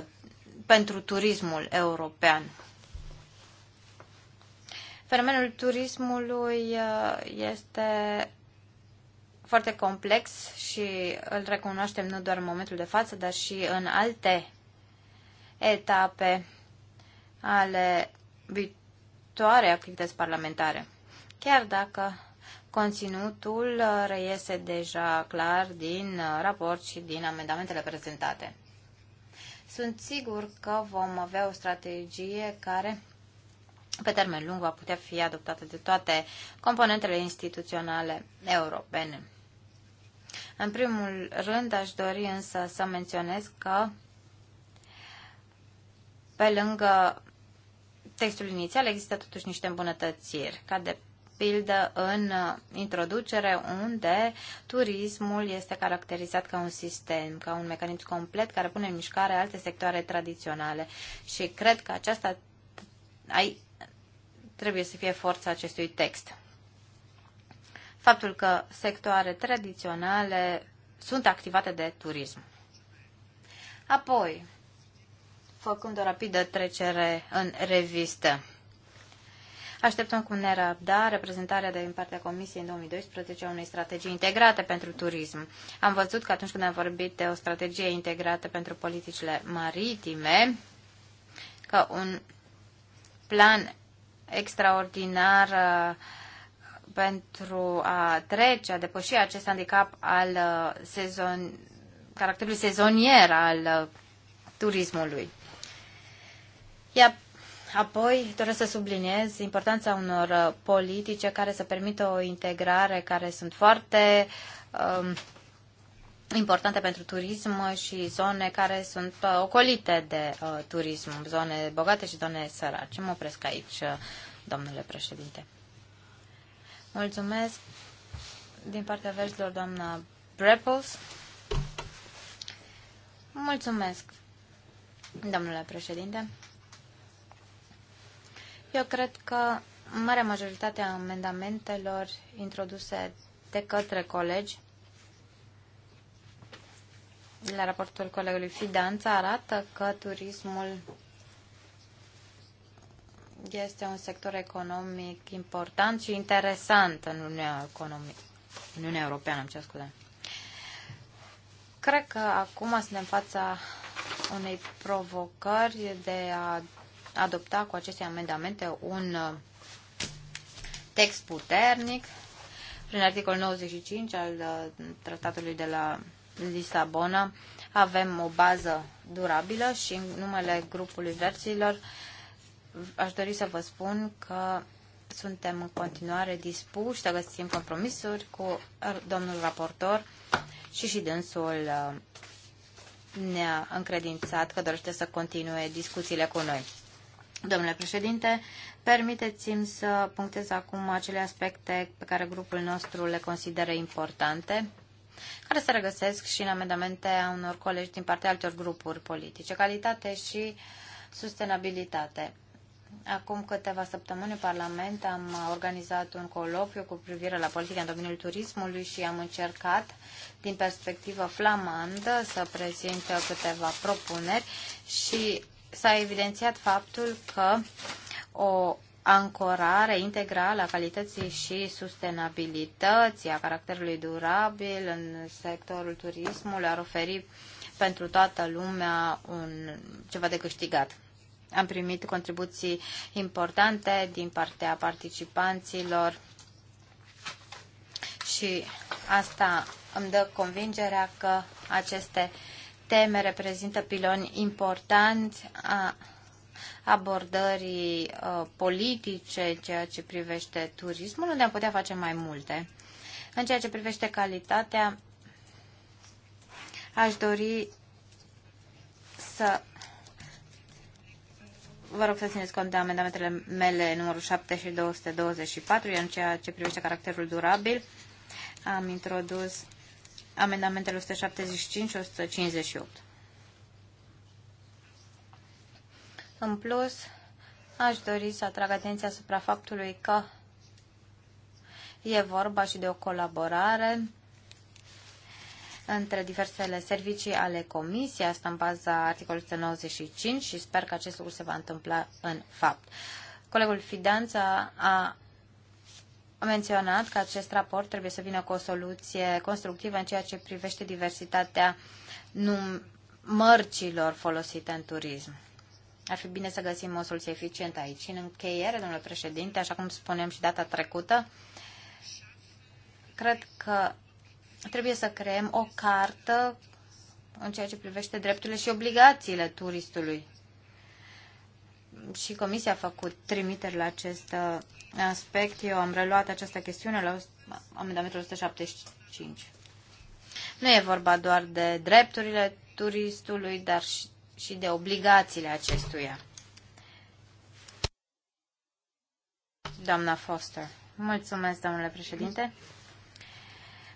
pentru turismul european. Fenomenul turismului uh, este foarte complex și îl recunoaștem nu doar în momentul de față, dar și în alte etape ale viitoare activități parlamentare. Chiar dacă conținutul uh, reiese deja clar din uh, raport și din amendamentele prezentate. Sunt sigur că vom avea o strategie care pe termen lung va putea fi adoptată de toate componentele instituționale europene. În primul rând, aș dori însă să menționez că pe lângă textul inițial există totuși niște îmbunătățiri, ca de pildă în uh, introducere unde turismul este caracterizat ca un sistem, ca un mecanism complet care pune în mișcare alte sectoare tradiționale și cred că aceasta ai, trebuie să fie forța acestui text. Faptul că sectoare tradiționale sunt activate de turism. Apoi, făcând o rapidă trecere în revistă. Așteptăm cu nerăbdare prezentarea din partea Comisiei în 2012 a unei strategii integrate pentru turism. Am văzut că atunci când am vorbit de o strategie integrată pentru politicile maritime, că un plan extraordinar uh, pentru a trece, a depăși acest handicap al uh, sezon, caracterului sezonier al uh, turismului. Iar apoi doresc să subliniez importanța unor uh, politice care să permită o integrare care sunt foarte um, importante pentru turism și zone care sunt uh, ocolite de uh, turism, zone bogate și zone sărace. Mă opresc aici, uh, domnule președinte. Mulțumesc din partea verzilor, doamna Brepos. Mulțumesc, domnule președinte. Eu cred că marea majoritate a amendamentelor introduse de către colegi la raportul colegului Fidanța arată că turismul este un sector economic important și interesant în Uniunea, economic, Uniunea Europeană. Îmi cer scuze. Cred că acum suntem în fața unei provocări de a adopta cu aceste amendamente un uh, text puternic prin articolul 95 al uh, tratatului de la Lisabona avem o bază durabilă și în numele grupului verților aș dori să vă spun că suntem în continuare dispuși să găsim compromisuri cu domnul raportor și și dânsul uh, ne-a încredințat că dorește să continue discuțiile cu noi. Domnule președinte, permiteți-mi să punctez acum acele aspecte pe care grupul nostru le consideră importante, care se regăsesc și în amendamente a unor colegi din partea altor grupuri politice, calitate și sustenabilitate. Acum câteva săptămâni în Parlament am organizat un colofiu cu privire la politica în domeniul turismului și am încercat, din perspectivă flamandă, să prezint câteva propuneri și s-a evidențiat faptul că o ancorare integrală a calității și sustenabilității, a caracterului durabil în sectorul turismului ar oferi pentru toată lumea un, ceva de câștigat. Am primit contribuții importante din partea participanților și asta îmi dă convingerea că aceste uh, teme reprezintă piloni importanți a abordării uh, politice ceea ce privește turismul, unde am putea face mai multe. În ceea ce privește calitatea, aș dori să vă rog să țineți cont de amendamentele mele numărul 7 și 224, iar în ceea ce privește caracterul durabil, am introdus amendamentele 175 și 158. În plus, aș dori să atrag atenția asupra faptului că e vorba și de o colaborare între diversele servicii ale Comisiei, asta în baza articolului 195 și sper că acest lucru se va întâmpla în fapt. Colegul Fidanța a a menționat că acest raport trebuie să vină cu o soluție constructivă în ceea ce privește diversitatea mărcilor folosite în turism. Ar fi bine să găsim o soluție eficientă aici. În încheiere, domnule președinte, așa cum spuneam și data trecută, cred că trebuie să creăm o cartă în ceea ce privește drepturile și obligațiile turistului. Și Comisia a făcut trimiteri la acest aspect, eu am reluat această chestiune la amendamentul 175. Nu e vorba doar de drepturile turistului, dar și, și de obligațiile acestuia. Doamna Foster. Mulțumesc, domnule președinte.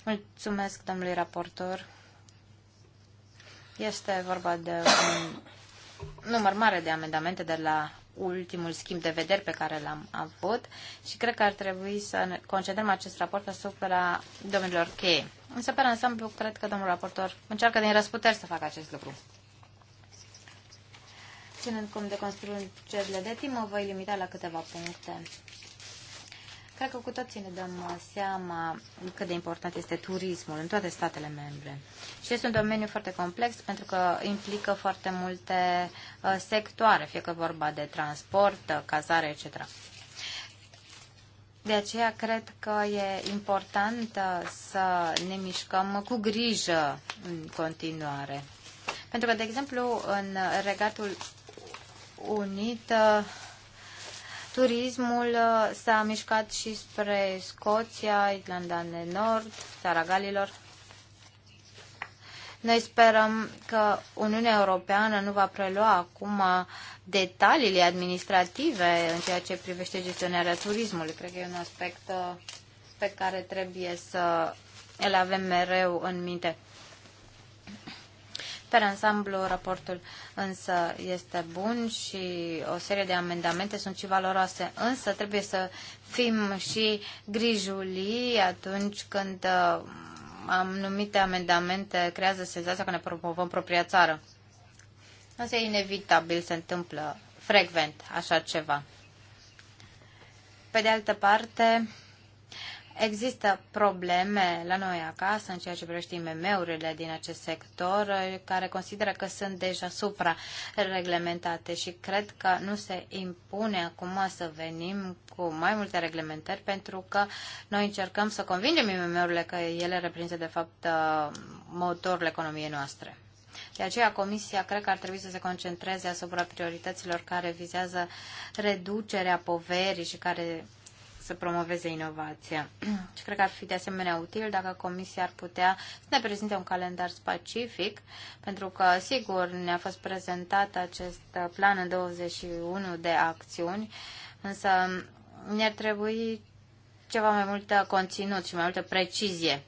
Mulțumesc, domnului raportor. Este vorba de un număr mare de amendamente de la ultimul schimb de vederi pe care l-am avut și cred că ar trebui să concedăm acest raport asupra domnilor cheie. Însă, pe ansamblu, cred că domnul raportor încearcă din răsputeri să facă acest lucru. Ținând cum de construirile de timp, mă voi limita la câteva puncte. Cred că cu toții ne dăm uh, seama cât de important este turismul în toate statele membre. Și este un domeniu foarte complex pentru că implică foarte multe uh, sectoare, fie că vorba de transport, cazare, etc. De aceea cred că e important uh, să ne mișcăm cu grijă în continuare. Pentru că, de exemplu, în Regatul Unit Turismul uh, s-a mișcat și spre Scoția, Irlanda de Nord, țara Galilor. Noi sperăm că Uniunea Europeană nu va prelua acum detaliile administrative în ceea ce privește gestionarea turismului. Cred că e un aspect uh, pe care trebuie să îl avem mereu în minte. Per ansamblu, raportul însă este bun și o serie de amendamente sunt și valoroase, însă trebuie să fim și grijuli atunci când uh, anumite amendamente creează senzația că ne promovăm propria țară. Însă e inevitabil, se întâmplă frecvent așa ceva. Pe de altă parte, Există probleme la noi acasă în ceea ce privește IMM-urile din acest sector care consideră că sunt deja supra-reglementate și cred că nu se impune acum să venim cu mai multe reglementări pentru că noi încercăm să convingem IMM-urile că ele reprezintă de fapt uh, motorul economiei noastre. De aceea, Comisia cred că ar trebui să se concentreze asupra priorităților care vizează reducerea poverii și care să promoveze inovația. Și cred că ar fi de asemenea util dacă Comisia ar putea să ne prezinte un calendar specific, pentru că, sigur, ne-a fost prezentat acest plan în 21 de acțiuni, însă ne-ar trebui ceva mai mult conținut și mai multă precizie.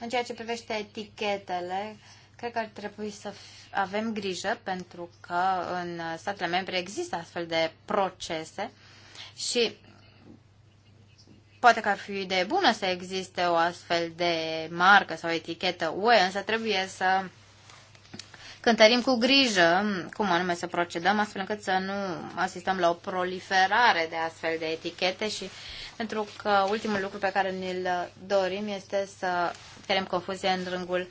În ceea ce privește etichetele, cred că ar trebui să avem grijă pentru că în statele membre există astfel de procese și Poate că ar fi o idee bună să existe o astfel de marcă sau etichetă UE, însă trebuie să cântărim cu grijă cum anume să procedăm, astfel încât să nu asistăm la o proliferare de astfel de etichete și pentru că ultimul lucru pe care ne-l dorim este să creăm confuzie în rândul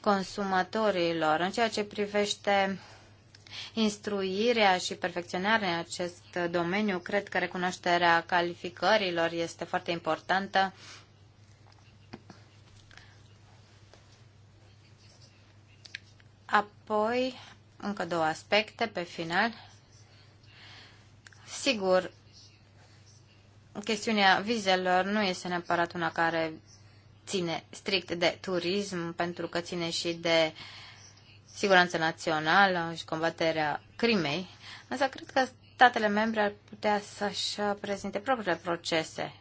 consumatorilor. În ceea ce privește Instruirea și perfecționarea în acest domeniu, cred că recunoașterea calificărilor este foarte importantă. Apoi, încă două aspecte pe final. Sigur, chestiunea vizelor nu este neapărat una care ține strict de turism, pentru că ține și de uh, siguranță națională și combaterea crimei, însă cred că statele membre ar putea să-și prezinte propriile procese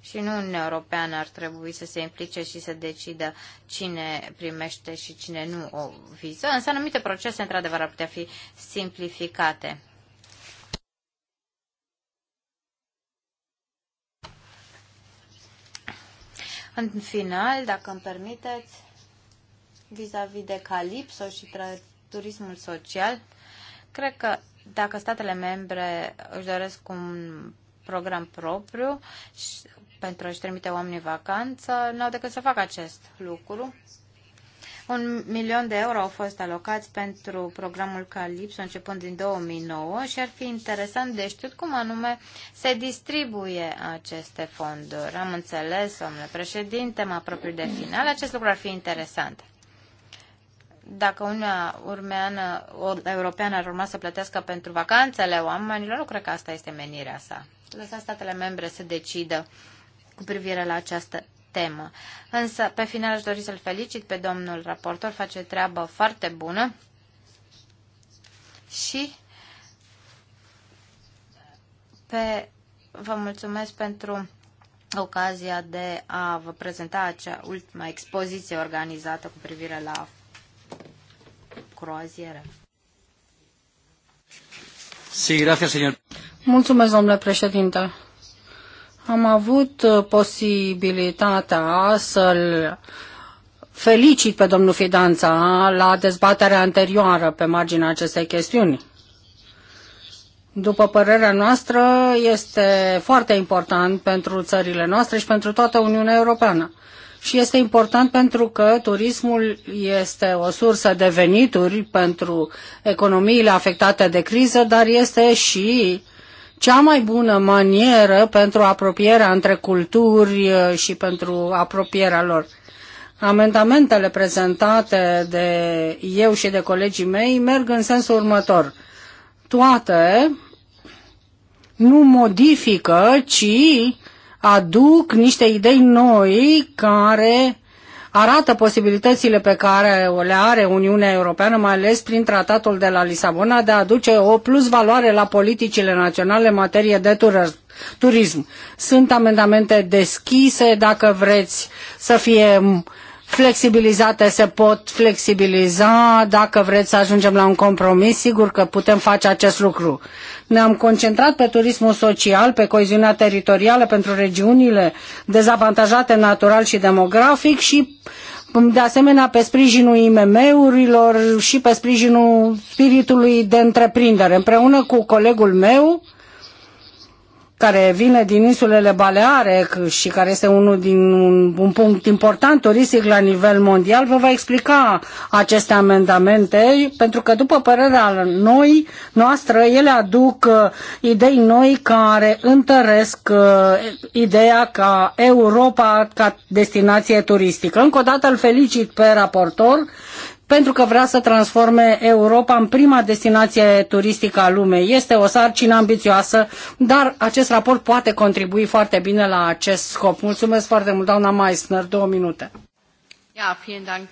și nu Uniunea Europeană ar trebui să se implice și să decidă cine primește și cine nu o viză, însă anumite procese, într-adevăr, ar putea fi simplificate. În final, dacă îmi permiteți, vis-a-vis -vis de calipso și turismul social, cred că dacă statele membre își doresc un program propriu și, pentru a-și trimite oamenii vacanță, n-au decât să facă acest lucru. Un milion de euro au fost alocați pentru programul Calypso începând din 2009 și ar fi interesant de știut cum anume se distribuie aceste fonduri. Am înțeles, domnule președinte, mă apropiu de final, acest lucru ar fi interesant dacă Uniunea Urmeană, Europeană ar urma să plătească pentru vacanțele oamenilor, nu cred că asta este menirea sa. Deci Lăsa statele membre să decidă cu privire la această temă. Însă, pe final, aș dori să-l felicit pe domnul raportor, face treabă foarte bună și pe, vă mulțumesc pentru ocazia de a vă prezenta acea ultima expoziție organizată cu privire la croazieră. Sí, gracias, señor. Mulțumesc, domnule președinte. Am avut uh, posibilitatea să-l felicit pe domnul Fidanța la dezbaterea anterioară pe marginea acestei chestiuni. După părerea noastră, este foarte important pentru țările noastre și pentru toată Uniunea Europeană și este important pentru că turismul este o sursă de venituri pentru economiile afectate de criză, dar este și cea mai bună manieră pentru apropierea între culturi uh, și pentru apropierea lor. Amendamentele prezentate de eu și de colegii mei merg în sensul următor. Toate nu modifică, ci aduc niște idei noi care arată posibilitățile pe care le are Uniunea Europeană, mai ales prin tratatul de la Lisabona, de a aduce o plus valoare la politicile naționale în materie de turism. Sunt amendamente deschise, dacă vreți să fie flexibilizate se pot flexibiliza, dacă vreți să ajungem la un compromis, sigur că putem face acest lucru. Ne-am concentrat pe turismul social, pe coeziunea teritorială pentru regiunile dezavantajate natural și demografic și de asemenea pe sprijinul IMM-urilor și pe sprijinul spiritului de întreprindere. Împreună cu colegul meu, care vine din insulele Baleare și care este unul din un, un punct important turistic la nivel mondial, vă va explica aceste amendamente, pentru că după părerea noi, noastră, ele aduc uh, idei noi care întăresc uh, ideea ca Europa ca destinație turistică. Încă o dată îl felicit pe raportor pentru că vrea să transforme Europa în prima destinație turistică a lumei. Este o sarcină ambițioasă, dar acest raport poate contribui foarte bine la acest scop. Mulțumesc foarte mult, doamna Meissner. Două minute. Ja, vielen Dank.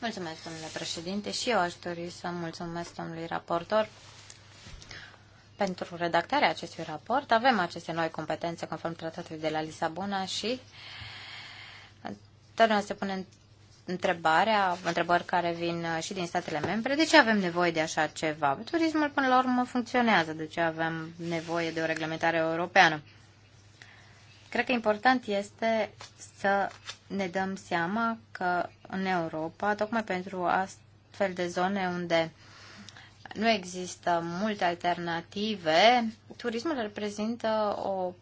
Mulțumesc, domnule președinte, și eu aș dori să mulțumesc domnului raportor pentru redactarea acestui raport. Avem aceste noi competențe conform tratatului de la Lisabona și noi se pune întrebarea, întrebări care vin uh, și din statele membre, de ce avem nevoie de așa ceva? Turismul, până la urmă, funcționează, de ce avem nevoie de o reglementare europeană? Cred că important este să ne dăm seama că în Europa, tocmai pentru astfel de zone unde nu există multe alternative, turismul reprezintă o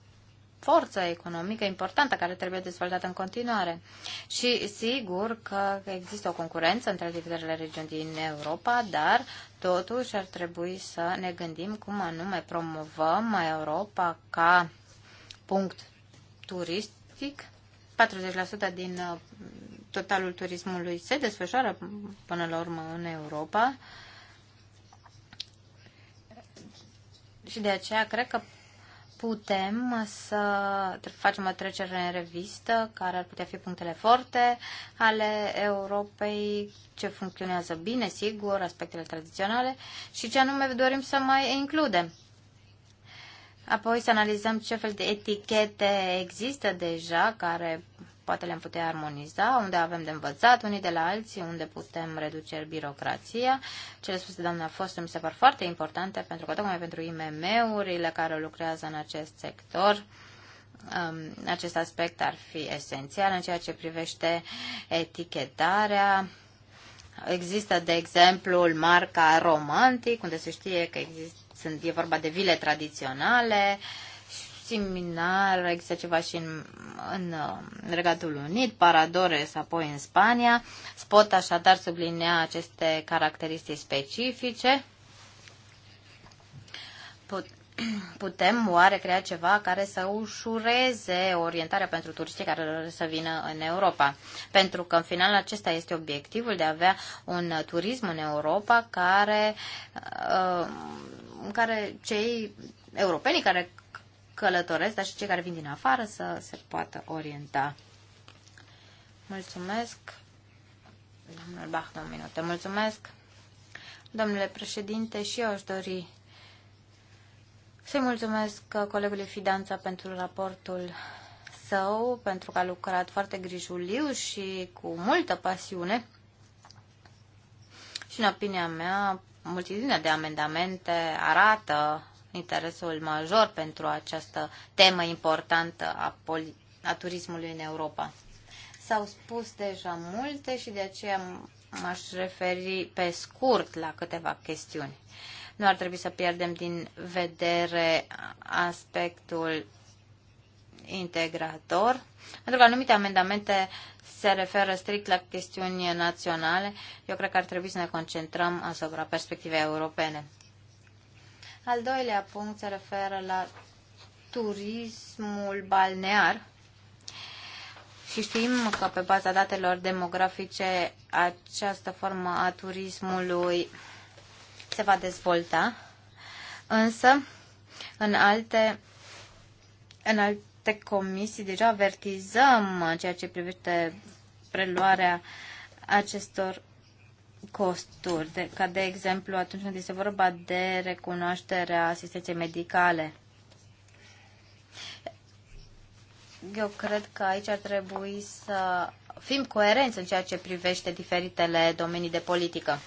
forță economică importantă care trebuie dezvoltată în continuare. Și sigur că există o concurență între diferitele regiuni din Europa, dar totuși ar trebui să ne gândim cum anume promovăm Europa ca punct turistic. 40% din uh, totalul turismului se desfășoară până la urmă în Europa. Și de aceea cred că putem să facem o trecere în revistă care ar putea fi punctele forte ale Europei, ce funcționează bine, sigur, aspectele tradiționale și ce anume dorim să mai includem. Apoi să analizăm ce fel de etichete există deja care poate le-am putea armoniza, unde avem de învățat unii de la alții, unde putem reduce birocrația. Cele spuse de doamna Fostu mi se par foarte importante, pentru că tocmai pentru IMM-urile care lucrează în acest sector, um, acest aspect ar fi esențial în ceea ce privește etichetarea. Există, de exemplu, marca romantic, unde se știe că există, sunt, e vorba de vile tradiționale, uh, similar, există ceva și în, în, Regatul Unit, Paradores, apoi în Spania. Spot așadar sublinea aceste caracteristici specifice. Put, putem oare crea ceva care să ușureze orientarea pentru turiștii care doresc să vină în Europa? Pentru că, în final, acesta este obiectivul de a avea un turism în Europa care, în uh, care cei europenii care călătoresc, dar și cei care vin din afară să se poată orienta. Mulțumesc. Domnul Bach, două minute. Mulțumesc. Domnule președinte, și eu aș dori să-i mulțumesc colegului Fidanța pentru raportul său, pentru că a lucrat foarte grijuliu și cu multă pasiune. Și în opinia mea, multitudinea de amendamente arată interesul major pentru această temă importantă a, a turismului în Europa. S-au spus deja multe și de aceea m-aș referi pe scurt la câteva chestiuni. Nu ar trebui să pierdem din vedere aspectul integrator, pentru că anumite amendamente se referă strict la chestiuni naționale. Eu cred că ar trebui să ne concentrăm asupra perspectivei europene. Al doilea punct se referă la turismul balnear. Și știm că pe baza datelor demografice această formă a turismului se va dezvolta, însă în alte, în alte comisii deja avertizăm ceea ce privește preluarea acestor costuri, de, ca de exemplu atunci când este vorba de recunoașterea asistenței medicale. Eu cred că aici ar trebui să fim coerenți în ceea ce privește diferitele domenii de politică.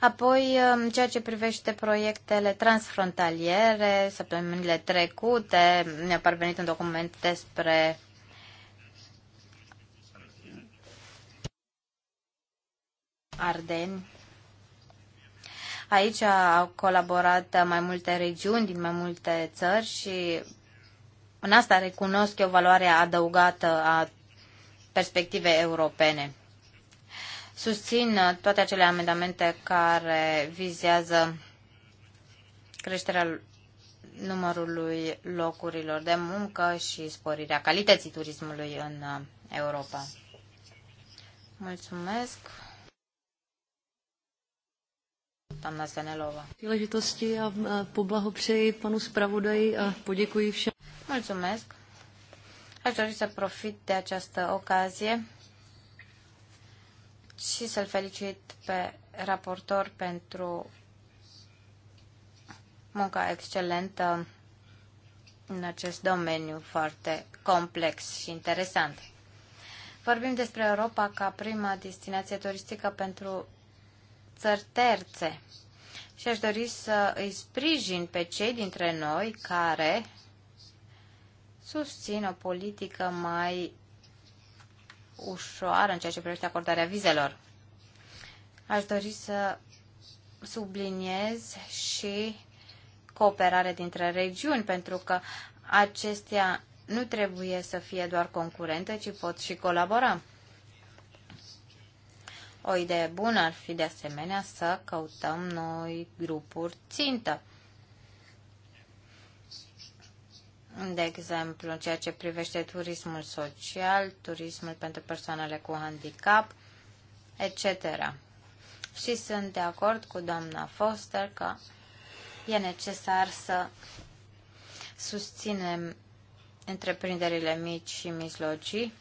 Apoi, în ceea ce privește proiectele transfrontaliere, săptămânile trecute, ne-a parvenit un document despre Ardeni. Aici au colaborat mai multe regiuni din mai multe țări și în asta recunosc eu valoarea adăugată a perspectivei europene. Susțin toate acele amendamente care vizează creșterea numărului locurilor de muncă și sporirea calității turismului în Europa. Mulțumesc! doamna Senelova. panu Mulțumesc. Aș dori să profit de această ocazie și să-l felicit pe raportor pentru munca excelentă în acest domeniu foarte complex și interesant. Vorbim despre Europa ca prima destinație turistică pentru țări terțe. Și aș dori să îi sprijin pe cei dintre noi care susțin o politică mai ușoară în ceea ce privește acordarea vizelor. Aș dori să subliniez și cooperare dintre regiuni, pentru că acestea nu trebuie să fie doar concurente, ci pot și colabora. O idee bună ar fi de asemenea să căutăm noi grupuri țintă. De exemplu, în ceea ce privește turismul social, turismul pentru persoanele cu handicap, etc. Și sunt de acord cu doamna Foster că e necesar să susținem întreprinderile mici și mijlocii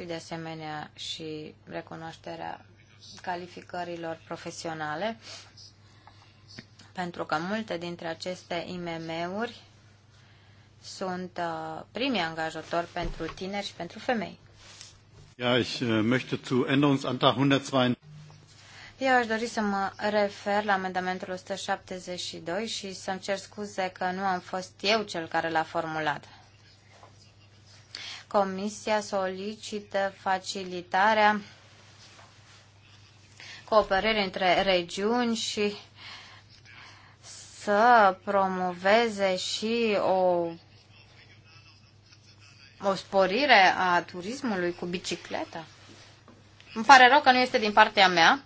și de asemenea și recunoașterea calificărilor profesionale, pentru că multe dintre aceste IMM-uri sunt uh, primii angajatori pentru tineri și pentru femei. Ja, ich uh, möchte zu Änderungsantrag 102. Eu aș dori să mă refer la amendamentul 172 și să-mi cer scuze că nu am fost eu cel care l-a formulat. Comisia solicită facilitarea cooperării între regiuni și să promoveze și o, o sporire a turismului cu bicicleta. Îmi pare rău că nu este din partea mea.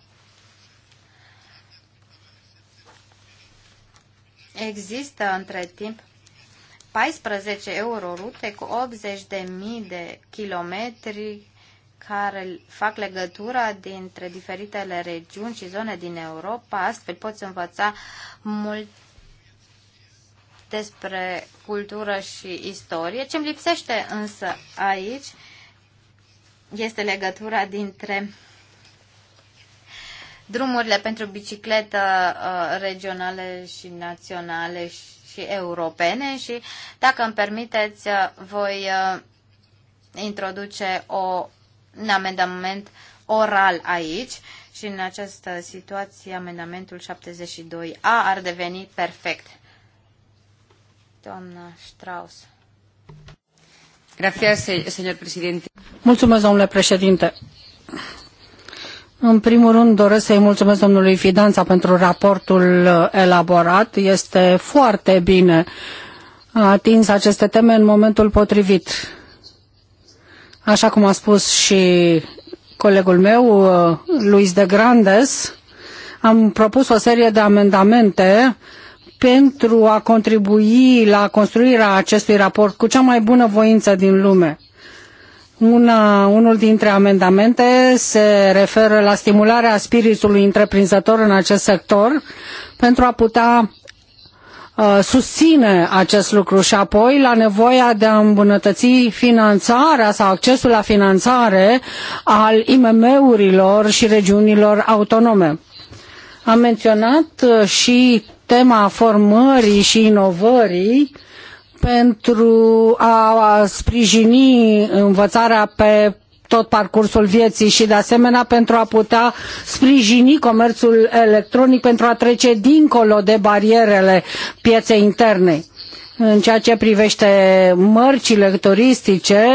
Există între timp 14 rute cu 80.000 de kilometri care fac legătura dintre diferitele regiuni și zone din Europa. Astfel poți învăța mult despre cultură și istorie. Ce mi lipsește însă aici este legătura dintre drumurile pentru bicicletă uh, regionale și naționale și și europene și, dacă îmi permiteți, voi uh, introduce o, un amendament oral aici și în această situație amendamentul 72A ar deveni perfect. Doamna Strauss. Gracias, señor presidente. Mulțumesc, domnule președinte. În primul rând doresc să-i mulțumesc domnului Fidanța pentru raportul uh, elaborat. Este foarte bine atins aceste teme în momentul potrivit. Așa cum a spus și colegul meu, uh, Luis de Grandes, am propus o serie de amendamente pentru a contribui la construirea acestui raport cu cea mai bună voință din lume. Una, unul dintre amendamente se referă la stimularea spiritului întreprinzător în acest sector pentru a putea uh, susține acest lucru și apoi la nevoia de a îmbunătăți finanțarea sau accesul la finanțare al IMM-urilor și regiunilor autonome. Am menționat uh, și tema formării și inovării uh, pentru a sprijini învățarea pe tot parcursul vieții și de asemenea pentru a putea sprijini comerțul electronic pentru a trece dincolo de barierele pieței interne. În ceea ce privește mărcile turistice,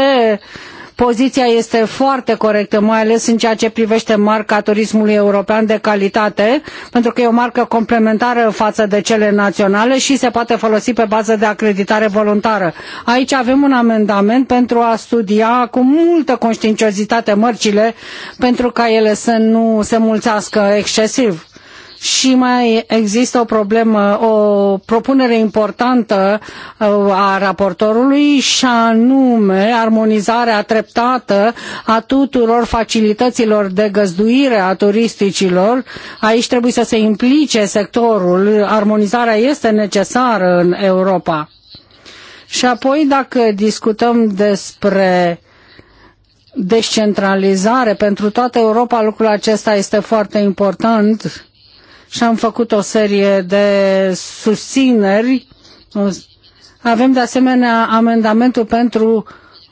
Poziția este foarte corectă, mai ales în ceea ce privește marca turismului european de calitate, pentru că e o marcă complementară față de cele naționale și se poate folosi pe bază de acreditare voluntară. Aici avem un amendament pentru a studia cu multă conștiinciozitate mărcile, pentru ca ele să nu se mulțească excesiv. Și mai există o problemă, o propunere importantă uh, a raportorului și anume armonizarea treptată a tuturor facilităților de găzduire a turisticilor. Aici trebuie să se implice sectorul. Armonizarea este necesară în Europa. Și apoi dacă discutăm despre descentralizare pentru toată Europa, lucrul acesta este foarte important și am făcut o serie de susțineri. Avem de asemenea amendamentul pentru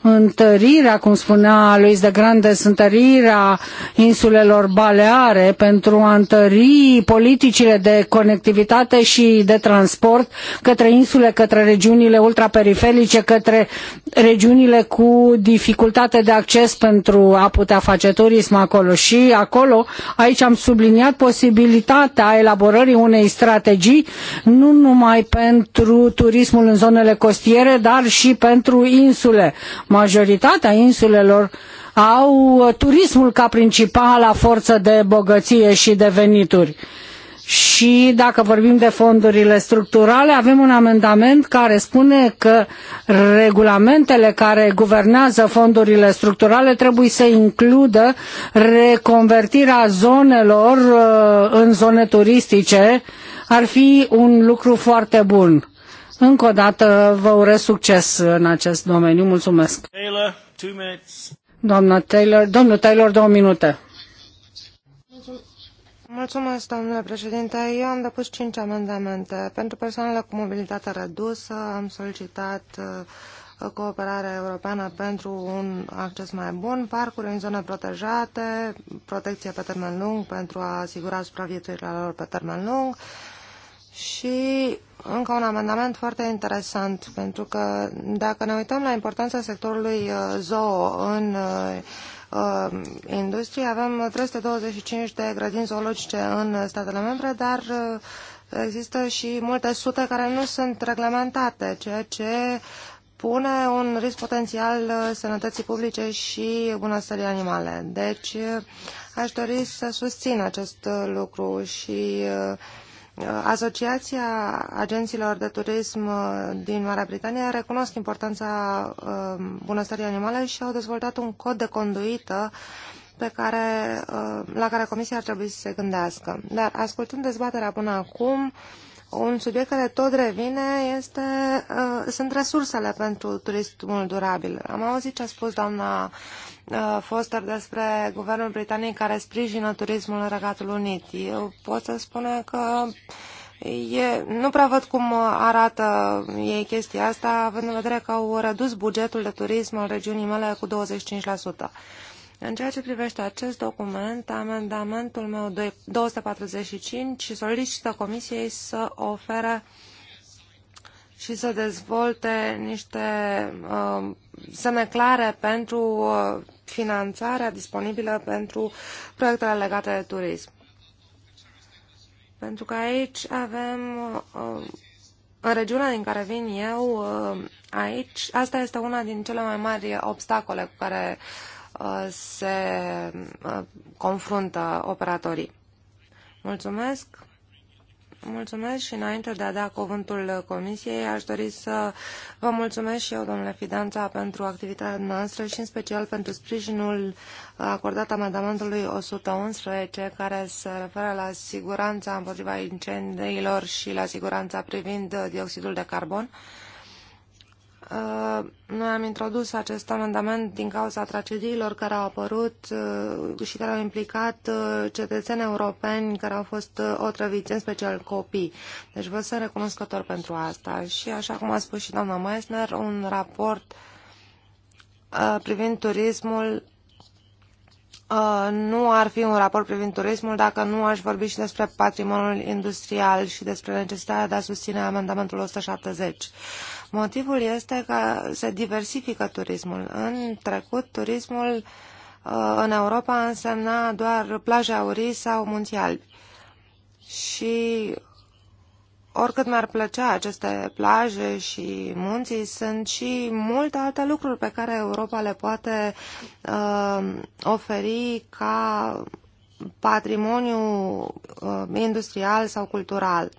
întărirea, cum spunea Luis de Grandes, întărirea insulelor baleare pentru a întări politicile de conectivitate și de transport către insule, către regiunile ultraperiferice, către regiunile cu dificultate de acces pentru a putea face turism acolo. Și acolo, aici am subliniat posibilitatea elaborării unei strategii, nu numai pentru turismul în zonele costiere, dar și pentru insule Majoritatea insulelor au uh, turismul ca principală forță de bogăție și de venituri. Și dacă vorbim de fondurile structurale, avem un amendament care spune că regulamentele care guvernează fondurile structurale trebuie să includă reconvertirea zonelor uh, în zone turistice. Ar fi un lucru foarte bun încă o dată vă urez succes în acest domeniu. Mulțumesc. Taylor, two minutes. Doamna Taylor, domnul Taylor, două minute. Mulțumesc, domnule președinte. Eu am depus cinci amendamente. Pentru persoanele cu mobilitate redusă am solicitat uh, cooperarea europeană pentru un acces mai bun, parcuri în zone protejate, protecție pe termen lung pentru a asigura supraviețuirea lor pe termen lung și încă un amendament foarte interesant, pentru că dacă ne uităm la importanța sectorului uh, zoo în uh, uh, industrie, avem 325 de grădini zoologice în statele membre, dar există și multe sute care nu sunt reglementate, ceea ce pune un risc potențial sănătății publice și bunăstării animale. Deci aș dori să susțin acest lucru și uh, Asociația Agenților de Turism uh, din Marea Britanie recunosc importanța uh, bunăstării animale și au dezvoltat un cod de conduită pe care, uh, la care Comisia ar trebui să se gândească. Dar ascultând dezbaterea până acum, un subiect care tot revine este, sunt resursele pentru turismul durabil. Am auzit ce a spus doamna Foster despre guvernul britanic care sprijină turismul în Regatul Unit. Eu pot să spun că E, nu prea văd cum arată ei chestia asta, având în vedere că au redus bugetul de turism al regiunii mele cu 25%. În ceea ce privește acest document, amendamentul meu 245 solicită Comisiei să ofere uh, și să dezvolte niște uh, semne clare pentru uh, finanțarea disponibilă pentru proiectele legate de turism. Pentru că aici avem, uh, în regiunea din care vin eu, uh, aici, asta este una din cele mai mari obstacole cu care uh, se uh, confruntă operatorii. Mulțumesc! Mulțumesc și înainte de a da cuvântul Comisiei, aș dori să vă mulțumesc și eu, domnule Fidanța, pentru activitatea noastră și în special pentru sprijinul acordat amendamentului 111, care se referă la siguranța împotriva incendiilor și la siguranța privind dioxidul de carbon. Uh, noi am introdus acest amendament din cauza tragediilor care au apărut uh, și care au implicat uh, cetățeni europeni care au fost otrăviți, în special copii. Deci vă sunt recunoscător pentru asta. Și așa cum a spus și doamna Meissner, un raport privind turismul nu ar fi un raport privind turismul dacă nu aș vorbi și despre patrimoniul industrial și despre necesitatea de a susține amendamentul 170 Motivul este că se diversifică turismul. În trecut, turismul uh, în Europa însemna doar plaje aurii sau munții albi. Și oricât mi-ar plăcea aceste plaje și munții, sunt și multe alte lucruri pe care Europa le poate uh, oferi ca patrimoniu uh, industrial sau cultural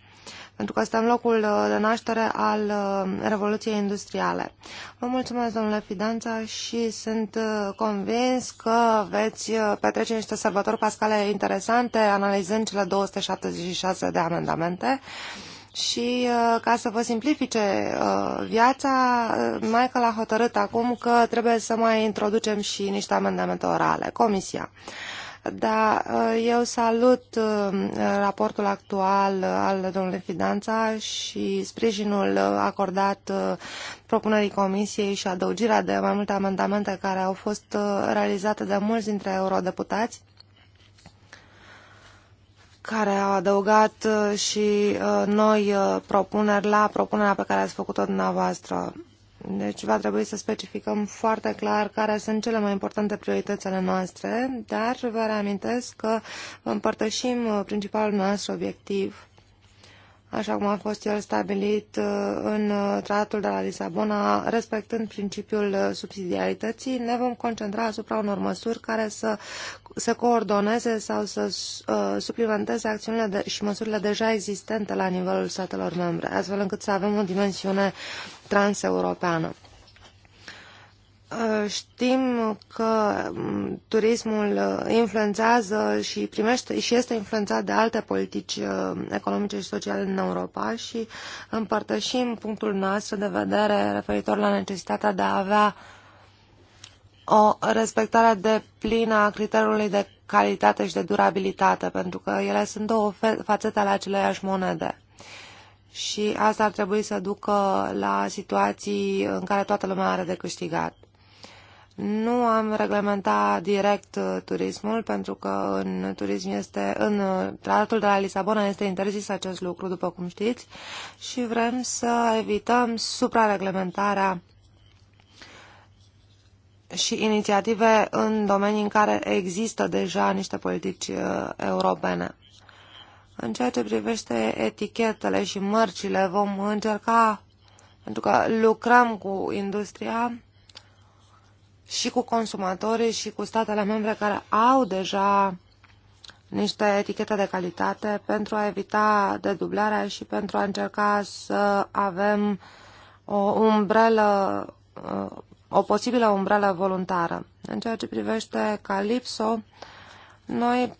pentru că suntem locul uh, de naștere al uh, Revoluției Industriale. Vă mulțumesc, domnule Fidanța, și sunt uh, convins că veți petrece niște sărbători pascale interesante analizând cele 276 de amendamente. Și ca să vă simplifice viața, Michael a hotărât acum că trebuie să mai introducem și niște amendamente orale. Comisia. Da, uh, eu salut uh, raportul actual uh, al domnului Fidanța și sprijinul acordat propunerii comisiei și adăugirea de mai multe amendamente care au fost realizate de mulți dintre eurodeputați care au adăugat și noi propuneri la propunerea pe care ați făcut-o dumneavoastră. Deci va trebui să specificăm foarte clar care sunt cele mai importante priorități noastre, dar vă reamintesc că împărtășim uh, principalul nostru obiectiv, așa cum a fost el stabilit uh, în uh, tratatul de la Lisabona, respectând principiul subsidiarității, ne vom concentra asupra unor măsuri care să să coordoneze sau să uh, suplimenteze acțiunile de, și măsurile deja existente la nivelul statelor membre, astfel încât să avem o dimensiune transeuropeană. Uh, știm că mm, turismul uh, influențează și primește și este influențat de alte politici uh, economice și sociale în Europa și împărtășim punctul nostru de vedere referitor la necesitatea de a avea uh, o respectare de plină a criteriului de calitate și de durabilitate, pentru că ele sunt două fațete ale aceleiași monede. Și asta ar trebui să ducă la situații în care toată lumea are de câștigat. Nu am reglementat direct uh, turismul, pentru că în turism este, în uh, tratatul de la Lisabona este interzis acest lucru, după cum știți, și vrem să evităm suprareglementarea și inițiative în domenii în care există deja niște politici uh, europene. În ceea ce privește etichetele și mărcile, vom încerca, pentru că lucrăm cu industria și cu consumatorii și cu statele membre care au deja niște etichete de calitate pentru a evita dedublarea și pentru a încerca să avem o umbrelă uh, o posibilă umbrelă voluntară. În ceea ce privește Calypso, noi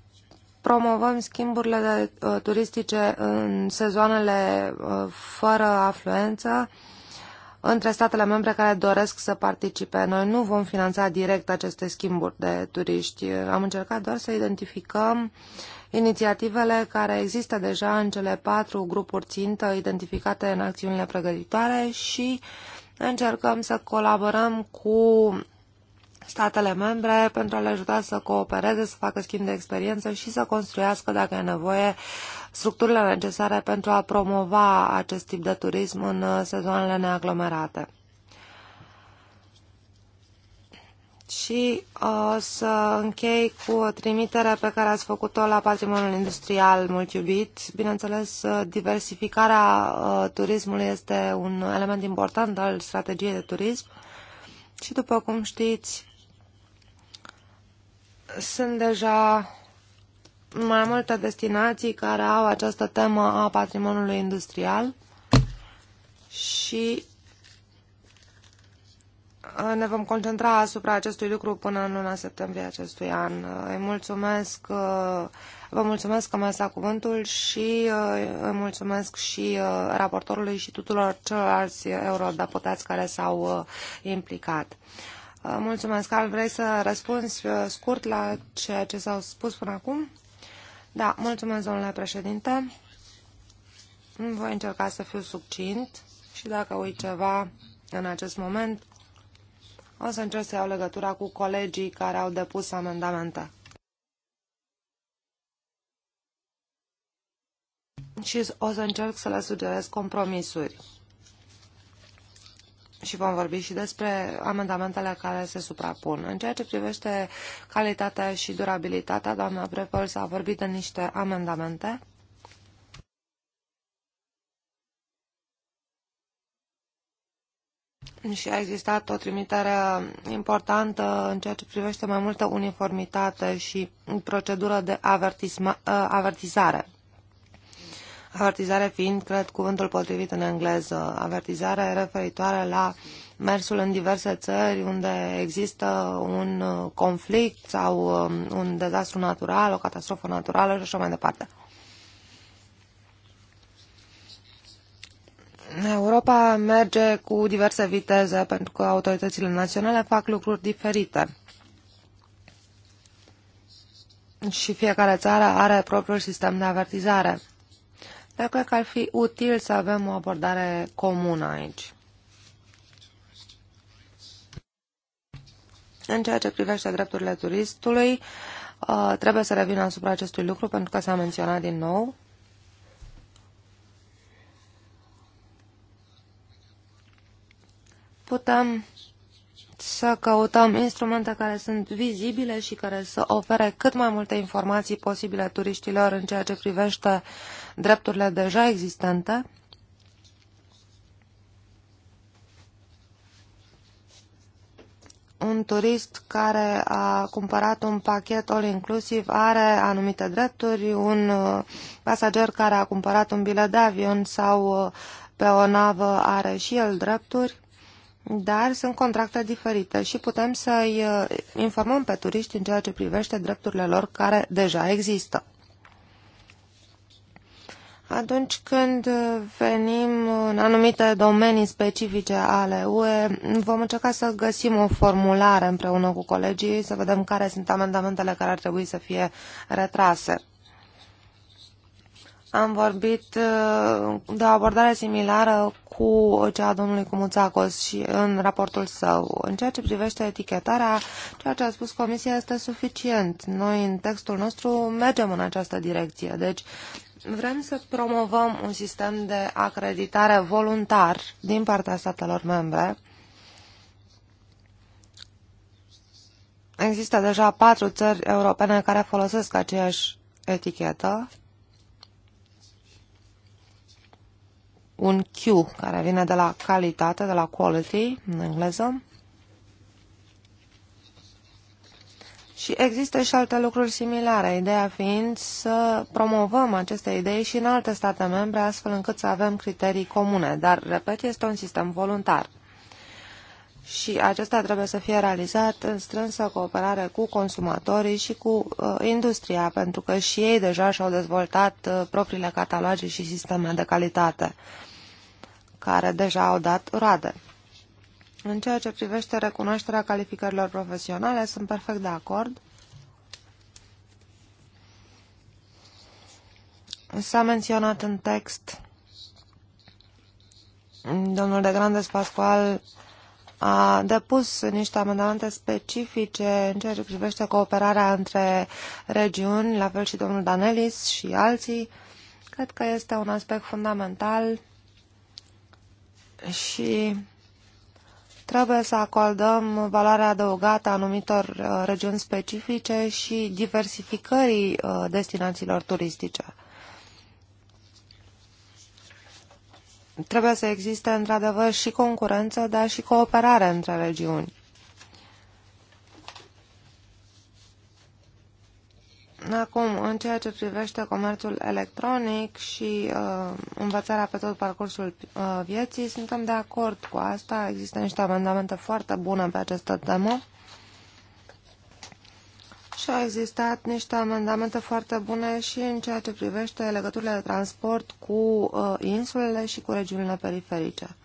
promovăm schimburile de, uh, turistice în sezoanele uh, fără afluență între statele membre care doresc să participe. Noi nu vom finanța direct aceste schimburi de turiști. Am încercat doar să identificăm inițiativele care există deja în cele patru grupuri țintă identificate în acțiunile pregătitoare și uh, Încercăm să colaborăm cu statele membre pentru a le ajuta să coopereze, să facă schimb de experiență și să construiască, dacă e nevoie, structurile necesare pentru a promova acest tip de turism în sezoanele neaglomerate. Și o uh, să închei cu o trimitere pe care ați făcut-o la patrimoniul industrial mult iubit. Bineînțeles, uh, diversificarea uh, turismului este un element important al strategiei de turism. Și după cum știți, sunt deja mai multe destinații care au această temă a patrimoniului industrial și ne vom concentra asupra acestui lucru până în luna septembrie acestui an. Îi mulțumesc, uh, vă mulțumesc că mi-ați dat cuvântul și uh, îi mulțumesc și uh, raportorului și tuturor celorlalți eurodeputați care s-au implicat. Mulțumesc. Al, vrei să răspunzi scurt la ceea ce s-au spus până acum? Da, mulțumesc, domnule președinte. Voi încerca să fiu succint și dacă uit ceva în acest moment, o să încerc să iau legătura cu colegii care au depus amendamente. Și o să încerc să le sugerez compromisuri. Și vom vorbi și despre amendamentele care se suprapun. În ceea ce privește calitatea și durabilitatea, doamna Prepel s-a vorbit de niște amendamente și a existat o trimitere importantă în ceea ce privește mai multă uniformitate și procedură de ă, avertizare. Avertizare fiind, cred, cuvântul potrivit în engleză. Avertizare referitoare la mersul în diverse țări unde există un uh, conflict sau um, un dezastru natural, o catastrofă naturală și așa mai departe. Europa merge cu diverse viteze pentru că autoritățile naționale fac lucruri diferite. Și fiecare țară are propriul sistem de avertizare. Dar cred că ar fi util să avem o abordare comună aici. În ceea ce privește drepturile turistului, uh, trebuie să revin asupra acestui lucru pentru că s-a menționat din nou. putem să căutăm instrumente care sunt vizibile și care să ofere cât mai multe informații posibile turiștilor în ceea ce privește drepturile deja existente. Un turist care a cumpărat un pachet all-inclusiv are anumite drepturi, un uh, pasager care a cumpărat un bilet de avion sau uh, pe o navă are și el drepturi dar sunt contracte diferite și putem să-i uh, informăm pe turiști în ceea ce privește drepturile lor care deja există. Atunci când uh, venim în anumite domenii specifice ale UE, vom încerca să găsim o formulare împreună cu colegii, să vedem care sunt amendamentele care ar trebui să fie retrase. Am vorbit uh, de o abordare similară cu cea a domnului Cumuțacos și în raportul său. În ceea ce privește etichetarea, ceea ce a spus Comisia este suficient. Noi, în textul nostru, mergem în această direcție. Deci, vrem să promovăm un sistem de acreditare voluntar din partea statelor membre. Există deja patru țări europene care folosesc aceeași etichetă un Q care vine de la calitate, de la quality în engleză. Și există și alte lucruri similare, ideea fiind să promovăm aceste idei și în alte state membre, astfel încât să avem criterii comune. Dar, repet, este un sistem voluntar. Și acesta trebuie să fie realizat în strânsă cooperare cu consumatorii și cu uh, industria, pentru că și ei deja și-au dezvoltat uh, propriile cataloge și sisteme de calitate care deja au dat roade. În ceea ce privește recunoașterea calificărilor profesionale, sunt perfect de acord. S-a menționat în text domnul de Grandes Pascual a depus niște amendamente specifice în ceea ce privește cooperarea între regiuni, la fel și domnul Danelis și alții. Cred că este un aspect fundamental și trebuie să acordăm valoare adăugată anumitor uh, regiuni specifice și diversificării uh, destinațiilor turistice. Trebuie să existe într-adevăr și concurență, dar și cooperare între regiuni. Acum, în ceea ce privește comerțul electronic și uh, învățarea pe tot parcursul uh, vieții, suntem de acord cu asta. Există niște amendamente foarte bune pe această temă și au existat niște amendamente foarte bune și în ceea ce privește legăturile de transport cu uh, insulele și cu regiunile periferice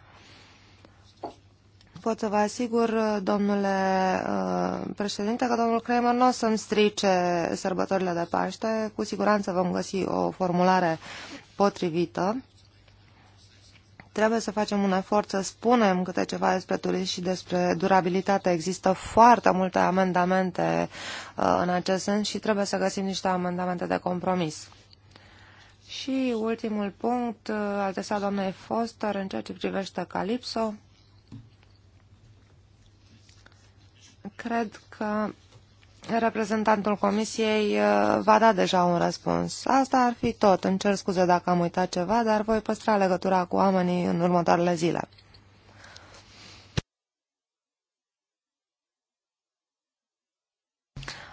pot să vă asigur, domnule uh, președinte, că domnul Kramer nu o să-mi strice sărbătorile de Paște. Cu siguranță vom găsi o formulare potrivită. Trebuie să facem un efort să spunem câte ceva despre turism și despre durabilitate. Există foarte multe amendamente uh, în acest sens și trebuie să găsim niște amendamente de compromis. Și ultimul punct, uh, adresat doamnei Foster, în ceea ce privește Calipso. Cred că reprezentantul comisiei uh, va da deja un răspuns. Asta ar fi tot. Îmi cer scuze dacă am uitat ceva, dar voi păstra legătura cu oamenii în următoarele zile.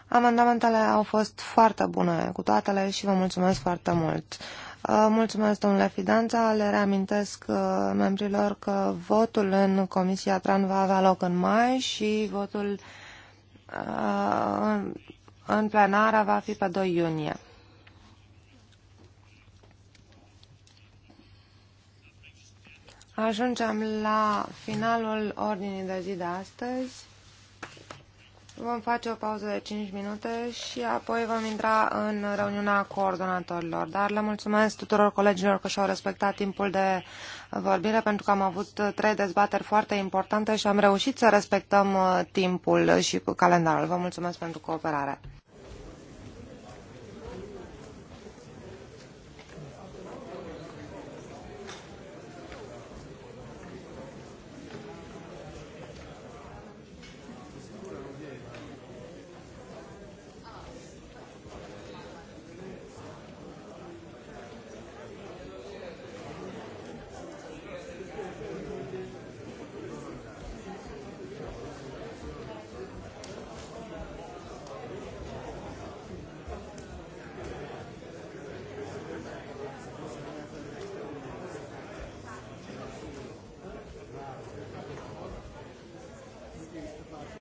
Amendamentele au fost foarte bune cu toatele și vă mulțumesc foarte mult. Uh, mulțumesc, domnule Fidanța. Le reamintesc uh, membrilor că votul în Comisia Tran va avea loc în mai și votul uh, în plenară va fi pe 2 iunie. Ajungem la finalul ordinii de zi de astăzi. Vom face o pauză de 5 minute și apoi vom intra în reuniunea coordonatorilor. Dar le mulțumesc tuturor colegilor că și-au respectat timpul de vorbire pentru că am avut trei dezbateri foarte importante și am reușit să respectăm uh, timpul și calendarul. Vă mulțumesc pentru cooperare.